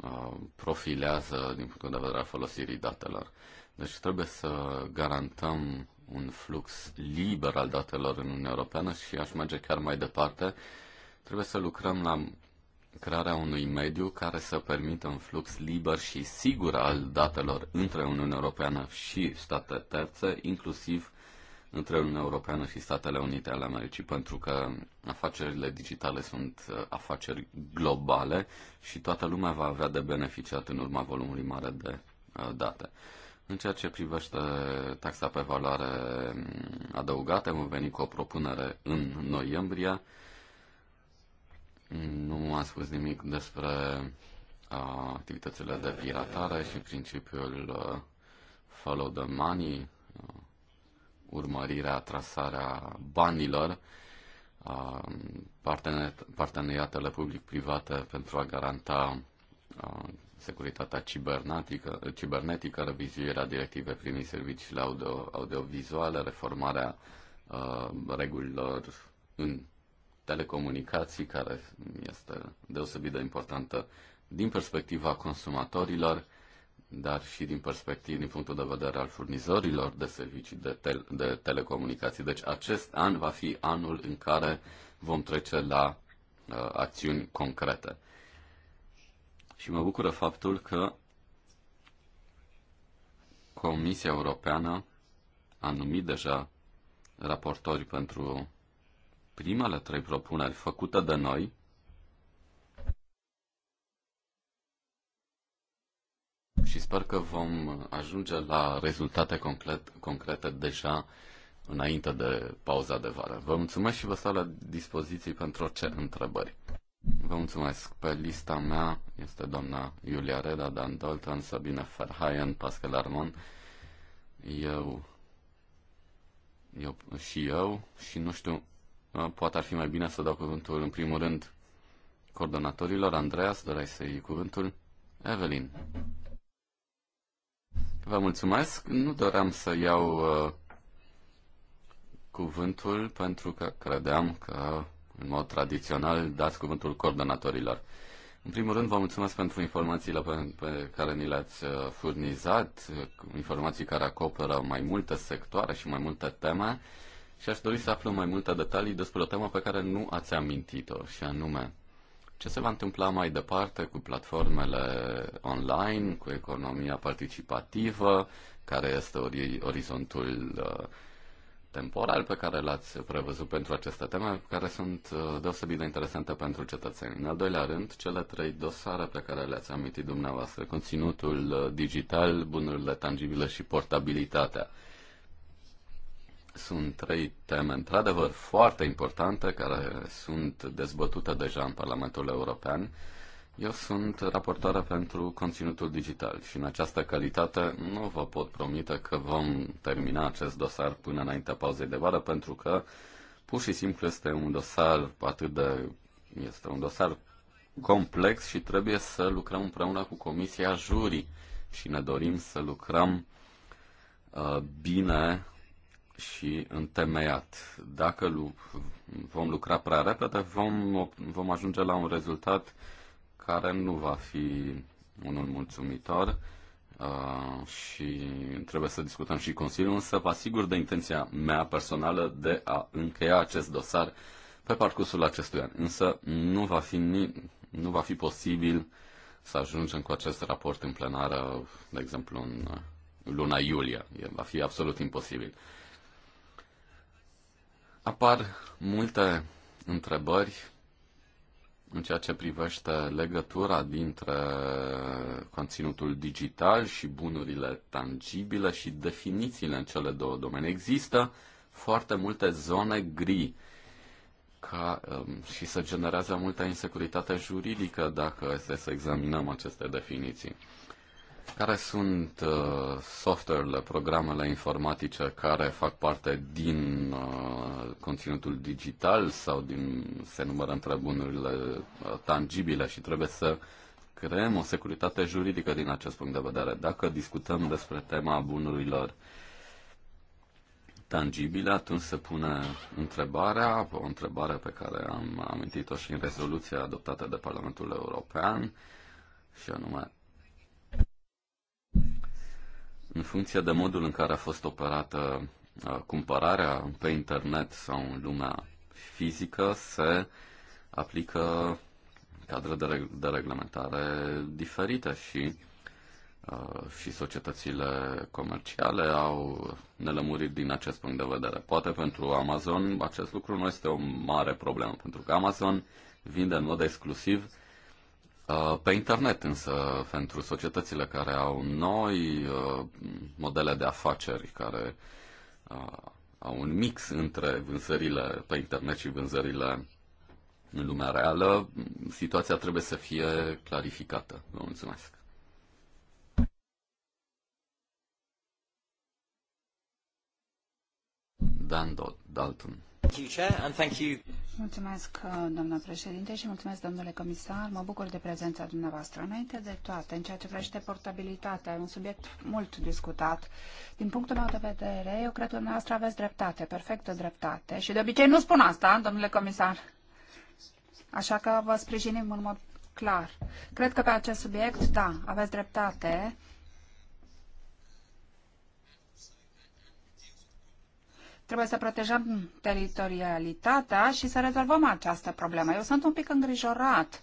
uh, profilează din punctul de vedere al folosirii datelor. Deci trebuie să garantăm un flux liber al datelor în Uniunea Europeană și aș merge chiar mai departe Trebuie să lucrăm la crearea unui mediu care să permită un flux liber și sigur al datelor între Uniunea Europeană și state terțe, inclusiv între Uniunea Europeană și Statele Unite ale Americii, pentru că afacerile digitale sunt uh, afaceri globale și toată lumea va avea de beneficiat în urma volumului mare de uh, date. În ceea ce privește taxa pe valoare mm, adăugată, vom veni cu o propunere în noiembrie nu a spus nimic despre a, activitățile de piratare și principiul a, follow the money, a, urmărirea, trasarea banilor, a, partener, parteneriatele public-private pentru a garanta a, securitatea cibernetică, cibernetică revizuirea directive privind serviciile audio, audiovizuale, reformarea a, regulilor în telecomunicații, care este deosebit de importantă din perspectiva consumatorilor, dar și din perspectiv, din punctul de vedere al furnizorilor de servicii de, tel- de telecomunicații. Deci acest an va fi anul în care vom trece la uh, acțiuni concrete. Și mă bucură faptul că Comisia Europeană a numit deja raportori pentru primele trei propuneri făcute de noi și sper că vom ajunge la rezultate concret, concrete deja înainte de pauza de vară. Vă mulțumesc și vă stau la dispoziție pentru orice întrebări. Vă mulțumesc. Pe lista mea este doamna Iulia Reda, Dan Dalton, Sabine Ferhaien, Pascal Armon, eu, eu și eu și nu știu Poate ar fi mai bine să dau cuvântul în primul rând coordonatorilor. Andreas, doreai să iei cuvântul? Evelyn. Vă mulțumesc. Nu doream să iau uh, cuvântul pentru că credeam că, în mod tradițional, dați cuvântul coordonatorilor. În primul rând, vă mulțumesc pentru informațiile pe, pe care ni le-ați uh, furnizat, uh, informații care acoperă mai multe sectoare și mai multe teme. Uh, și aș dori să aflu mai multe detalii despre o temă pe care nu ați amintit-o, și anume ce se va întâmpla mai departe cu platformele online, cu economia participativă, care este ori, orizontul uh, temporal pe care l-ați prevăzut pentru aceste teme, care sunt uh, deosebit de interesante pentru cetățeni. În al doilea rând, cele trei dosare pe care le-ați amintit dumneavoastră, conținutul uh, digital, bunurile tangibile și portabilitatea. Sunt trei teme, într-adevăr, foarte importante, care sunt dezbătute deja în Parlamentul European. Eu sunt raportoare pentru conținutul digital și în această calitate nu vă pot promite că vom termina acest dosar până înaintea pauzei de vară, pentru că pur și simplu este un dosar atât de... este un dosar complex și trebuie să lucrăm împreună cu Comisia Jurii și ne dorim să lucrăm uh, bine și întemeiat. Dacă vom lucra prea repede, vom, vom ajunge la un rezultat care nu va fi unul mulțumitor uh, și trebuie să discutăm și Consiliul, însă vă asigur de intenția mea personală de a încheia acest dosar pe parcursul acestui an. Însă nu va fi, ni, nu va fi posibil să ajungem cu acest raport în plenară, de exemplu, în luna iulie. E, va fi absolut imposibil. Apar multe întrebări în ceea ce privește legătura dintre conținutul digital și bunurile tangibile și definițiile în cele două domenii. Există foarte multe zone gri ca, um, și se generează multă insecuritate juridică dacă este să examinăm aceste definiții. Care sunt uh, software-urile, programele informatice care fac parte din uh, conținutul digital sau din, se numără între bunurile uh, tangibile și trebuie să creăm o securitate juridică din acest punct de vedere. Dacă discutăm despre tema bunurilor tangibile, atunci se pune întrebarea, o întrebare pe care am amintit-o și în rezoluția adoptată de Parlamentul European, și anume în funcție de modul în care a fost operată uh, cumpărarea pe internet sau în lumea fizică, se aplică cadre de, reg- de reglementare diferite și uh, și societățile comerciale au nelămurit din acest punct de vedere. Poate pentru Amazon acest lucru nu este o mare problemă, pentru că Amazon vinde în mod exclusiv Uh, pe internet însă, pentru societățile care au noi uh, modele de afaceri, care uh, au un mix între vânzările pe internet și vânzările în lumea reală, situația trebuie să fie clarificată. Vă mulțumesc. Dan Dalton. Mulțumesc, uh, domnule președinte, și mulțumesc, domnule comisar. Mă bucur de prezența dumneavoastră. Înainte de toate, în ceea ce privește portabilitatea, un subiect mult discutat, din punctul meu de vedere, eu cred că dumneavoastră aveți dreptate, perfectă dreptate. Și de obicei nu spun asta, domnule comisar. Așa că vă sprijinim în mod clar. Cred că pe acest subiect, da, aveți dreptate Trebuie să protejăm teritorialitatea și să rezolvăm această problemă. Eu sunt un pic îngrijorat.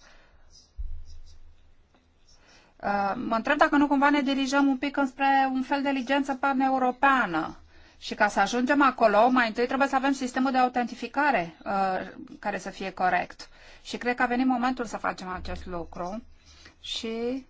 Uh, mă întreb dacă nu cumva ne dirijăm un pic înspre un fel de ligență paneuropeană. Și ca să ajungem acolo, mai întâi trebuie să avem sistemul de autentificare uh, care să fie corect. Și cred că a venit momentul să facem acest lucru. Și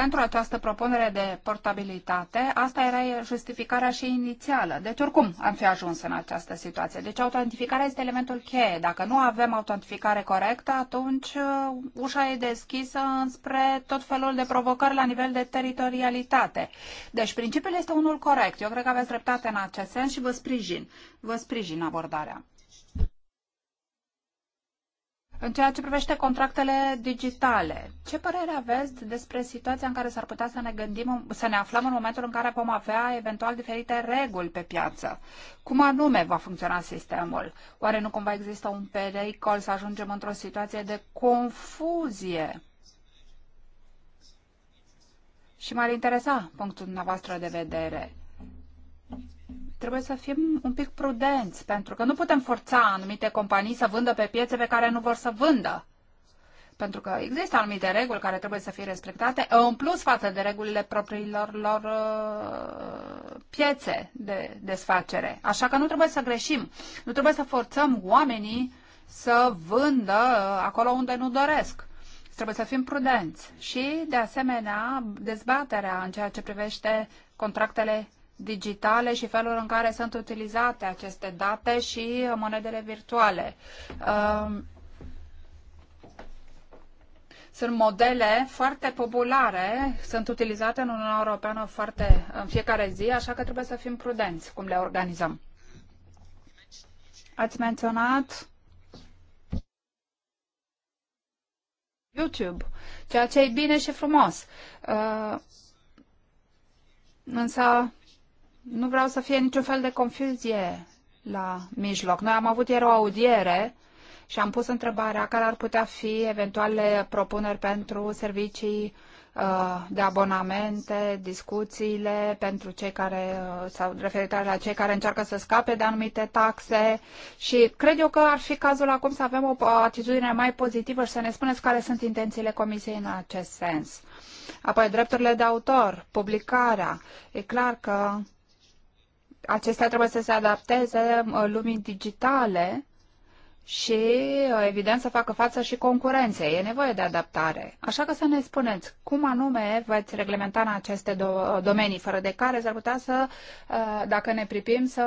pentru această propunere de portabilitate, asta era justificarea și inițială. Deci oricum am fi ajuns în această situație. Deci autentificarea este elementul cheie. Dacă nu avem autentificare corectă, atunci uh, ușa e deschisă spre tot felul de provocări la nivel de teritorialitate. Deci principiul este unul corect. Eu cred că aveți dreptate în acest sens și vă sprijin. Vă sprijin abordarea. În ceea ce privește contractele digitale, ce părere aveți despre situația în care s-ar putea să ne gândim, să ne aflăm în momentul în care vom avea eventual diferite reguli pe piață? Cum anume va funcționa sistemul? Oare nu cumva există un pericol să ajungem într-o situație de confuzie? Și m-ar interesa punctul dumneavoastră de vedere trebuie să fim un pic prudenți, pentru că nu putem forța anumite companii să vândă pe piețe pe care nu vor să vândă. Pentru că există anumite reguli care trebuie să fie respectate, în plus față de regulile propriilor lor uh, piețe de desfacere. Așa că nu trebuie să greșim. Nu trebuie să forțăm oamenii să vândă uh, acolo unde nu doresc. Trebuie să fim prudenți. Și, de asemenea, dezbaterea în ceea ce privește contractele digitale și felul în care sunt utilizate aceste date și monedele virtuale. Um, sunt modele foarte populare, sunt utilizate în Uniunea Europeană foarte, în fiecare zi, așa că trebuie să fim prudenți cum le organizăm. Ați menționat YouTube, ceea ce e bine și frumos. Uh, însă nu vreau să fie niciun fel de confuzie la mijloc. Noi am avut ieri o audiere și am pus întrebarea care ar putea fi eventuale propuneri pentru servicii uh, de abonamente, discuțiile pentru cei care uh, sau referitoare la cei care încearcă să scape de anumite taxe și cred eu că ar fi cazul acum să avem o atitudine mai pozitivă și să ne spuneți care sunt intențiile Comisiei în acest sens. Apoi drepturile de autor, publicarea. E clar că acestea trebuie să se adapteze uh, lumii digitale și, uh, evident, să facă față și concurenței. E nevoie de adaptare. Așa că să ne spuneți cum anume veți reglementa în aceste do- domenii, fără de care s-ar putea să, uh, dacă ne pripim, să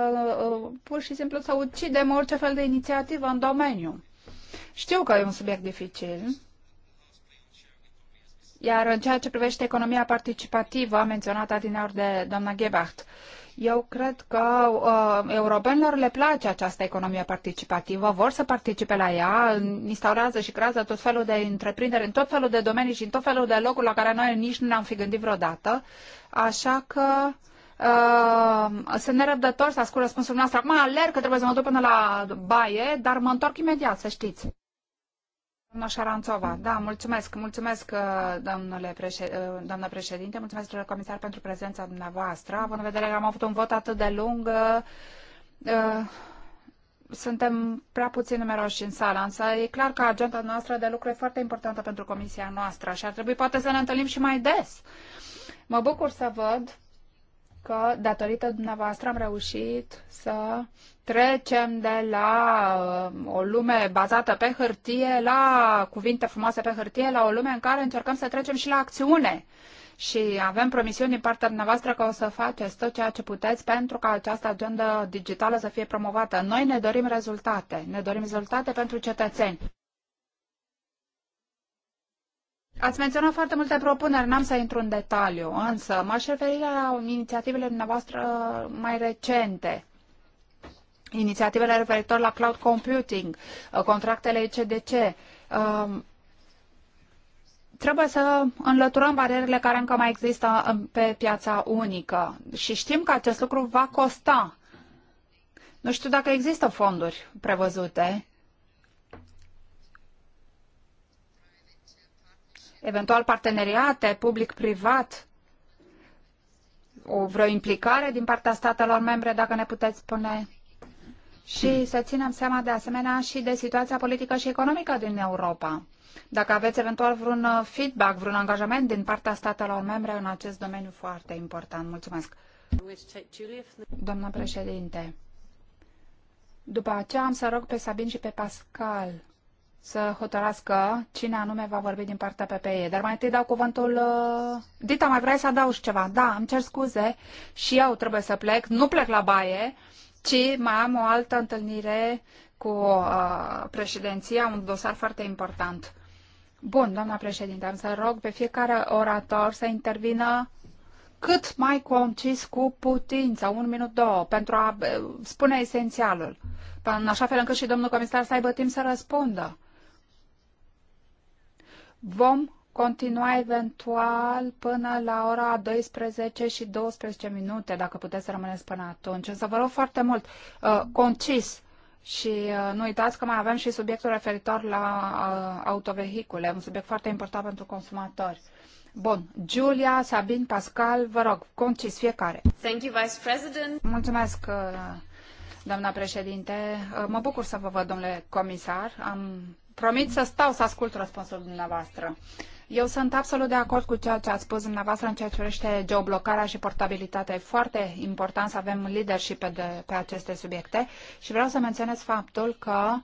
pur și simplu să ucidem orice fel de inițiativă în domeniu. Știu că e un subiect dificil, iar în ceea ce privește economia participativă menționată menționat adineori de doamna Gebhardt, eu cred că uh, europenilor le place această economie participativă, vor să participe la ea, instaurează și creează tot felul de întreprinderi în tot felul de domenii și în tot felul de locuri la care noi nici nu ne-am fi gândit vreodată. Așa că uh, sunt nerăbdător să ascult răspunsul noastră. Acum alerg că trebuie să mă duc până la baie, dar mă întorc imediat, să știți. Doamna Șaranțova, da, mulțumesc, mulțumesc, uh, domnule președinte, uh, doamna președinte, mulțumesc, domnule comisar, pentru prezența dumneavoastră. Având în vedere că am avut un vot atât de lung, uh, suntem prea puțin numeroși în sală, însă e clar că agenda noastră de lucru e foarte importantă pentru comisia noastră și ar trebui poate să ne întâlnim și mai des. Mă bucur să văd că, datorită dumneavoastră, am reușit să trecem de la uh, o lume bazată pe hârtie, la cuvinte frumoase pe hârtie, la o lume în care încercăm să trecem și la acțiune. Și avem promisiuni din partea dumneavoastră că o să faceți tot ceea ce puteți pentru ca această agendă digitală să fie promovată. Noi ne dorim rezultate. Ne dorim rezultate pentru cetățeni. Ați menționat foarte multe propuneri, n-am să intru în detaliu, însă m-aș referi la inițiativele dumneavoastră mai recente inițiativele referitor la cloud computing, uh, contractele ECDC. Um, trebuie să înlăturăm barierele care încă mai există um, pe piața unică și știm că acest lucru va costa. Nu știu dacă există fonduri prevăzute. Eventual parteneriate public-privat o vreo implicare din partea statelor membre, dacă ne puteți spune și să ținem seama de asemenea și de situația politică și economică din Europa. Dacă aveți eventual vreun uh, feedback, vreun angajament din partea statelor membre în acest domeniu foarte important. Mulțumesc. Doamna președinte, după aceea am să rog pe Sabin și pe Pascal să hotărască cine anume va vorbi din partea PPE. Dar mai întâi dau cuvântul... Uh, Dita, mai vrei să adaugi ceva? Da, îmi cer scuze și eu trebuie să plec. Nu plec la baie ci mai am o altă întâlnire cu uh, președinția, un dosar foarte important. Bun, doamna președinte, am să rog pe fiecare orator să intervină cât mai concis cu putință, un minut, două, pentru a uh, spune esențialul, în așa fel încât și domnul comisar să aibă timp să răspundă. Vom continua eventual până la ora 12 și 12 minute, dacă puteți să rămâneți până atunci. Însă vă rog foarte mult, uh, concis, și uh, nu uitați că mai avem și subiectul referitor la uh, autovehicule, un subiect foarte important pentru consumatori. Bun, Julia, Sabin, Pascal, vă rog, concis fiecare. Thank you, Vice President. Mulțumesc, uh, doamna președinte. Uh, mă bucur să vă văd, domnule comisar. Am promit să stau să ascult răspunsul dumneavoastră. Uh, eu sunt absolut de acord cu ceea ce ați spus dumneavoastră în ceea ce privește geoblocarea și portabilitatea. E foarte important să avem leadership pe, de, pe aceste subiecte și vreau să menționez faptul că uh,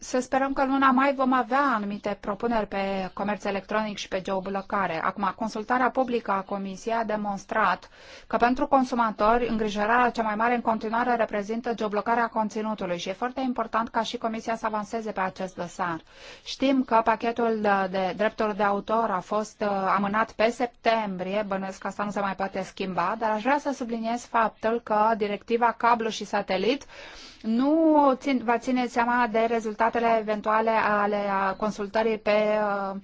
să sperăm că luna mai vom avea anumite propuneri pe comerț electronic și pe geoblocare. Acum, consultarea publică a Comisiei a demonstrat că pentru consumatori îngrijorarea cea mai mare în continuare reprezintă geoblocarea conținutului și e foarte important ca și Comisia să avanseze pe acest dosar. Știm că pachetul de, de drepturi de autor a fost uh, amânat pe septembrie, bănuiesc că asta nu se mai poate schimba, dar aș vrea să subliniez faptul că directiva cablu și satelit uh, nu țin, va ține seama de rezultatele eventuale ale consultării pe uh,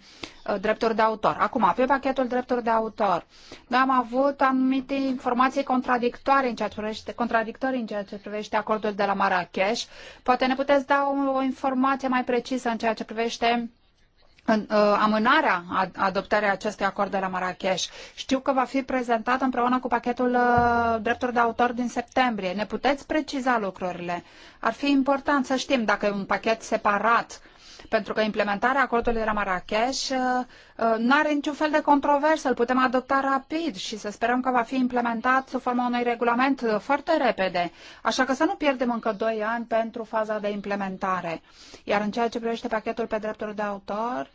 drepturi de autor. Acum, pe pachetul drepturi de autor, noi am avut anumite informații contradictoare în ceea ce privește, contradictorii în ceea ce privește acordul de la Marrakesh. Poate ne puteți da o, o informație mai precisă în ceea ce privește Uh, amânarea adoptării acestui acord de la Marrakech. Știu că va fi prezentat împreună cu pachetul uh, drepturi de autor din septembrie. Ne puteți preciza lucrurile? Ar fi important să știm dacă e un pachet separat pentru că implementarea acordului la Marrakech uh, uh, nu are niciun fel de controversă, îl putem adopta rapid și să sperăm că va fi implementat sub forma unui regulament uh, foarte repede. Așa că să nu pierdem încă doi ani pentru faza de implementare. Iar în ceea ce privește pachetul pe drepturi de autor,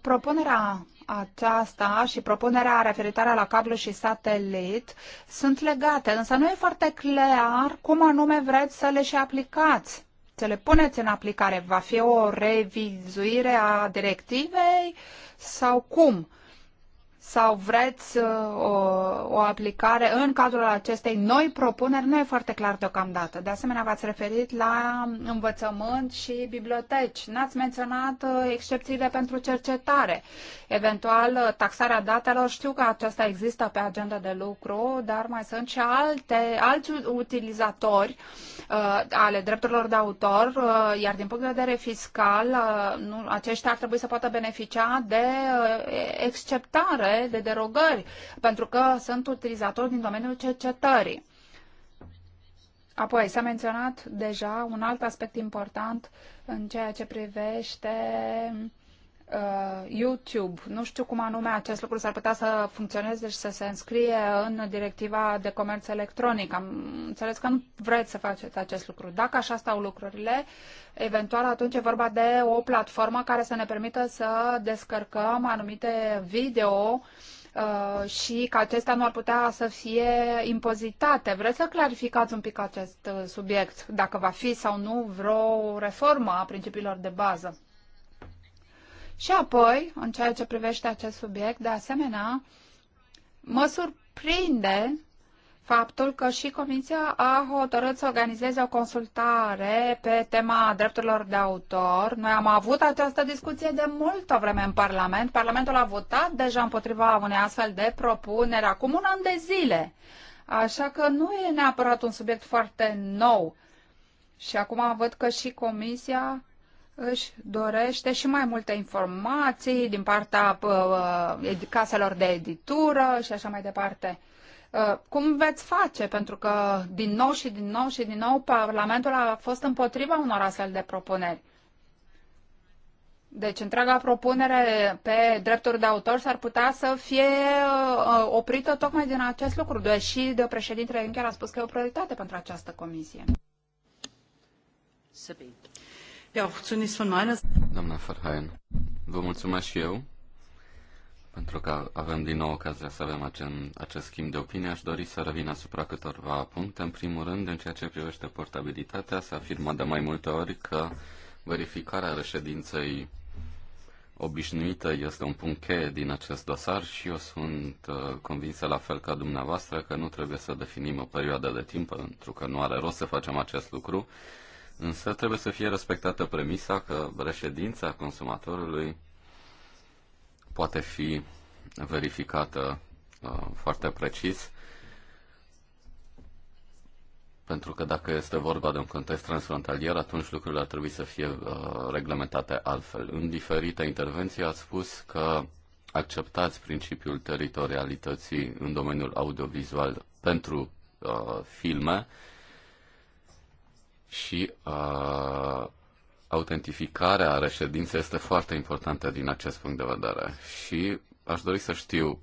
propunerea aceasta și propunerea referitoare la cablu și satelit sunt legate, însă nu e foarte clar cum anume vreți să le și aplicați să le puneți în aplicare? Va fi o revizuire a directivei sau cum? sau vreți uh, o, o aplicare în cadrul acestei noi propuneri, nu e foarte clar deocamdată. De asemenea, v-ați referit la învățământ și biblioteci. N-ați menționat uh, excepțiile pentru cercetare. Eventual, uh, taxarea datelor, știu că aceasta există pe agenda de lucru, dar mai sunt și alte, alți utilizatori uh, ale drepturilor de autor, uh, iar din punct de vedere fiscal, uh, nu, aceștia ar trebui să poată beneficia de uh, exceptare nevoie de derogări, pentru că sunt utilizatori din domeniul cercetării. Apoi s-a menționat deja un alt aspect important în ceea ce privește Uh, YouTube. Nu știu cum anume acest lucru s-ar putea să funcționeze și să se înscrie în directiva de comerț electronic. Am înțeles că nu vreți să faceți acest lucru. Dacă așa stau lucrurile, eventual atunci e vorba de o platformă care să ne permită să descărcăm anumite video uh, și că acestea nu ar putea să fie impozitate. Vreți să clarificați un pic acest uh, subiect, dacă va fi sau nu vreo reformă a principiilor de bază? Și apoi, în ceea ce privește acest subiect, de asemenea, mă surprinde faptul că și Comisia a hotărât să organizeze o consultare pe tema drepturilor de autor. Noi am avut această discuție de multă vreme în Parlament. Parlamentul a votat deja împotriva unei astfel de propuneri acum un an de zile. Așa că nu e neapărat un subiect foarte nou. Și acum văd că și Comisia își dorește și mai multe informații din partea caselor de editură și așa mai departe. Cum veți face? Pentru că din nou și din nou și din nou Parlamentul a fost împotriva unor astfel de propuneri. Deci întreaga propunere pe drepturi de autor s-ar putea să fie ă, oprită tocmai din acest lucru, deși de președintele chiar a spus că e o prioritate pentru această comisie. Sabine. Ja, auch Doamna Verheyen, vă mulțumesc și eu pentru că avem din nou ocazia să avem acest, acest schimb de opinie. Aș dori să revin asupra câtorva puncte. În primul rând, în ceea ce privește portabilitatea, s-a afirmat de mai multe ori că verificarea reședinței obișnuită este un punct cheie din acest dosar și eu sunt uh, convinsă la fel ca dumneavoastră că nu trebuie să definim o perioadă de timp pentru că nu are rost să facem acest lucru Însă trebuie să fie respectată premisa că reședința consumatorului poate fi verificată uh, foarte precis, pentru că dacă este vorba de un context transfrontalier, atunci lucrurile ar trebui să fie uh, reglementate altfel. În diferite intervenții ați spus că acceptați principiul teritorialității în domeniul audiovizual pentru uh, filme, uh, și a, autentificarea reședinței este foarte importantă din acest punct de vedere. Și aș dori să știu,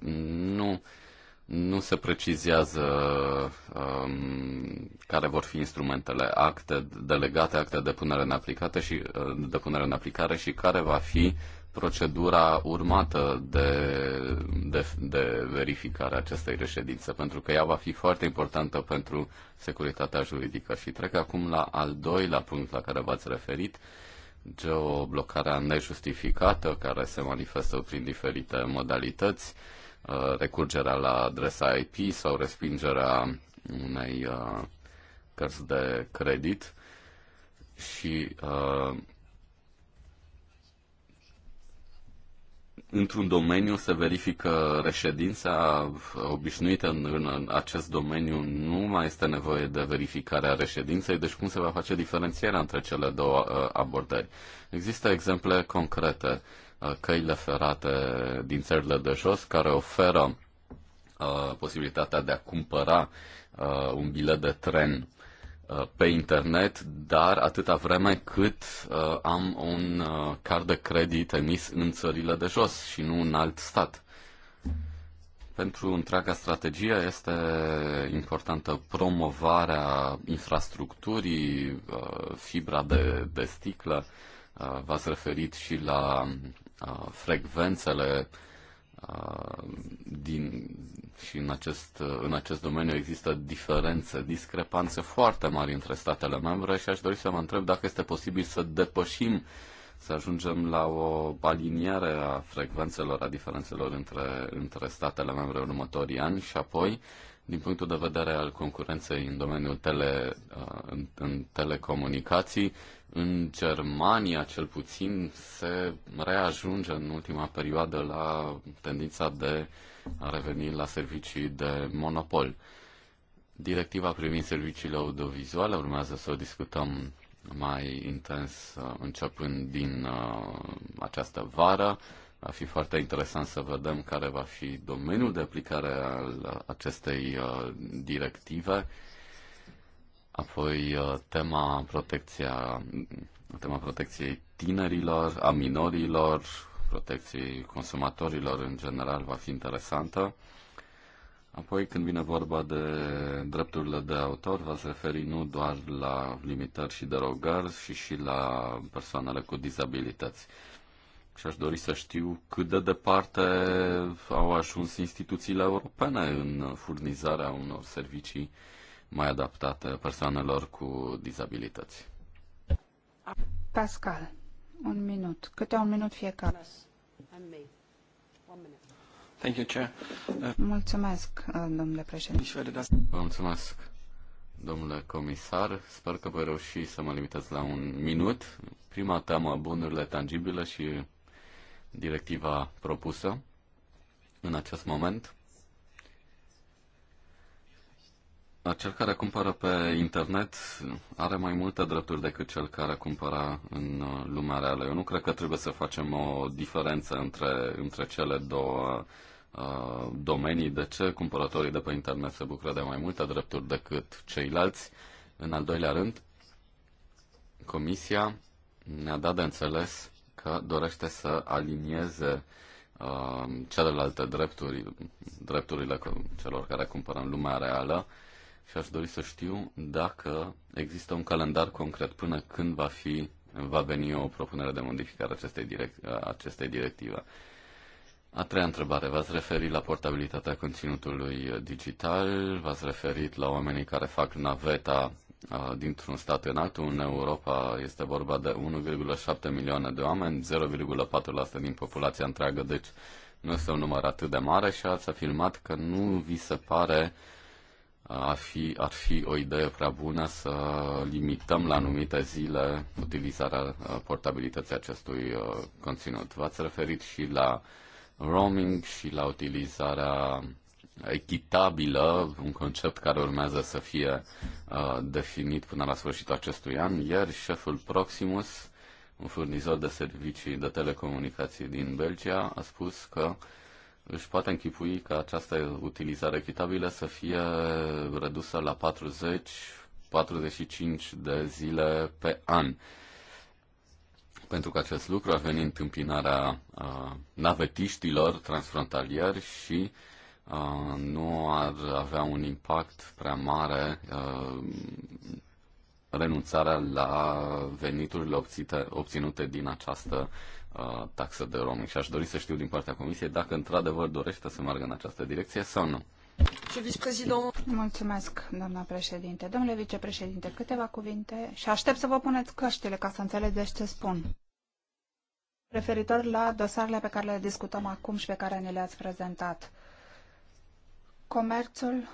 nu, nu se precizează um, care vor fi instrumentele, acte delegate, acte de punere în aplicare și, uh, de punere în aplicare și care va fi uh, procedura urmată de, de, de verificare a acestei reședințe, pentru că ea va fi foarte importantă pentru securitatea juridică. Și trec acum la al doilea punct la care v-ați referit, geoblocarea nejustificată, care se manifestă prin diferite modalități, uh, recurgerea la adresa IP sau respingerea unei uh, cărți de credit și uh, într-un domeniu se verifică reședința obișnuită în, în acest domeniu, nu mai este nevoie de verificarea reședinței, deci cum se va face diferențierea între cele două uh, abordări? Există exemple concrete, uh, căile ferate din țările de jos care oferă uh, posibilitatea de a cumpăra uh, un bilet de tren Uh, pe internet, dar atâta vreme cât uh, am un uh, card de credit emis în țările de jos și nu în alt stat. Pentru întreaga strategie este importantă promovarea infrastructurii, uh, fibra de, de sticlă. Uh, v-ați referit și la uh, frecvențele uh, din, și în acest, în acest domeniu există diferențe, discrepanțe foarte mari între statele membre și aș dori să mă întreb dacă este posibil să depășim, să ajungem la o aliniere a frecvențelor, a diferențelor între, între statele membre în următorii ani și apoi, din punctul de vedere al concurenței în domeniul tele, în, în telecomunicații, în Germania, cel puțin, se reajunge în ultima perioadă la tendința de a reveni la servicii de monopol. Directiva privind serviciile audiovizuale urmează să o discutăm mai intens uh, începând din uh, această vară. Va fi foarte interesant să vedem care va fi domeniul de aplicare al acestei uh, directive apoi uh, tema protecția tema protecției tinerilor, a minorilor, protecției consumatorilor în general va fi interesantă. Apoi, când vine vorba de drepturile de autor, v-ați referi nu doar la limitări și derogări, și și la persoanele cu dizabilități. Și aș dori să știu cât de departe au ajuns instituțiile europene în furnizarea unor servicii uh, mai adaptate persoanelor cu dizabilități. Pascal, un minut. Câte un minut fiecare. Thank you, Chair. Mulțumesc, uh, domnule președinte. Vă mulțumesc, domnule comisar. Sper că voi reuși să mă limitez la un minut. Prima teamă, bunurile tangibile și directiva propusă în acest moment. Cel care cumpără pe internet are mai multe drepturi decât cel care cumpără în lumea reală. Eu nu cred că trebuie să facem o diferență între, între cele două uh, domenii. De ce cumpărătorii de pe internet se bucură de mai multe drepturi decât ceilalți? În al doilea rând, Comisia ne-a dat de înțeles că dorește să alinieze uh, celelalte drepturi, drepturile celor care cumpără în lumea reală, și aș dori să știu dacă există un calendar concret până când va fi va veni o propunere de modificare acestei, direct, acestei directive. A treia întrebare. V-ați referit la portabilitatea conținutului digital, v-ați referit la oamenii care fac naveta dintr-un stat în altul. În Europa este vorba de 1,7 milioane de oameni, 0,4% din populația întreagă, deci nu este un număr atât de mare și ați afirmat că nu vi se pare uh, ar fi, ar fi o idee prea bună să limităm la anumite zile utilizarea uh, portabilității acestui uh, conținut. V-ați referit și la roaming și la utilizarea echitabilă, un concept care urmează să fie uh, definit până la sfârșitul acestui an. Ieri, șeful Proximus, un furnizor de servicii de telecomunicații din Belgia, a spus că uh, își poate închipui că această utilizare echitabilă să fie redusă la 40-45 de zile pe an. Pentru că acest lucru ar veni întâmpinarea uh, navetiștilor transfrontalieri și uh, nu ar avea un impact prea mare uh, renunțarea la veniturile obținute din această uh, taxă de roaming și aș dori să știu din partea Comisiei dacă într-adevăr dorește să meargă în această direcție sau nu. Mulțumesc, doamna președinte. Domnule vicepreședinte, câteva cuvinte și aștept să vă puneți căștile ca să înțelegeți ce spun. Referitor la dosarele pe care le discutăm acum și pe care ne le-ați prezentat. Comerțul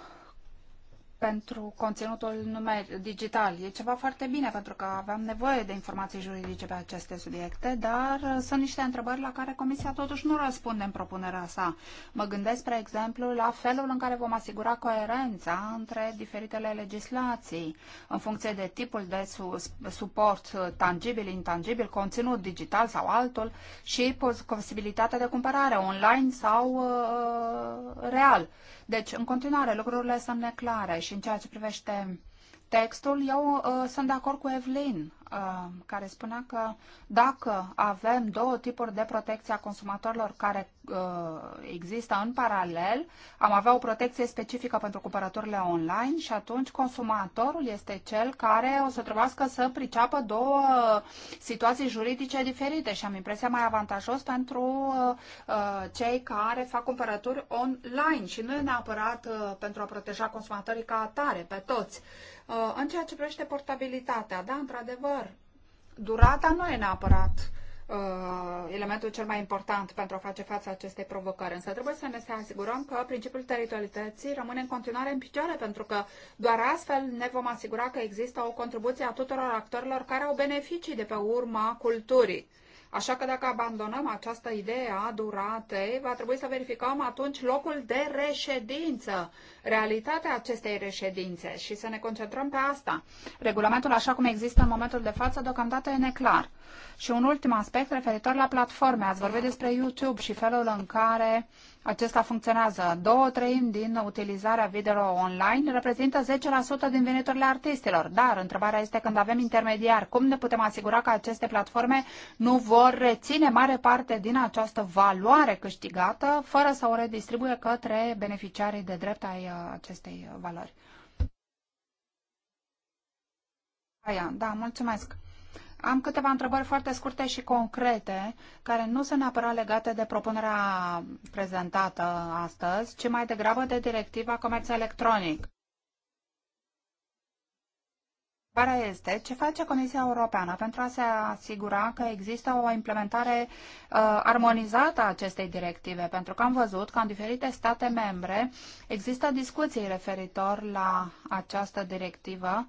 pentru conținutul numer digital. E ceva foarte bine pentru că avem nevoie de informații juridice pe aceste subiecte, dar uh, sunt niște întrebări la care Comisia totuși nu răspunde în propunerea sa. Mă gândesc, spre exemplu, la felul în care vom asigura coerența între diferitele legislații în funcție de tipul de su suport uh, tangibil, intangibil, conținut digital sau altul și posibilitatea de cumpărare online sau uh, uh real deci, în continuare, lucrurile sunt neclare și în ceea ce privește textul, eu uh, sunt de acord cu Evelyn, uh, care spunea că dacă avem două tipuri de protecție a consumatorilor care Uh, exista în paralel, am avea o protecție specifică pentru cumpărăturile online și atunci consumatorul este cel care o să trebuiască să priceapă două situații juridice diferite și am impresia mai avantajos pentru uh, uh, cei care fac cumpărături online și nu e neapărat pentru a proteja consumatorii ca atare, pe toți. În ceea ce privește portabilitatea, da, într-adevăr, durata nu e neapărat uh, Uh, elementul cel mai important pentru a face față acestei provocări. Însă trebuie să ne asigurăm că principiul teritorialității rămâne în continuare în picioare, pentru că doar astfel ne vom asigura că există o contribuție a tuturor actorilor care au beneficii de pe urma culturii. Așa că dacă abandonăm această idee a duratei, va trebui să verificăm atunci locul de reședință, realitatea acestei reședințe și să ne concentrăm pe asta. Regulamentul așa cum există în momentul de față deocamdată e neclar. Și un ultim aspect referitor la platforme. Ați vorbit despre YouTube și felul în care uh, acesta funcționează. Două treimi din utilizarea video online reprezintă 10% din veniturile artistilor. Dar întrebarea este când avem intermediari, cum ne putem asigura că aceste platforme nu vor reține mare parte din această valoare câștigată fără să o redistribuie către beneficiarii de drept ai uh, acestei valori? Aia, da, mulțumesc. Am câteva întrebări foarte scurte și concrete, care nu sunt neapărat legate de propunerea prezentată astăzi, ci mai degrabă de directiva comerț electronic. Care este ce face Comisia Europeană pentru a se asigura că există o implementare uh, armonizată a acestei directive? Pentru că am văzut că în diferite state membre există discuții referitor la această directivă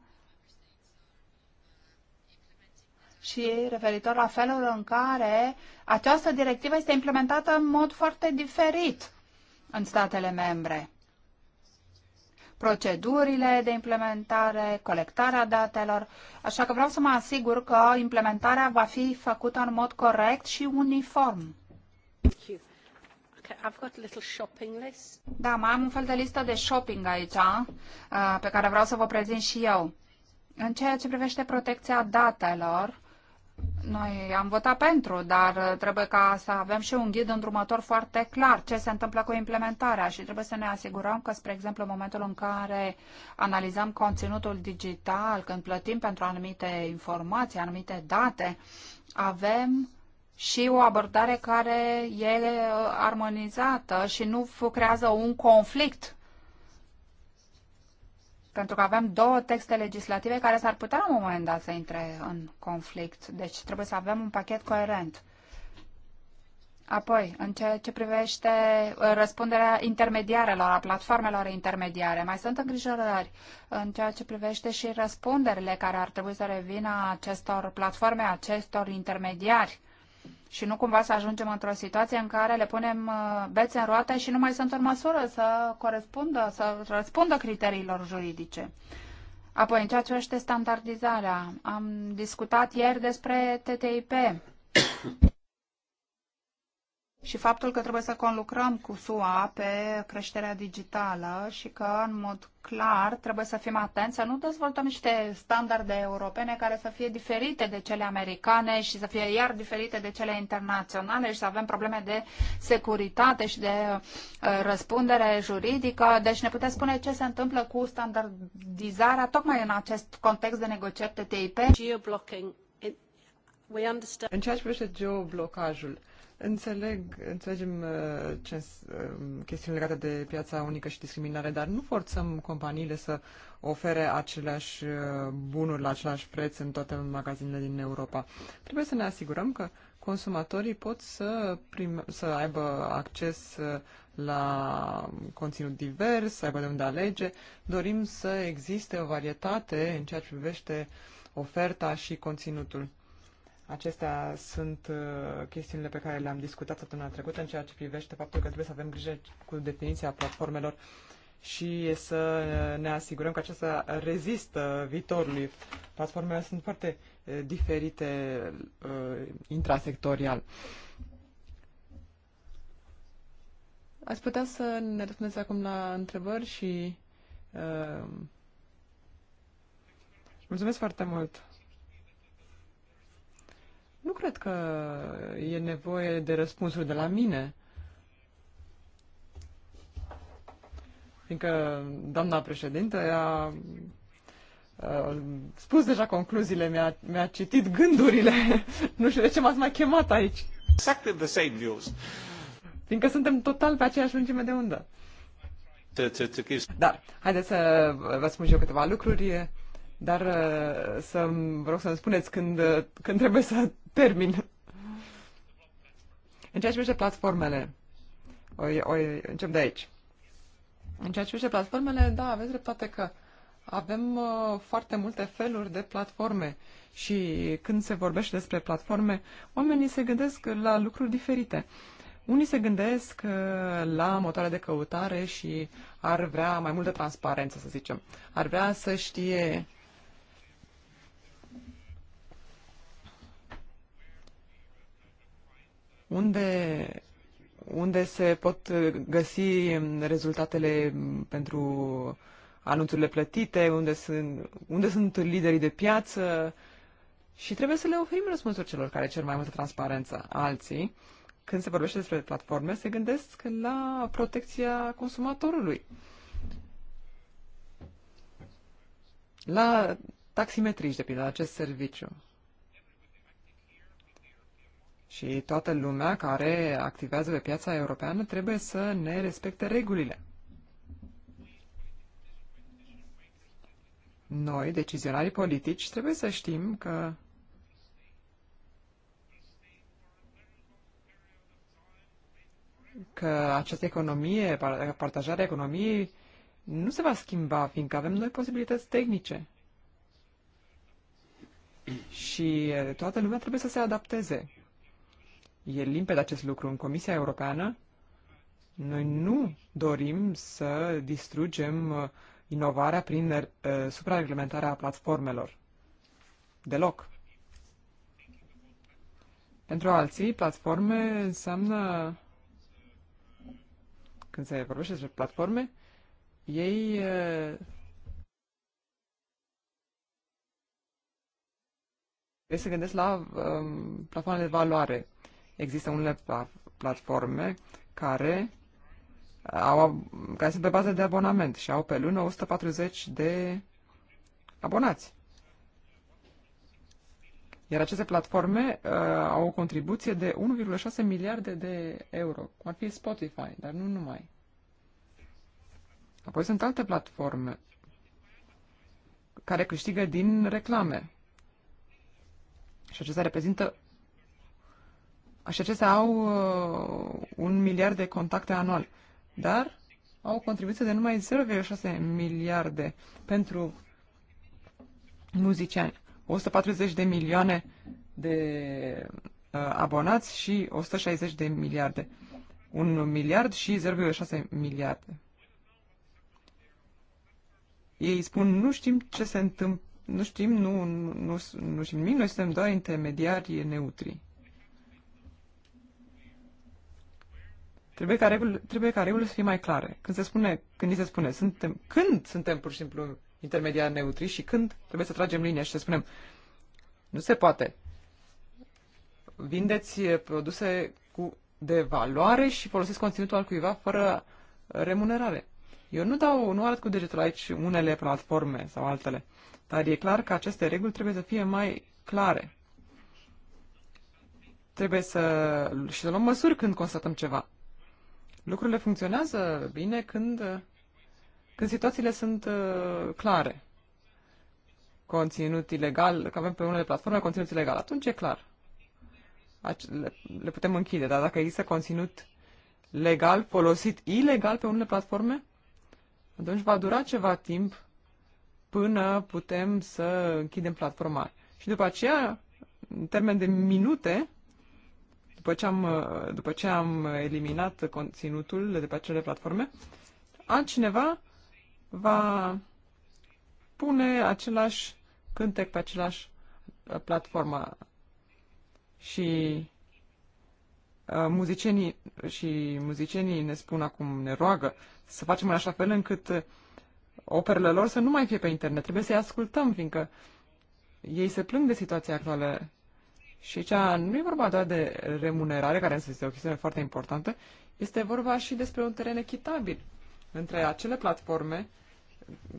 și referitor la felul în care această directivă este implementată în mod foarte diferit în statele membre. Procedurile de implementare, colectarea datelor, așa că vreau să mă asigur că implementarea va fi făcută în mod corect și uniform. Da, mai am un fel de listă de shopping aici, pe care vreau să vă prezint și eu. În ceea ce privește protecția datelor, noi am votat pentru, dar trebuie ca să avem și un ghid îndrumător foarte clar ce se întâmplă cu implementarea și trebuie să ne asigurăm că, spre exemplu, în momentul în care analizăm conținutul digital, când plătim pentru anumite informații, anumite date, avem și o abordare care e uh, armonizată și nu creează un conflict pentru că avem două texte legislative care s-ar putea la un moment dat să intre în conflict. Deci trebuie să avem un pachet coerent. Apoi, în ceea ce privește uh, răspunderea intermediarelor, a platformelor intermediare, mai sunt îngrijorări în ceea ce privește și răspunderile care ar trebui să revină acestor platforme, acestor intermediari și nu cumva să ajungem într-o situație în care le punem uh, bețe în roate și nu mai sunt în măsură să corespundă, să răspundă criteriilor juridice. Apoi, în ceea ce este standardizarea, am discutat ieri despre TTIP și faptul că trebuie să conlucrăm cu SUA pe creșterea digitală și că, în mod clar, trebuie să fim atenți să nu dezvoltăm niște standarde europene care să fie diferite de cele americane și să fie iar diferite de cele internaționale și să avem probleme de securitate și de uh, răspundere juridică. Deci ne puteți spune ce se întâmplă cu standardizarea tocmai în acest context de negocieri TTIP? În ceea ce privește geoblocajul, Înțeleg, înțelegem uh, ce, um, chestiuni legate de piața unică și discriminare, dar nu forțăm companiile să ofere aceleași uh, bunuri la același preț în toate magazinele din Europa. Trebuie să ne asigurăm că consumatorii pot să, prim, să aibă acces uh, la conținut divers, să aibă de unde alege. Dorim să existe o varietate în ceea ce privește oferta și conținutul. Acestea sunt uh, chestiunile pe care le-am discutat săptămâna trecută în ceea ce privește faptul că trebuie să avem grijă cu definiția platformelor și să uh, ne asigurăm că acesta rezistă viitorului. Platformele sunt foarte uh, diferite intrasectorial. Ați putea să ne răspundeți acum la întrebări și uh, mulțumesc foarte mult! Nu cred că e nevoie de răspunsuri de la mine. Fiindcă doamna președintă a, a spus deja concluziile, mi-a, mi-a citit gândurile. nu știu de ce m-ați mai chemat aici. Exactly the same views. Fiindcă suntem total pe aceeași lungime de undă. Da, haideți să vă spun și eu câteva lucruri, dar să vă să-mi spuneți când, când trebuie să termin. În ceea ce privește platformele, o, o, încep de aici. În ceea ce privește platformele, da, aveți dreptate că avem uh, foarte multe feluri de platforme și când se vorbește despre platforme, oamenii se gândesc la lucruri diferite. Unii se gândesc uh, la motoare de căutare și ar vrea mai multă transparență, să zicem. Ar vrea să știe unde, unde se pot găsi rezultatele pentru anunțurile plătite, unde sunt, unde sunt liderii de piață și trebuie să le oferim răspunsuri celor care cer mai multă transparență. Alții, când se vorbește despre platforme, se gândesc la protecția consumatorului, la taximetriști, de pildă, acest serviciu. Și toată lumea care activează pe piața europeană trebuie să ne respecte regulile. Noi, decizionarii politici, trebuie să știm că că această economie, partajarea economiei, nu se va schimba, fiindcă avem noi posibilități tehnice. Și toată lumea trebuie să se adapteze. E limpede acest lucru. În Comisia Europeană noi nu dorim să distrugem uh, inovarea prin uh, suprareglementarea platformelor. Deloc. Pentru alții, platforme înseamnă, când se vorbește despre platforme, ei trebuie uh, să gândesc la um, platformele de valoare. Există unele platforme care, au, care sunt pe bază de abonament și au pe lună 140 de abonați. Iar aceste platforme uh, au o contribuție de 1,6 miliarde de euro, cum ar fi Spotify, dar nu numai. Apoi sunt alte platforme care câștigă din reclame. Și acestea reprezintă și acestea au uh, un miliard de contacte anual, dar au o contribuție de numai 0,6 miliarde pentru muziciani, 140 de milioane de uh, abonați și 160 de miliarde. un miliard și 0,6 miliarde. Ei spun, nu știm ce se întâmplă, nu știm, nu, nu, nu, nu știm nimic, noi suntem doar intermediari neutri. Trebuie ca, regul, trebuie ca regulile să fie mai clare. Când se spune, când ni se spune, suntem, când suntem pur și simplu intermediari neutri și când trebuie să tragem linia și să spunem, nu se poate. Vindeți produse cu, de valoare și folosiți conținutul al cuiva fără remunerare. Eu nu dau, nu arăt cu degetul aici unele platforme sau altele, dar e clar că aceste reguli trebuie să fie mai clare. Trebuie să și să luăm măsuri când constatăm ceva. Lucrurile funcționează bine când, când situațiile sunt uh, clare. Conținut ilegal, că avem pe unele platforme conținut ilegal, atunci e clar. Le, putem închide, dar dacă există conținut legal folosit ilegal pe unele platforme, atunci va dura ceva timp până putem să închidem platforma. Și după aceea, în termen de minute, după ce am, după ce am eliminat conținutul de pe acele platforme, altcineva va pune același cântec pe același uh, platformă și uh, muzicienii și muzicienii ne spun acum, ne roagă să facem în așa fel încât uh, operele lor să nu mai fie pe internet. Trebuie să-i ascultăm, fiindcă ei se plâng de situația actuală și aici nu e vorba doar de remunerare, care însă este o chestiune foarte importantă, este vorba și despre un teren echitabil între acele platforme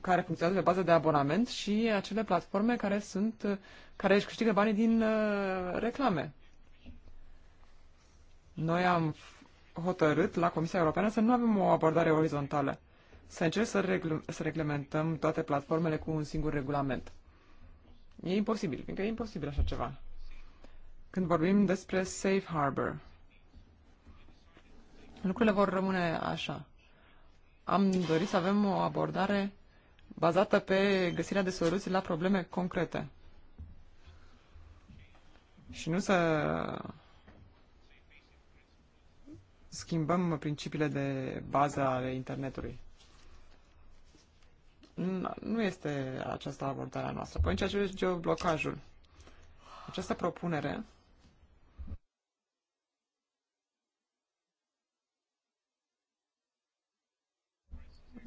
care funcționează pe bază de abonament și acele platforme care sunt care își câștigă banii din uh, reclame. Noi am hotărât la Comisia Europeană să nu avem o abordare orizontală, să încerc să, regl- să reglementăm toate platformele cu un singur regulament. E imposibil, fiindcă e imposibil așa ceva când vorbim despre safe harbor. Lucrurile vor rămâne așa. Am dorit să avem o abordare bazată pe găsirea de soluții la probleme concrete. Și nu să schimbăm principiile de bază ale internetului. Nu este aceasta abordarea noastră. Păi în ceea ce blocajul această propunere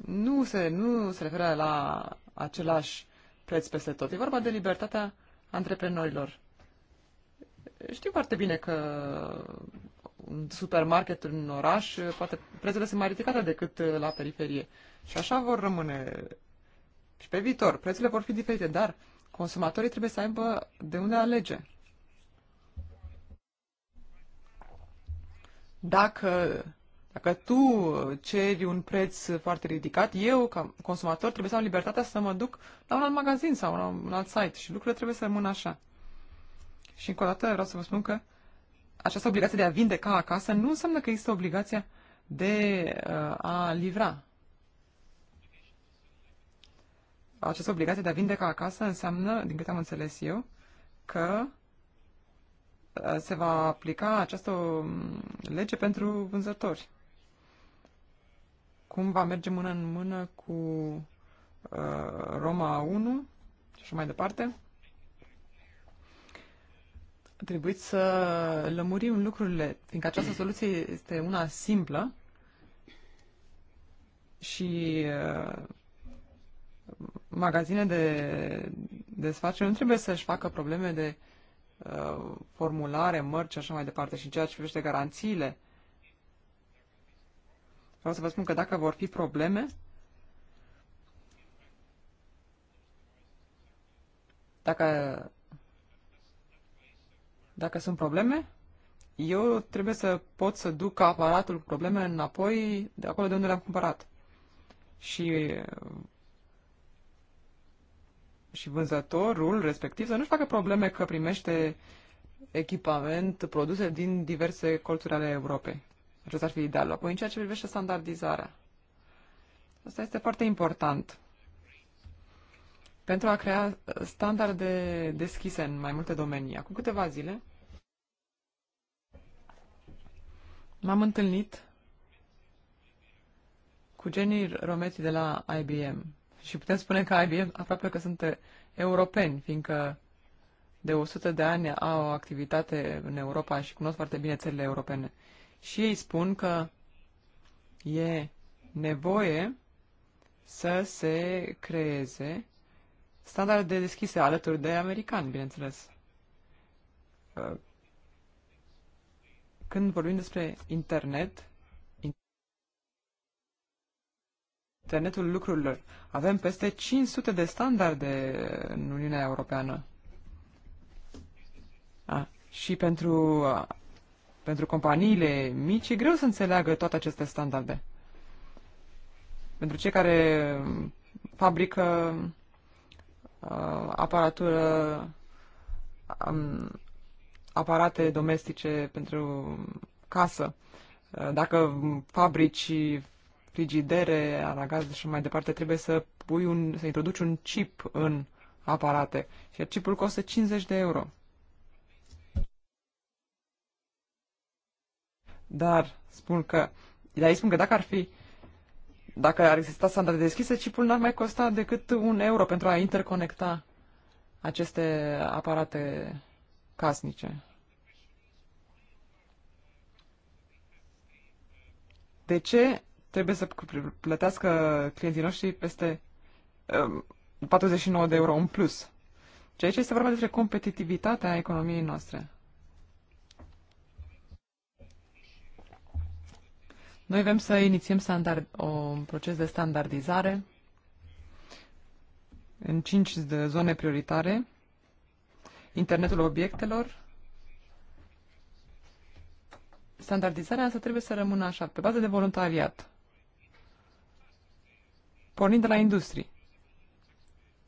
nu se, nu se referă la același preț peste tot. E vorba de libertatea antreprenorilor. Știu foarte bine că un supermarket în oraș, poate prețele sunt mai ridicate decât la periferie. Și așa vor rămâne și pe viitor. Prețurile vor fi diferite, dar consumatorii trebuie să aibă de unde alege. Dacă dacă tu uh, ceri un preț foarte ridicat, eu, ca consumator, trebuie să am libertatea să mă duc la un alt magazin sau la un alt site și lucrurile trebuie să rămână așa. Și încă o dată vreau să vă spun că această obligație de a vinde ca acasă nu înseamnă că există obligația de uh, a livra. Această obligație de a vinde ca acasă înseamnă, din câte am înțeles eu, că uh, se va aplica această mm, lege pentru vânzători cum va merge mână în mână cu uh, Roma 1 și așa mai departe. Trebuie să lămurim lucrurile, fiindcă această soluție este una simplă și uh, magazine de desfacere nu trebuie să-și facă probleme de uh, formulare, mărci și așa mai departe. Și în ceea ce privește garanțiile, uh, Vreau să vă spun că dacă vor fi probleme, dacă, dacă sunt probleme, eu trebuie să pot să duc aparatul cu probleme înapoi de acolo de unde l-am cumpărat. Și, și vânzătorul respectiv să nu-și facă probleme că primește echipament, produse din diverse colțuri ale Europei. Acesta ar fi idealul. Apoi, în ceea ce privește standardizarea. Asta este foarte important. Pentru a crea standarde deschise în mai multe domenii. Acum câteva zile m-am întâlnit cu genii romeții de la IBM. Și putem spune că IBM aproape că sunt europeni, fiindcă de 100 de ani au o activitate în Europa și cunosc foarte bine țările europene și ei spun că e nevoie să se creeze standarde deschise alături de americani, bineînțeles. Când vorbim despre internet, internetul lucrurilor, avem peste 500 de standarde în Uniunea Europeană. A, și pentru pentru companiile mici, e greu să înțeleagă toate aceste standarde. Pentru cei care fabrică uh, aparatură, um, aparate domestice pentru casă, uh, dacă fabrici frigidere, aragaz și mai departe, trebuie să pui un, să introduci un chip în aparate. Și chipul costă 50 de euro. Dar spun că, dar ei spun că dacă ar fi, dacă ar exista standarde deschise, chipul n-ar mai costa decât un euro pentru a interconecta aceste aparate casnice. De ce trebuie să plătească clienții noștri peste 49 um, de euro în plus? Ceea ce este vorba despre competitivitatea economiei noastre. Noi vrem să inițiem standard, o, un proces de standardizare în cinci zone prioritare. Internetul obiectelor. Standardizarea asta trebuie să rămână așa, pe bază de voluntariat. Pornind de la industrie.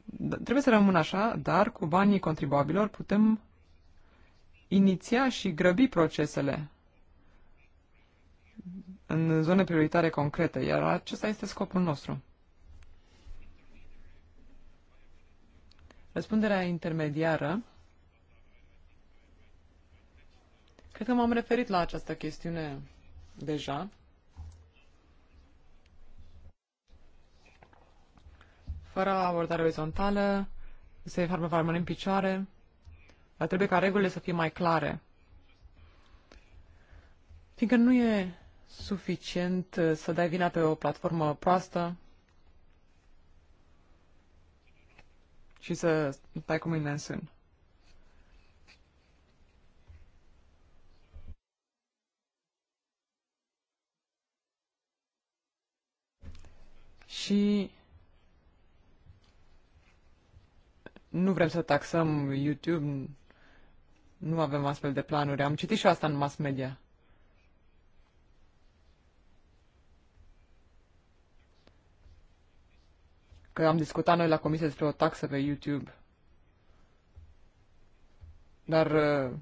Da, trebuie să rămână așa, dar cu banii contribuabilor putem iniția și grăbi procesele în zone prioritare concrete, iar acesta este scopul nostru. Răspunderea intermediară. Cred că m-am referit la această chestiune deja. Fără abordare orizontală, se farmă farmă în picioare, dar trebuie ca regulile să fie mai clare. Fiindcă nu e suficient uh, să dai vina pe o platformă proastă și să stai cu mâinile în sân. Și nu vrem să taxăm YouTube, nu avem astfel de planuri. Am citit și asta în mass media. că am discutat noi la comisie despre o taxă pe YouTube. Dar uh,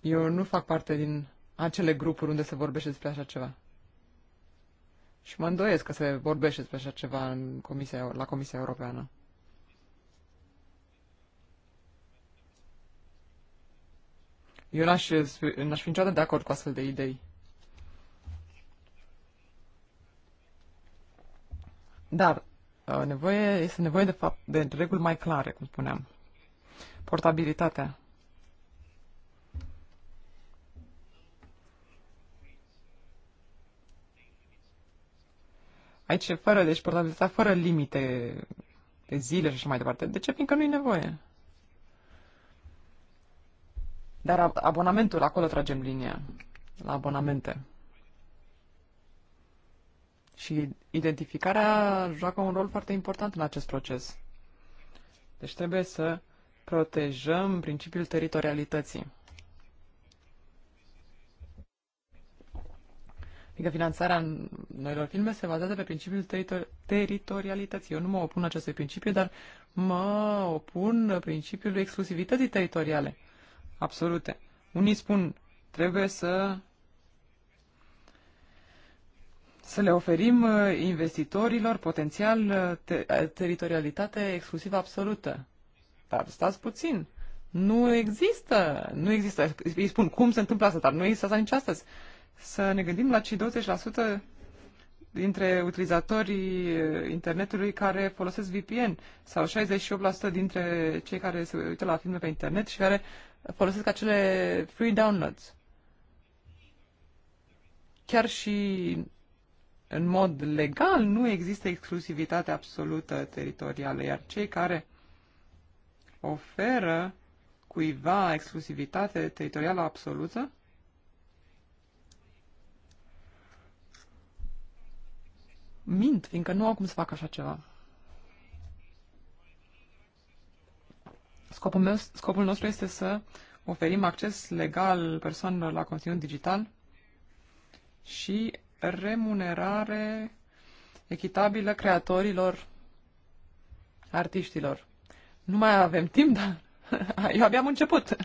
eu nu fac parte din acele grupuri unde se vorbește despre așa ceva. Și mă îndoiesc că se vorbește despre așa ceva în comisia, la Comisia Europeană. Eu n-aș, n-aș fi niciodată de acord cu astfel de idei. Dar Uh, nevoie, este nevoie de, fapt, de reguli mai clare, cum spuneam. Portabilitatea. Aici, fără, deci portabilitatea fără limite de zile și așa mai departe. De ce? Fiindcă nu-i nevoie. Dar abonamentul, acolo tragem linia, la abonamente. Și identificarea joacă un rol foarte important în acest proces. Deci trebuie să protejăm principiul teritorialității. Adică finanțarea noilor filme se bazează pe principiul teritor- teritorialității. Eu nu mă opun acestui principiu, dar mă opun principiului exclusivității teritoriale absolute. Unii spun trebuie să să le oferim uh, investitorilor potențial uh, uh, teritorialitate exclusivă absolută. Dar stați puțin. Nu există, nu există, îi spun cum se întâmplă asta, dar nu există asta nici astăzi. Să ne gândim la cei 20% dintre utilizatorii internetului care folosesc VPN sau 68% dintre cei care se uită la filme pe internet și care folosesc acele free downloads. Chiar și în mod legal nu există exclusivitate absolută teritorială, iar cei care oferă cuiva exclusivitate teritorială absolută mint, fiindcă nu au cum să facă așa ceva. Scopul, meu, scopul nostru este să oferim acces legal persoanelor la conținut digital și remunerare echitabilă creatorilor, artiștilor. Nu mai avem timp, dar eu abia am început.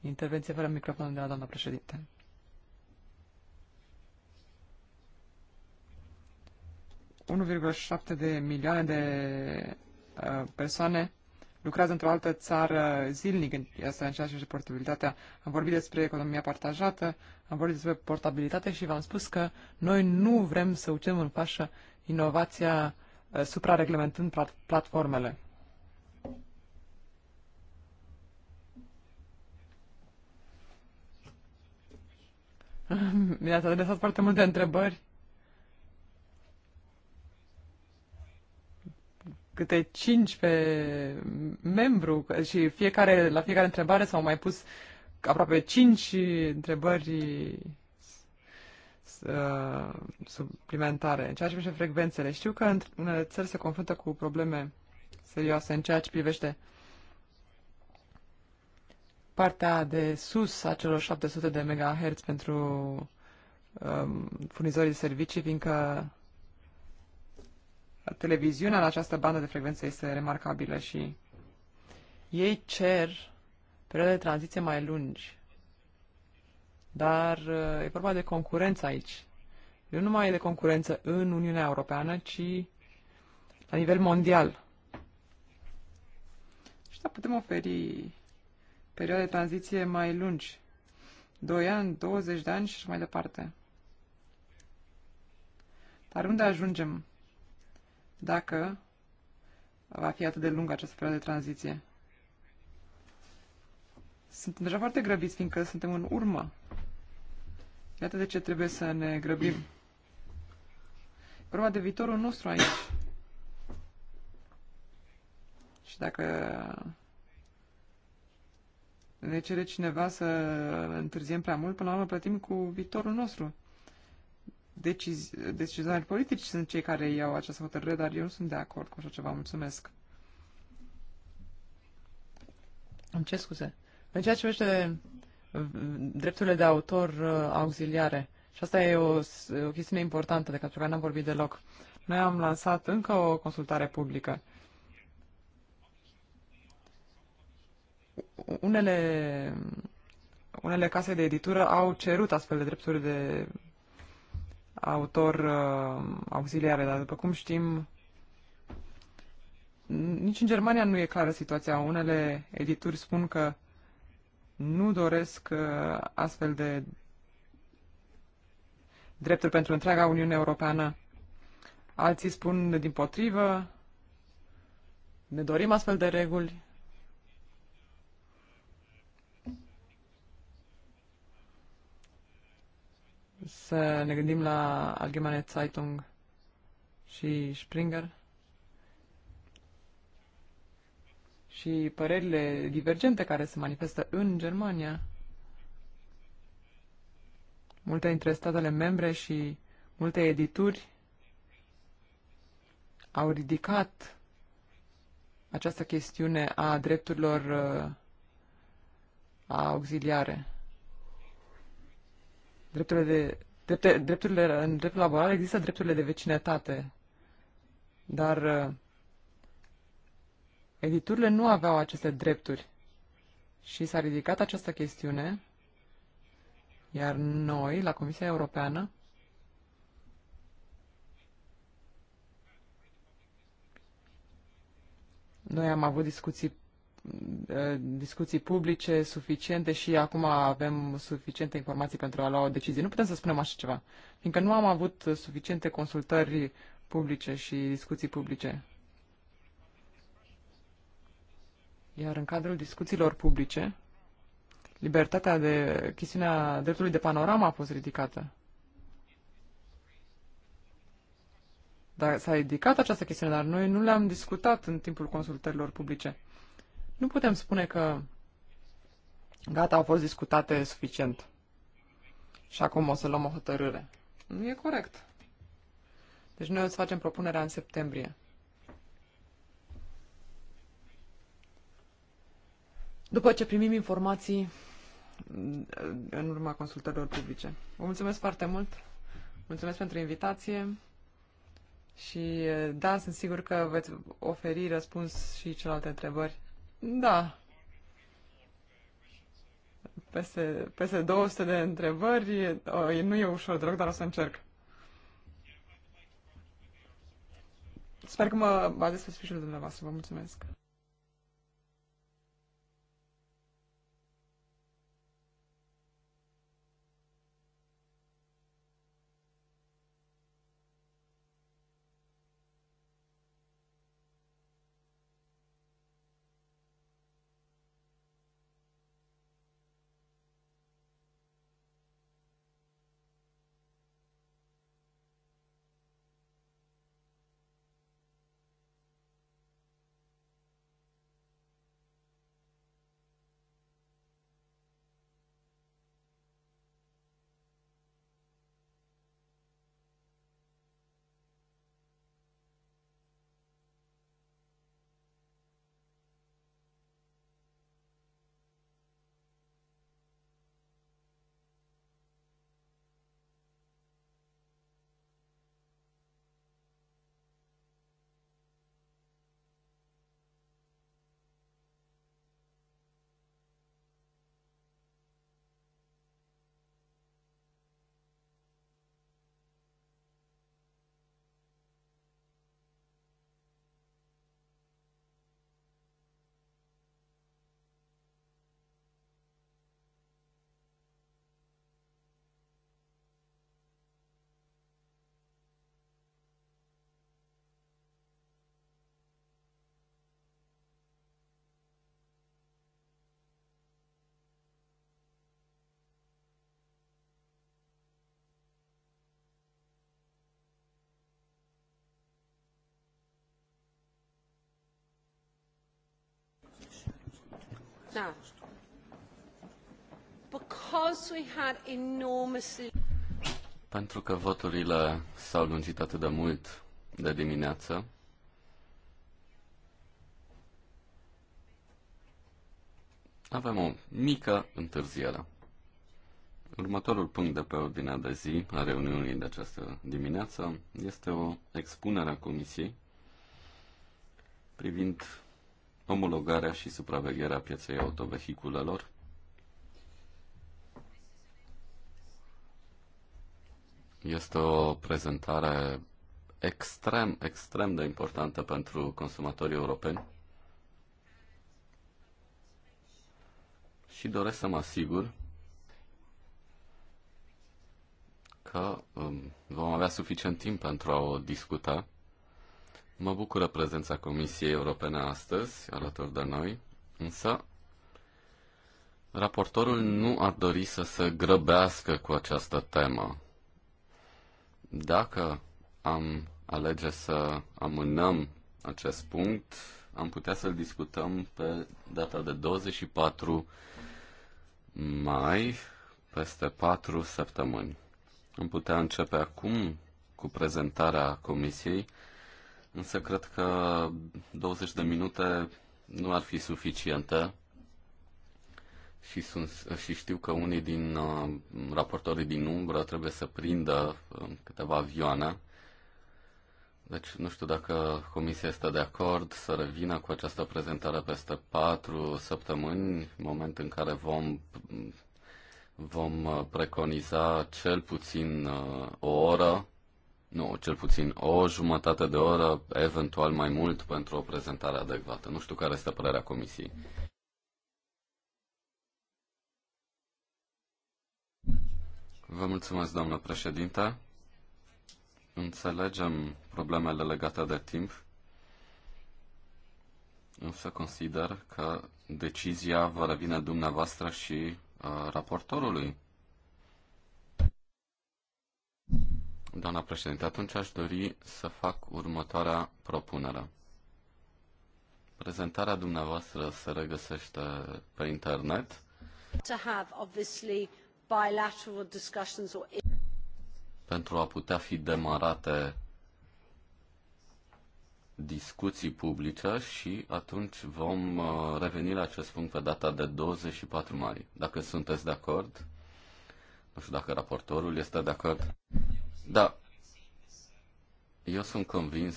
Intervenție fără microfon de la doamna președinte. ,7 de milioane de uh, persoane lucrează într-o altă țară zilnic, asta în și portabilitatea. Am vorbit despre economia partajată, am vorbit despre portabilitate și v-am spus că noi nu vrem să ucem în fașă inovația uh, suprareglementând platformele. Mi-ați adresat foarte multe întrebări. câte cinci pe membru și fiecare, la fiecare întrebare s-au mai pus aproape cinci întrebări uh, suplimentare. În ceea ce privește frecvențele, știu că unele țări se confruntă cu probleme serioase în ceea ce privește partea de sus a celor 700 de MHz pentru um, furnizorii de servicii, fiindcă televiziunea în această bandă de frecvență este remarcabilă și ei cer perioade de tranziție mai lungi. Dar uh, e vorba de concurență aici. Nu numai de concurență în Uniunea Europeană, ci la nivel mondial. Și da, putem oferi perioade de tranziție mai lungi. 2 ani, 20 de ani și mai departe. Dar unde ajungem? dacă va fi atât de lungă această perioadă de tranziție. Suntem deja foarte grăbiți, fiindcă suntem în urmă. Iată de ce trebuie să ne grăbim. Vorba de viitorul nostru aici. Și dacă ne cere cineva să întârziem prea mult, până la urmă plătim cu viitorul nostru decizi- decizionari politici sunt cei care iau această hotărâre, dar eu nu sunt de acord cu așa ceva. Mulțumesc. Îmi ce scuze. În ceea ce vește uh, drepturile de autor uh, auxiliare, și asta e o, o chestiune importantă de care n-am vorbit deloc, noi am lansat încă o consultare publică. Unele, unele case de editură au cerut astfel de drepturi de autor uh, auxiliare, dar după cum știm, nici în Germania nu e clară situația. Unele edituri spun că nu doresc uh, astfel de drepturi pentru întreaga Uniune Europeană. Alții spun din potrivă, ne dorim astfel de reguli să ne gândim la Allgemeine Zeitung și Springer și părerile divergente care se manifestă în Germania. Multe dintre statele membre și multe edituri au ridicat această chestiune a drepturilor uh, a auxiliare. Drepturile de, drepte, drepturile, în dreptul laboral există drepturile de vecinătate, dar uh, editurile nu aveau aceste drepturi și s-a ridicat această chestiune, iar noi, la Comisia Europeană, Noi am avut discuții Eh, discuții publice suficiente și acum avem suficiente informații pentru a lua o decizie. Nu putem să spunem așa ceva, fiindcă nu am avut suficiente consultări publice și discuții publice. Iar în cadrul discuțiilor publice, libertatea de chestiunea dreptului de panorama a fost ridicată. Dar s-a ridicat această chestiune, dar noi nu le-am discutat în timpul consultărilor publice. Nu putem spune că gata, au fost discutate suficient și acum o să luăm o hotărâre. Nu e corect. Deci noi o să facem propunerea în septembrie. După ce primim informații în urma consultărilor publice. Vă mulțumesc foarte mult. Mulțumesc pentru invitație. Și da, sunt sigur că veți oferi răspuns și celelalte întrebări. Da. Peste, peste 200 de întrebări, nu e ușor deloc, dar o să încerc. Sper că mă bazez pe sfârșitul dumneavoastră. Vă mulțumesc. Now, because we had enormously... Pentru că voturile s-au lungit atât de mult de dimineață, avem o mică întârziere. Următorul punct de pe ordinea de zi a reuniunii de această dimineață este o expunere a Comisiei privind omologarea și supravegherea pieței autovehiculelor. Este o prezentare extrem, extrem de importantă pentru consumatorii europeni și doresc să mă asigur că um, vom avea suficient timp pentru a o discuta. Mă bucură prezența Comisiei Europene astăzi, alături de noi, însă raportorul nu ar dori să se grăbească cu această temă. Dacă am alege să amânăm acest punct, am putea să-l discutăm pe data de 24 mai, peste 4 săptămâni. Am putea începe acum cu prezentarea Comisiei însă cred că 20 de minute nu ar fi suficiente și, sunt, și știu că unii din uh, raportorii din umbră trebuie să prindă uh, câteva avioane. Deci nu știu dacă comisia este de acord să revină cu această prezentare peste patru săptămâni, moment în care vom, vom uh, preconiza cel puțin uh, o oră nu, cel puțin o jumătate de oră, eventual mai mult, pentru o prezentare adecvată. Nu știu care este părerea comisiei. Vă mulțumesc, doamnă președinte. Înțelegem problemele legate de timp, însă consider că decizia va revine dumneavoastră și uh, raportorului Doamna președinte, atunci aș dori să fac următoarea propunere. Prezentarea dumneavoastră se regăsește pe internet. To have, obviously, bilateral discussions or... Pentru a putea fi demarate discuții publice și atunci vom uh, reveni la acest punct pe data de 24 mai. Dacă sunteți de acord, nu știu dacă raportorul este de acord. Da, eu sunt convins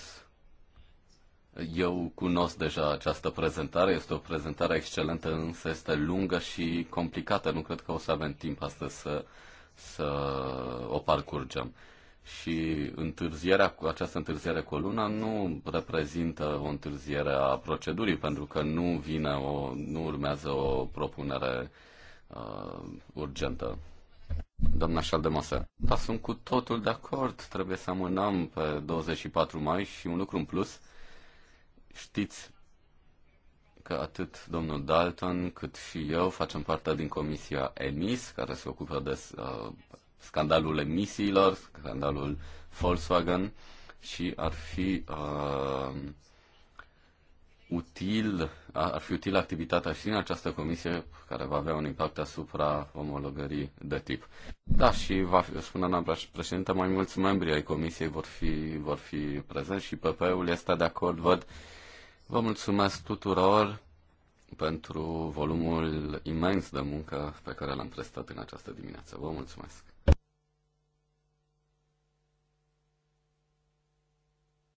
eu cunosc deja această prezentare, este o prezentare excelentă, însă este lungă și complicată. Nu cred că o să avem timp astăzi să, să o parcurgem. Și întârzierea, această întârziere cu luna nu reprezintă o întârziere a procedurii, pentru că nu vine o, nu urmează o propunere uh, urgentă. Doamna masă, dar sunt cu totul de acord. Trebuie să amânăm pe 24 mai și un lucru în plus. Știți că atât domnul Dalton cât și eu facem parte din comisia EMIS, care se ocupă de uh, scandalul emisiilor, scandalul Volkswagen și ar fi uh, util, ar fi util activitatea și în această comisie care va avea un impact asupra omologării de tip. Da, și va fi, spune doamna președinte, mai mulți membri ai comisiei vor fi, vor fi prezenți și PP-ul este de acord, văd. Vă mulțumesc tuturor pentru volumul imens de muncă pe care l-am prestat în această dimineață. Vă mulțumesc!